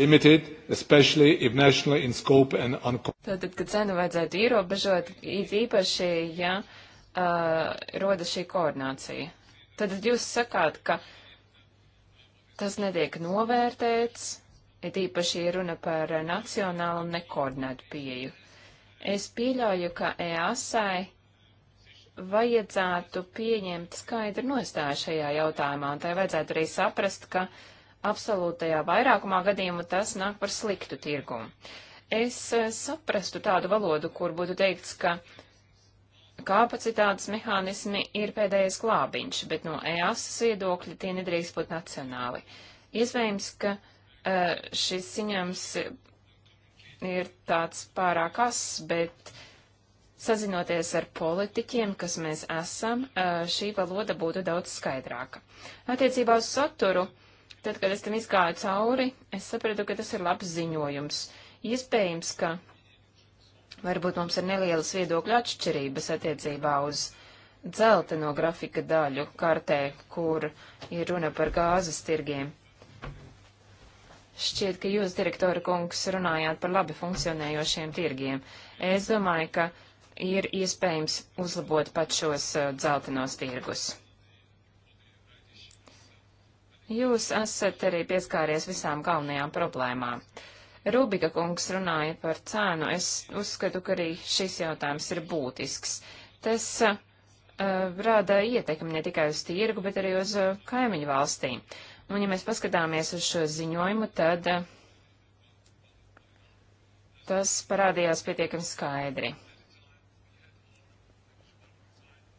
Limited, especially if national in scope and on. Tātad, ka cenu vajadzētu ierobežot, it īpaši, ja uh, roda šī koordinācija. Tad jūs sakāt, ka tas netiek novērtēts, it īpaši, ja runa par nacionālu nekoordinētu pieju. Es pieļauju, ka EASAI vajadzētu pieņemt skaidru nostāju šajā jautājumā, un tai vajadzētu arī saprast, ka absolūtajā vairākumā gadījumu tas nāk par sliktu tirgumu. Es eh, saprastu tādu valodu, kur būtu teikts, ka kapacitātes mehānismi ir pēdējais glābiņš, bet no EASas viedokļa tie nedrīkst būt nacionāli. Iespējams, ka eh, šis ziņojums ir tāds pārāk as, bet uh, Sazinoties ar politiķiem, kas mēs esam, šī valoda būtu daudz skaidrāka. Attiecībā uz saturu, tad, kad es tam izgāju cauri, es sapratu, ka tas ir labs ziņojums. Iespējams, ka varbūt mums ir nelielas viedokļu atšķirības attiecībā uz dzelteno grafika daļu kartē, kur ir runa par gāzes tirgiem. Šķiet, ka jūs, direktora kungs, runājāt par labi funkcionējošiem tirgiem. Es domāju, ka ir iespējams uzlabot pat šos dzeltenos tirgus. Jūs esat arī pieskāries visām galvenajām problēmām. Rūbiga kungs runāja par cēnu. Es uzskatu, ka arī šis jautājums ir būtisks. Tas uh, rada ietekmi ne tikai uz tirgu, bet arī uz uh, kaimiņu valstīm. Un, ja mēs paskatāmies uz šo ziņojumu, tad uh, tas parādījās pietiekami skaidri.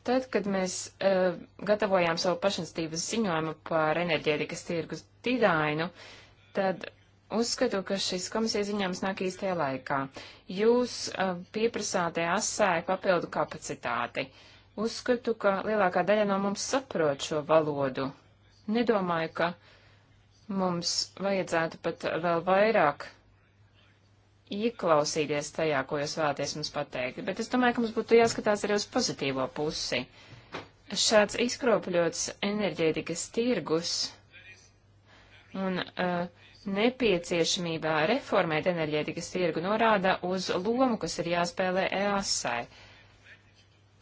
Tad, kad mēs uh, gatavojām savu pašnestības ziņojumu par enerģētikas tirgus didainu, tad uzskatu, ka šis komisijas ziņojums nāk īstajā laikā. Jūs uh, pieprasātie asēju papildu kapacitāti. Uzskatu, ka lielākā daļa no mums saprot šo valodu. Nedomāju, ka mums vajadzētu pat vēl vairāk ieklausīties tajā, ko jūs vēlaties mums pateikt, bet es domāju, ka mums būtu jāskatās arī uz pozitīvo pusi. Šāds izkropļots enerģētikas tirgus un uh, nepieciešamībā reformēt enerģētikas tirgu norāda uz lomu, kas ir jāspēlē EASai.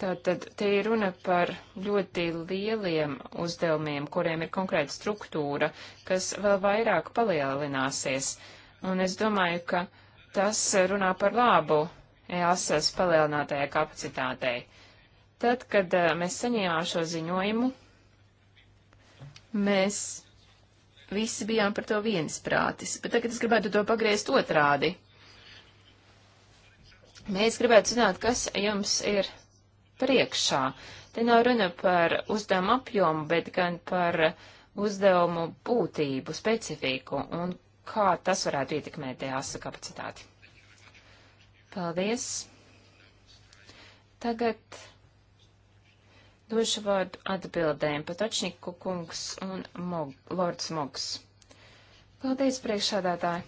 Tātad te ir runa par ļoti lieliem uzdevumiem, kuriem ir konkrēta struktūra, kas vēl vairāk palielināsies. Un es domāju, ka uh, Tas runā par labu EASAS palielinātajai kapacitātei. Tad, kad eh, mēs saņēmām šo ziņojumu, mēs visi bijām par to viensprātis, bet tagad es gribētu to pagriezt otrādi. Mēs gribētu zināt, kas jums ir priekšā. Te nav runa par uzdevumu apjomu, bet gan par uzdevumu būtību, specifiku un kā tas varētu ietekmēt EASA kapacitāti. Paldies! Tagad došu vārdu atbildēm Patočniku kungs un Mog, Lords Mogs. Paldies, priekšādātāji!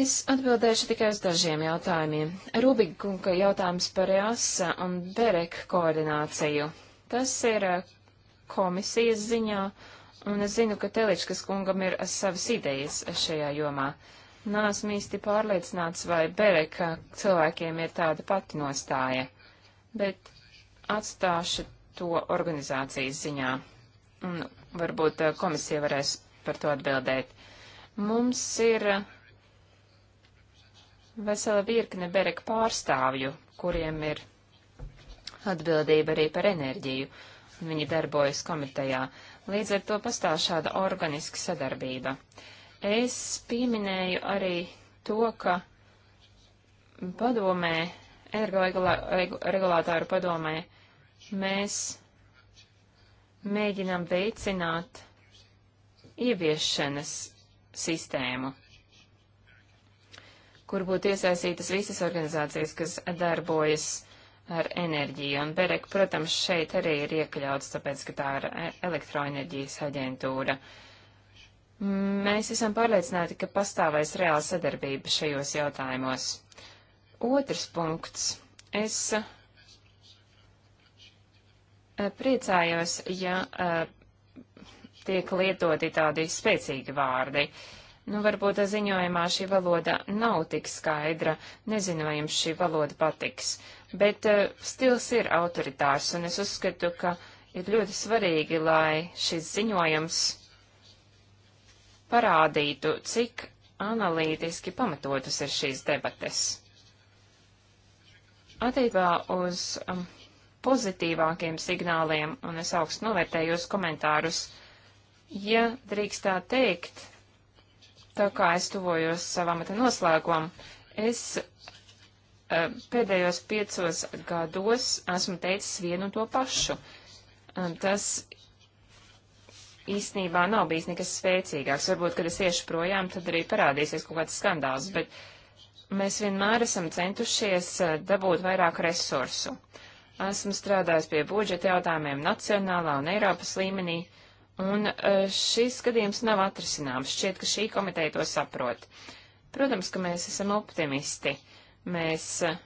Es atbildēšu tikai uz dažiem jautājumiem. Rubika kunga jautājums par EASA un BEREK koordināciju. Tas ir eh, komisijas ziņā, un es zinu, ka Teličkas kungam ir savas idejas šajā jomā. Nāsmu īsti pārliecināts, vai Bereka cilvēkiem ir tāda pati nostāja, bet atstāšu to organizācijas ziņā, un varbūt eh, komisija varēs par to atbildēt. Mums ir eh, vesela virkne Bereka pārstāvju, kuriem ir atbildība arī par enerģiju, un viņi darbojas komitejā. Uh, Līdz ar to pastāv šāda organiska sadarbība. Es pieminēju arī to, ka padomē, ergoregulātāru padomē, mēs mēģinām veicināt ieviešanas sistēmu, kur būtu iesaistītas visas organizācijas, kas darbojas ar enerģiju. Un Berek, protams, šeit arī ir iekļauts, tāpēc, ka tā ir e- elektroenerģijas aģentūra. Mēs esam pārliecināti, ka pastāvēs reāla sadarbība šajos jautājumos. Otrs punkts. Es e, priecājos, ja e, tiek lietoti tādi spēcīgi vārdi. Nu, varbūt ziņojumā šī valoda nav tik skaidra, nezinu, vai jums šī valoda patiks. Uh, bet eh, stils ir autoritārs, un es uzskatu, ka ir ļoti svarīgi, lai šis ziņojums parādītu, cik analītiski pamatotas ir šīs debates. Attiecībā uz um, pozitīvākiem signāliem, un es augstu novērtēju jūs komentārus, ja drīkst tā teikt, tā kā es tuvojos savam te noslēgumam, es Ehm, pēdējos piecos gados esmu teicis vienu un to pašu. Ehm, tas īstenībā nav bijis nekas spēcīgāks. Varbūt, kad es iešu projām, tad arī parādīsies kaut kāds skandāls, bet mēs vienmēr esam centušies eh, dabūt vairāk resursu. Esmu strādājis pie budžeta jautājumiem nacionālā un Eiropas līmenī, un eh, šis skatījums nav atrisināms. Šķiet, ka šī komiteja to saprot. Protams, ka mēs esam optimisti. Uh, Mēs eh,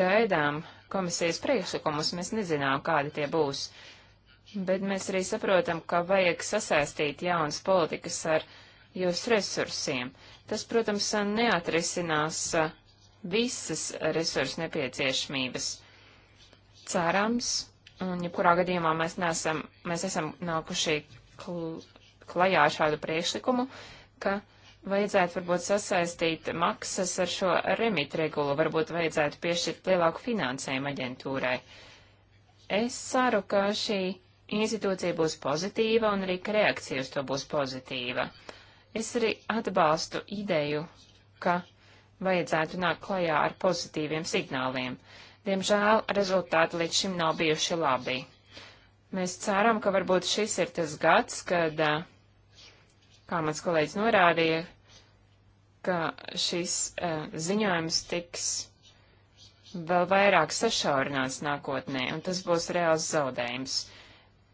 gaidām komisijas priekšlikumus, mēs nezinām, kādi tie būs. Bet mēs arī saprotam, ka vajag sasaistīt jaunas politikas ar jūsu resursiem. Tas, protams, neatrisinās eh, visas resursu nepieciešamības. Cerams, un jebkurā gadījumā mēs, nesam, mēs esam nākuši kl klajā šādu priekšlikumu, ka Vajadzētu varbūt sasaistīt maksas ar šo remit regulu, varbūt vajadzētu piešķirt lielāku finansējumu aģentūrai. Es ceru, ka šī institūcija būs pozitīva un arī ka reakcija uz to būs pozitīva. Es arī atbalstu ideju, ka vajadzētu nākt klajā ar pozitīviem signāliem. Diemžēl rezultāti līdz šim nav bijuši labi. Mēs ceram, ka varbūt šis ir tas gads, kad uh, Kā mans kolēģis norādīja, ka šis uh, ziņojums tiks vēl vairāk sašaurināts nākotnē, un tas būs reāls zaudējums.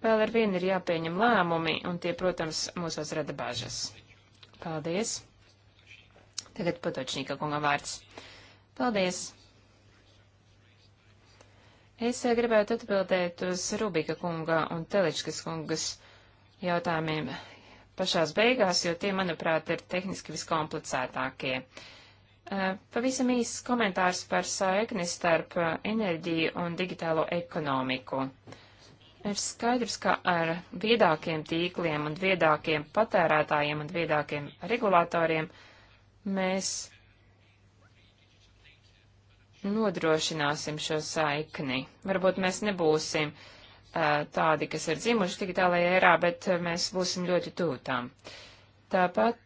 Vēl ar vienu ir jāpieņem lēmumi, un tie, protams, mūsos rada bažas. Paldies! Tagad Potočnika kunga vārds. Paldies! Es e, gribētu atbildēt uz Rubika kunga un Teličkas kungas jautājumiem pašās beigās, jo tie, manuprāt, ir tehniski viskomplicētākie. Eh, pavisam īsts komentārs par saikni starp eh, enerģiju un digitālo ekonomiku. Ir skaidrs, ka ar viedākiem tīkliem un viedākiem patērētājiem un viedākiem regulātoriem mēs nodrošināsim šo saikni. Varbūt mēs nebūsim uh, tādi, kas ir dzimuši digitālajā erā, bet mēs būsim ļoti tuvu tām. Tāpat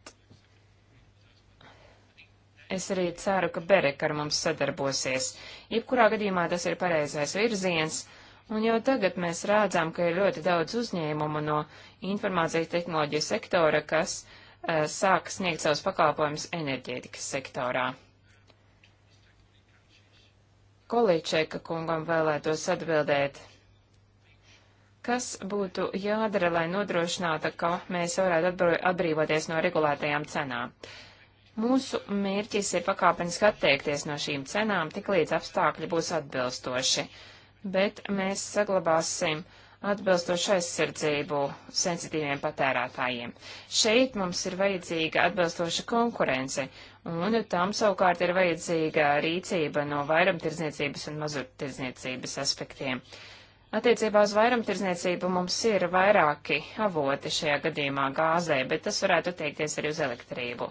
es arī ceru, ka Berek ar mums sadarbosies. Jebkurā gadījumā tas ir pareizais virziens, un jau tagad mēs rādzām, ka ir ļoti daudz uzņēmumu no informācijas tehnoloģiju sektora, kas uh, sāk sniegt savus pakalpojumus enerģētikas sektorā. Kolīčēka kungam vēlētos atbildēt. Kas būtu jādara, lai nodrošinātu, ka mēs varētu atbrīvoties no regulētajām cenām? Mūsu mērķis ir pakāpeniski atteikties no šīm cenām, tik līdz apstākļi būs atbilstoši, bet mēs saglabāsim atbilstošu aizsardzību sensitīviem patērētājiem. Šeit mums ir vajadzīga atbilstoša konkurence, un tam savukārt ir vajadzīga rīcība no vairumtirdzniecības un mazurtirdzniecības aspektiem. Uh, Attiecībā uz vairumtirdzniecību mums ir vairāki avoti šajā gadījumā gāzē, bet tas varētu attiekties arī uz elektrību.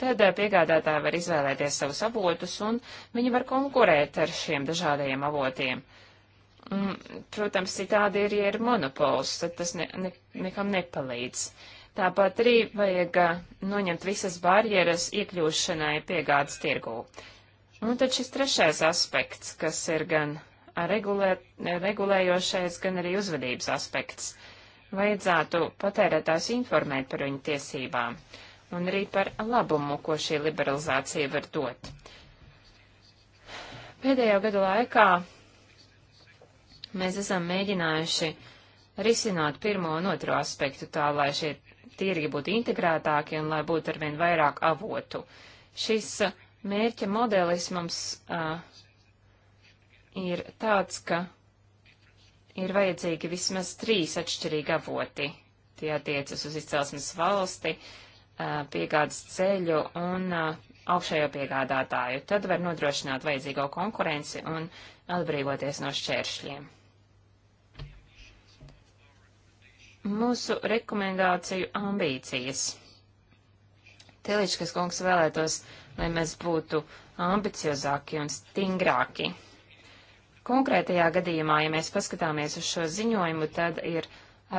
Tad eh, piegādātāji var izvēlēties savus avotus un viņi var konkurēt ar šiem dažādajiem avotiem. Mm, protams, citādi ir, ja ir monopols, tad tas ne, ne, nekam nepalīdz. Tāpat arī vajag eh, noņemt visas barjeras iekļūšanai piegādes tirgū. Un tad šis trešais aspekts, kas ir gan regulē, regulējošais, gan arī uzvedības aspekts. Vajadzētu patērētājs informēt par viņu tiesībām un arī par labumu, ko šī liberalizācija var dot. Pēdējo gadu laikā mēs esam mēģinājuši risināt pirmo un otro aspektu tā, lai šie tirgi būtu integrētāki un lai būtu arvien vairāk avotu. Šis mērķa modelis mums uh, ir tāds, ka ir vajadzīgi vismaz trīs atšķirīgi avoti. Tie attiecas uz izcelsmes valsti, piegādes ceļu un augšējo piegādātāju. Tad var nodrošināt vajadzīgo konkurenci un atbrīvoties no šķēršļiem. Mūsu rekomendāciju ambīcijas. Teliškas kungs vēlētos, lai mēs būtu ambiciozāki un stingrāki Konkrētajā gadījumā, ja mēs paskatāmies uz šo ziņojumu, tad ir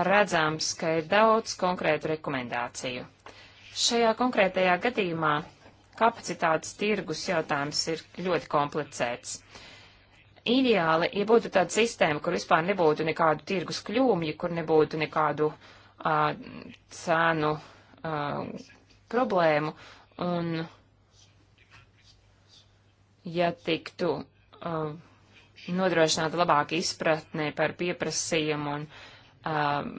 redzams, ka ir daudz konkrētu rekomendāciju. Šajā konkrētajā gadījumā kapacitātes tirgus jautājums ir ļoti komplicēts. Ideāli, ja būtu tāda sistēma, kur vispār nebūtu nekādu tirgus kļūmju, kur nebūtu nekādu uh, cēnu uh, problēmu, un ja tiktu uh, nodrošinātu labāku izpratni par pieprasījumu un um,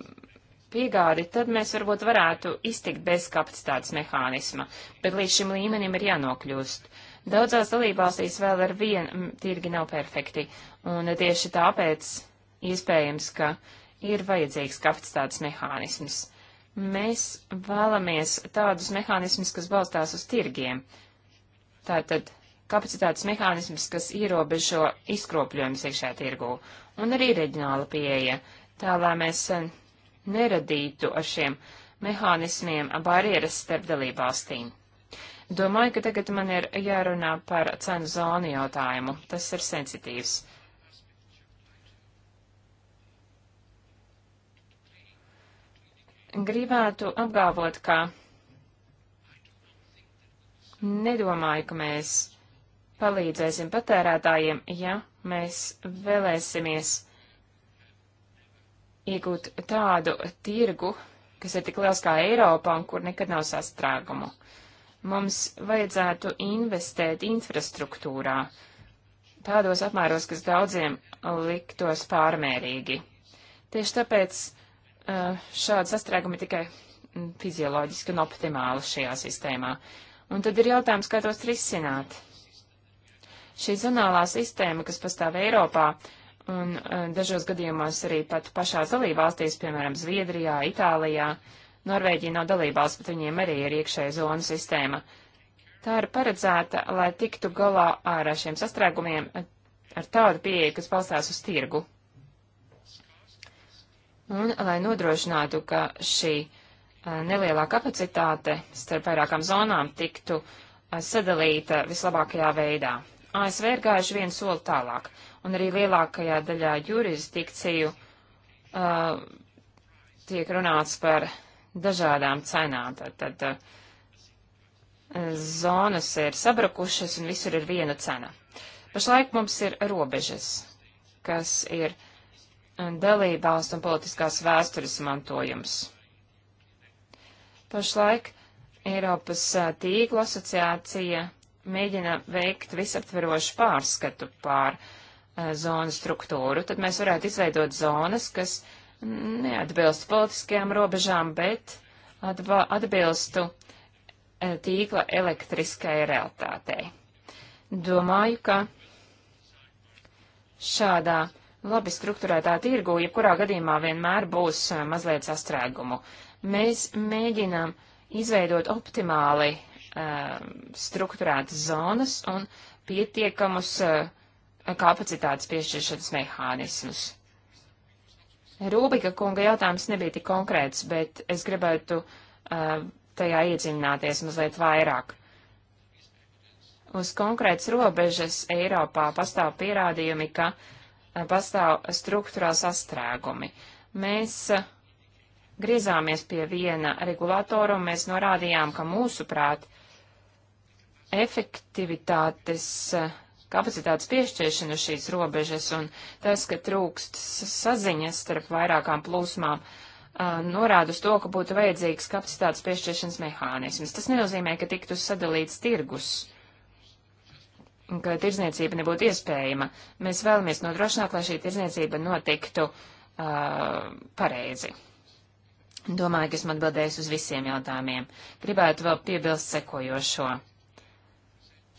piegādi, tad mēs varbūt varētu iztikt bez kapacitātes mehānisma, bet līdz šim līmenim ir jānokļūst. Daudzās dalībvalstīs vēl ar vienu tirgi nav perfekti, un tieši tāpēc iespējams, ka ir vajadzīgs kapacitātes mehānisms. Mēs vēlamies tādus mehānismus, kas balstās uz tirgiem. Tātad kapacitātes mehānisms, kas ierobežo izkropļojumus iekšējā tirgū, un arī reģionāla pieeja, tā lai mēs eh, neradītu ar šiem mehānismiem barjeras starp dalībvalstīm. Domāju, ka tagad man ir jārunā par cenu zonu jautājumu. Tas ir sensitīvs. Gribētu apgalvot, ka nedomāju, ka mēs palīdzēsim patērētājiem, ja mēs vēlēsimies iegūt tādu tirgu, kas ir tik liels kā Eiropā un kur nekad nav sastrēgumu. Mums vajadzētu investēt infrastruktūrā, tādos apmēros, kas daudziem liktos pārmērīgi. Tieši tāpēc eh, šādi sastrēgumi tikai fizioloģiski un optimāli šajā sistēmā. Un tad ir jautājums, kā tos risināt. Šī zonālā sistēma, kas pastāv Eiropā, un eh, dažos gadījumos arī pat pašā dalībvalstīs, piemēram, Zviedrijā, Itālijā, Norvēģija nav dalībvalsts, bet viņiem arī ir iekšēja zonu sistēma. Tā ir paredzēta, lai tiktu galā ar šiem sastrēgumiem ar tādu pieeju, kas balstās uz tirgu. Un, lai nodrošinātu, ka šī eh, nelielā kapacitāte starp vairākām zonām tiktu eh, sadalīta vislabākajā veidā. ASV ir gājuši vienu soli tālāk, un arī lielākajā daļā jurisdikciju uh, tiek runāts par dažādām cenām. Tad, tad uh, zonas ir sabrukušas un visur ir viena cena. Pašlaik mums ir robežas, kas ir uh, dalībvalstu un politiskās vēstures mantojums. Pašlaik Eiropas uh, tīkla asociācija mēģina veikt visaptverošu pārskatu pār uh, eh, zonu struktūru, tad mēs varētu izveidot zonas, kas neatbilst politiskajām robežām, bet atba, atbilstu uh, tīkla elektriskai realitātei. Domāju, ka šādā labi strukturētā tirgu, jebkurā gadījumā vienmēr būs uh, mazliet sastrēgumu. Mēs mēģinām izveidot optimāli Um, strukturētas zonas un pietiekamus uh, kapacitātes piešķiršanas mehānismus. Rūbika kunga jautājums nebija tik konkrēts, bet es gribētu uh, tajā iedziļināties mazliet vairāk. Uz konkrētas robežas Eiropā pastāv pierādījumi, ka uh, pastāv struktūrāli sastrēgumi. Mēs uh, griezāmies pie viena regulātora un mēs norādījām, ka mūsuprāt uh, efektivitātes kapacitātes piešķiešanu šīs robežas un tas, ka trūkst saziņas starp vairākām plūsmām, uh, norāda uz to, ka būtu vajadzīgs kapacitātes piešķiešanas mehānisms. Tas nenozīmē, ka tiktu sadalīts tirgus un ka tirdzniecība nebūtu iespējama. Mēs vēlamies nodrošināt, lai šī tirdzniecība notiktu uh, pareizi. Domāju, ka esmu atbildējis uz visiem jautājumiem. Gribētu vēl piebilst sekojošo.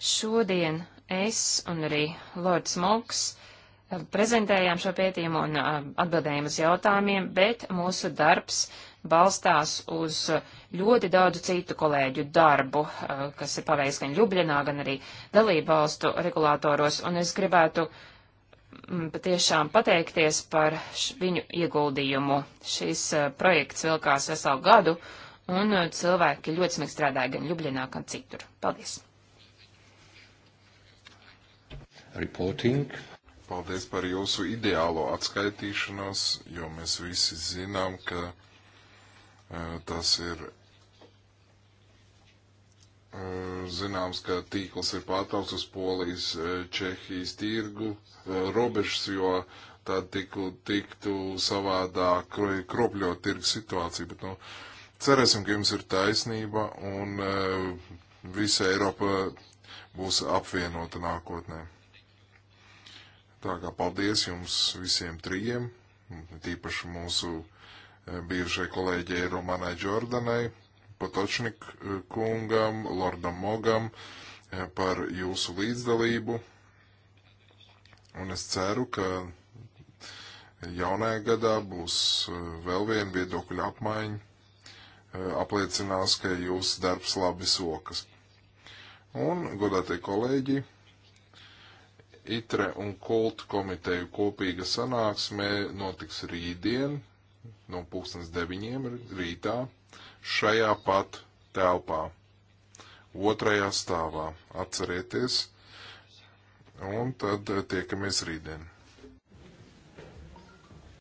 Šodien es un arī Lords Moks eh, prezentējām šo pētījumu un eh, atbildējām uz jautājumiem, bet mūsu darbs balstās uz eh, ļoti daudzu citu kolēģu darbu, kas ir paveikts gan Ljubļanā, gan arī dalību valstu regulātoros, un es gribētu mm, patiešām pateikties par viņu ieguldījumu. Šis projekts vilkās veselu gadu, un cilvēki ļoti smagi strādāja gan Ljubļanā, gan citur. Paldies! reporting. Paldies par jūsu ideālo atskaitīšanos, jo mēs visi zinām, ka uh, tas ir e, zināms, ka tīkls ir pārtraukts uz Polijas, e, Čehijas tirgu robežas, jo tā tiktu, tiktu savādāk kropļot tirgu situāciju. Bet, nu, cerēsim, ka jums ir taisnība un visa Eiropa būs apvienota nākotnē. Tā kā paldies jums visiem trījiem, tīpaši mūsu eh, bijušai kolēģei Romanai Džordanai, Potočnik eh, kungam, Lordam Mogam eh, par jūsu līdzdalību. Un es ceru, ka jaunajā gadā būs vēl viena viedokļa apmaiņa, apliecinās, ka jūsu darbs labi sokas. Un, godātie kolēģi, ITRE un KULT komiteju kopīga sanāksme notiks rītdien no pulkstens deviņiem rītā šajā pat telpā, otrajā stāvā. Atcerieties! Un tad tiekamies rītdien.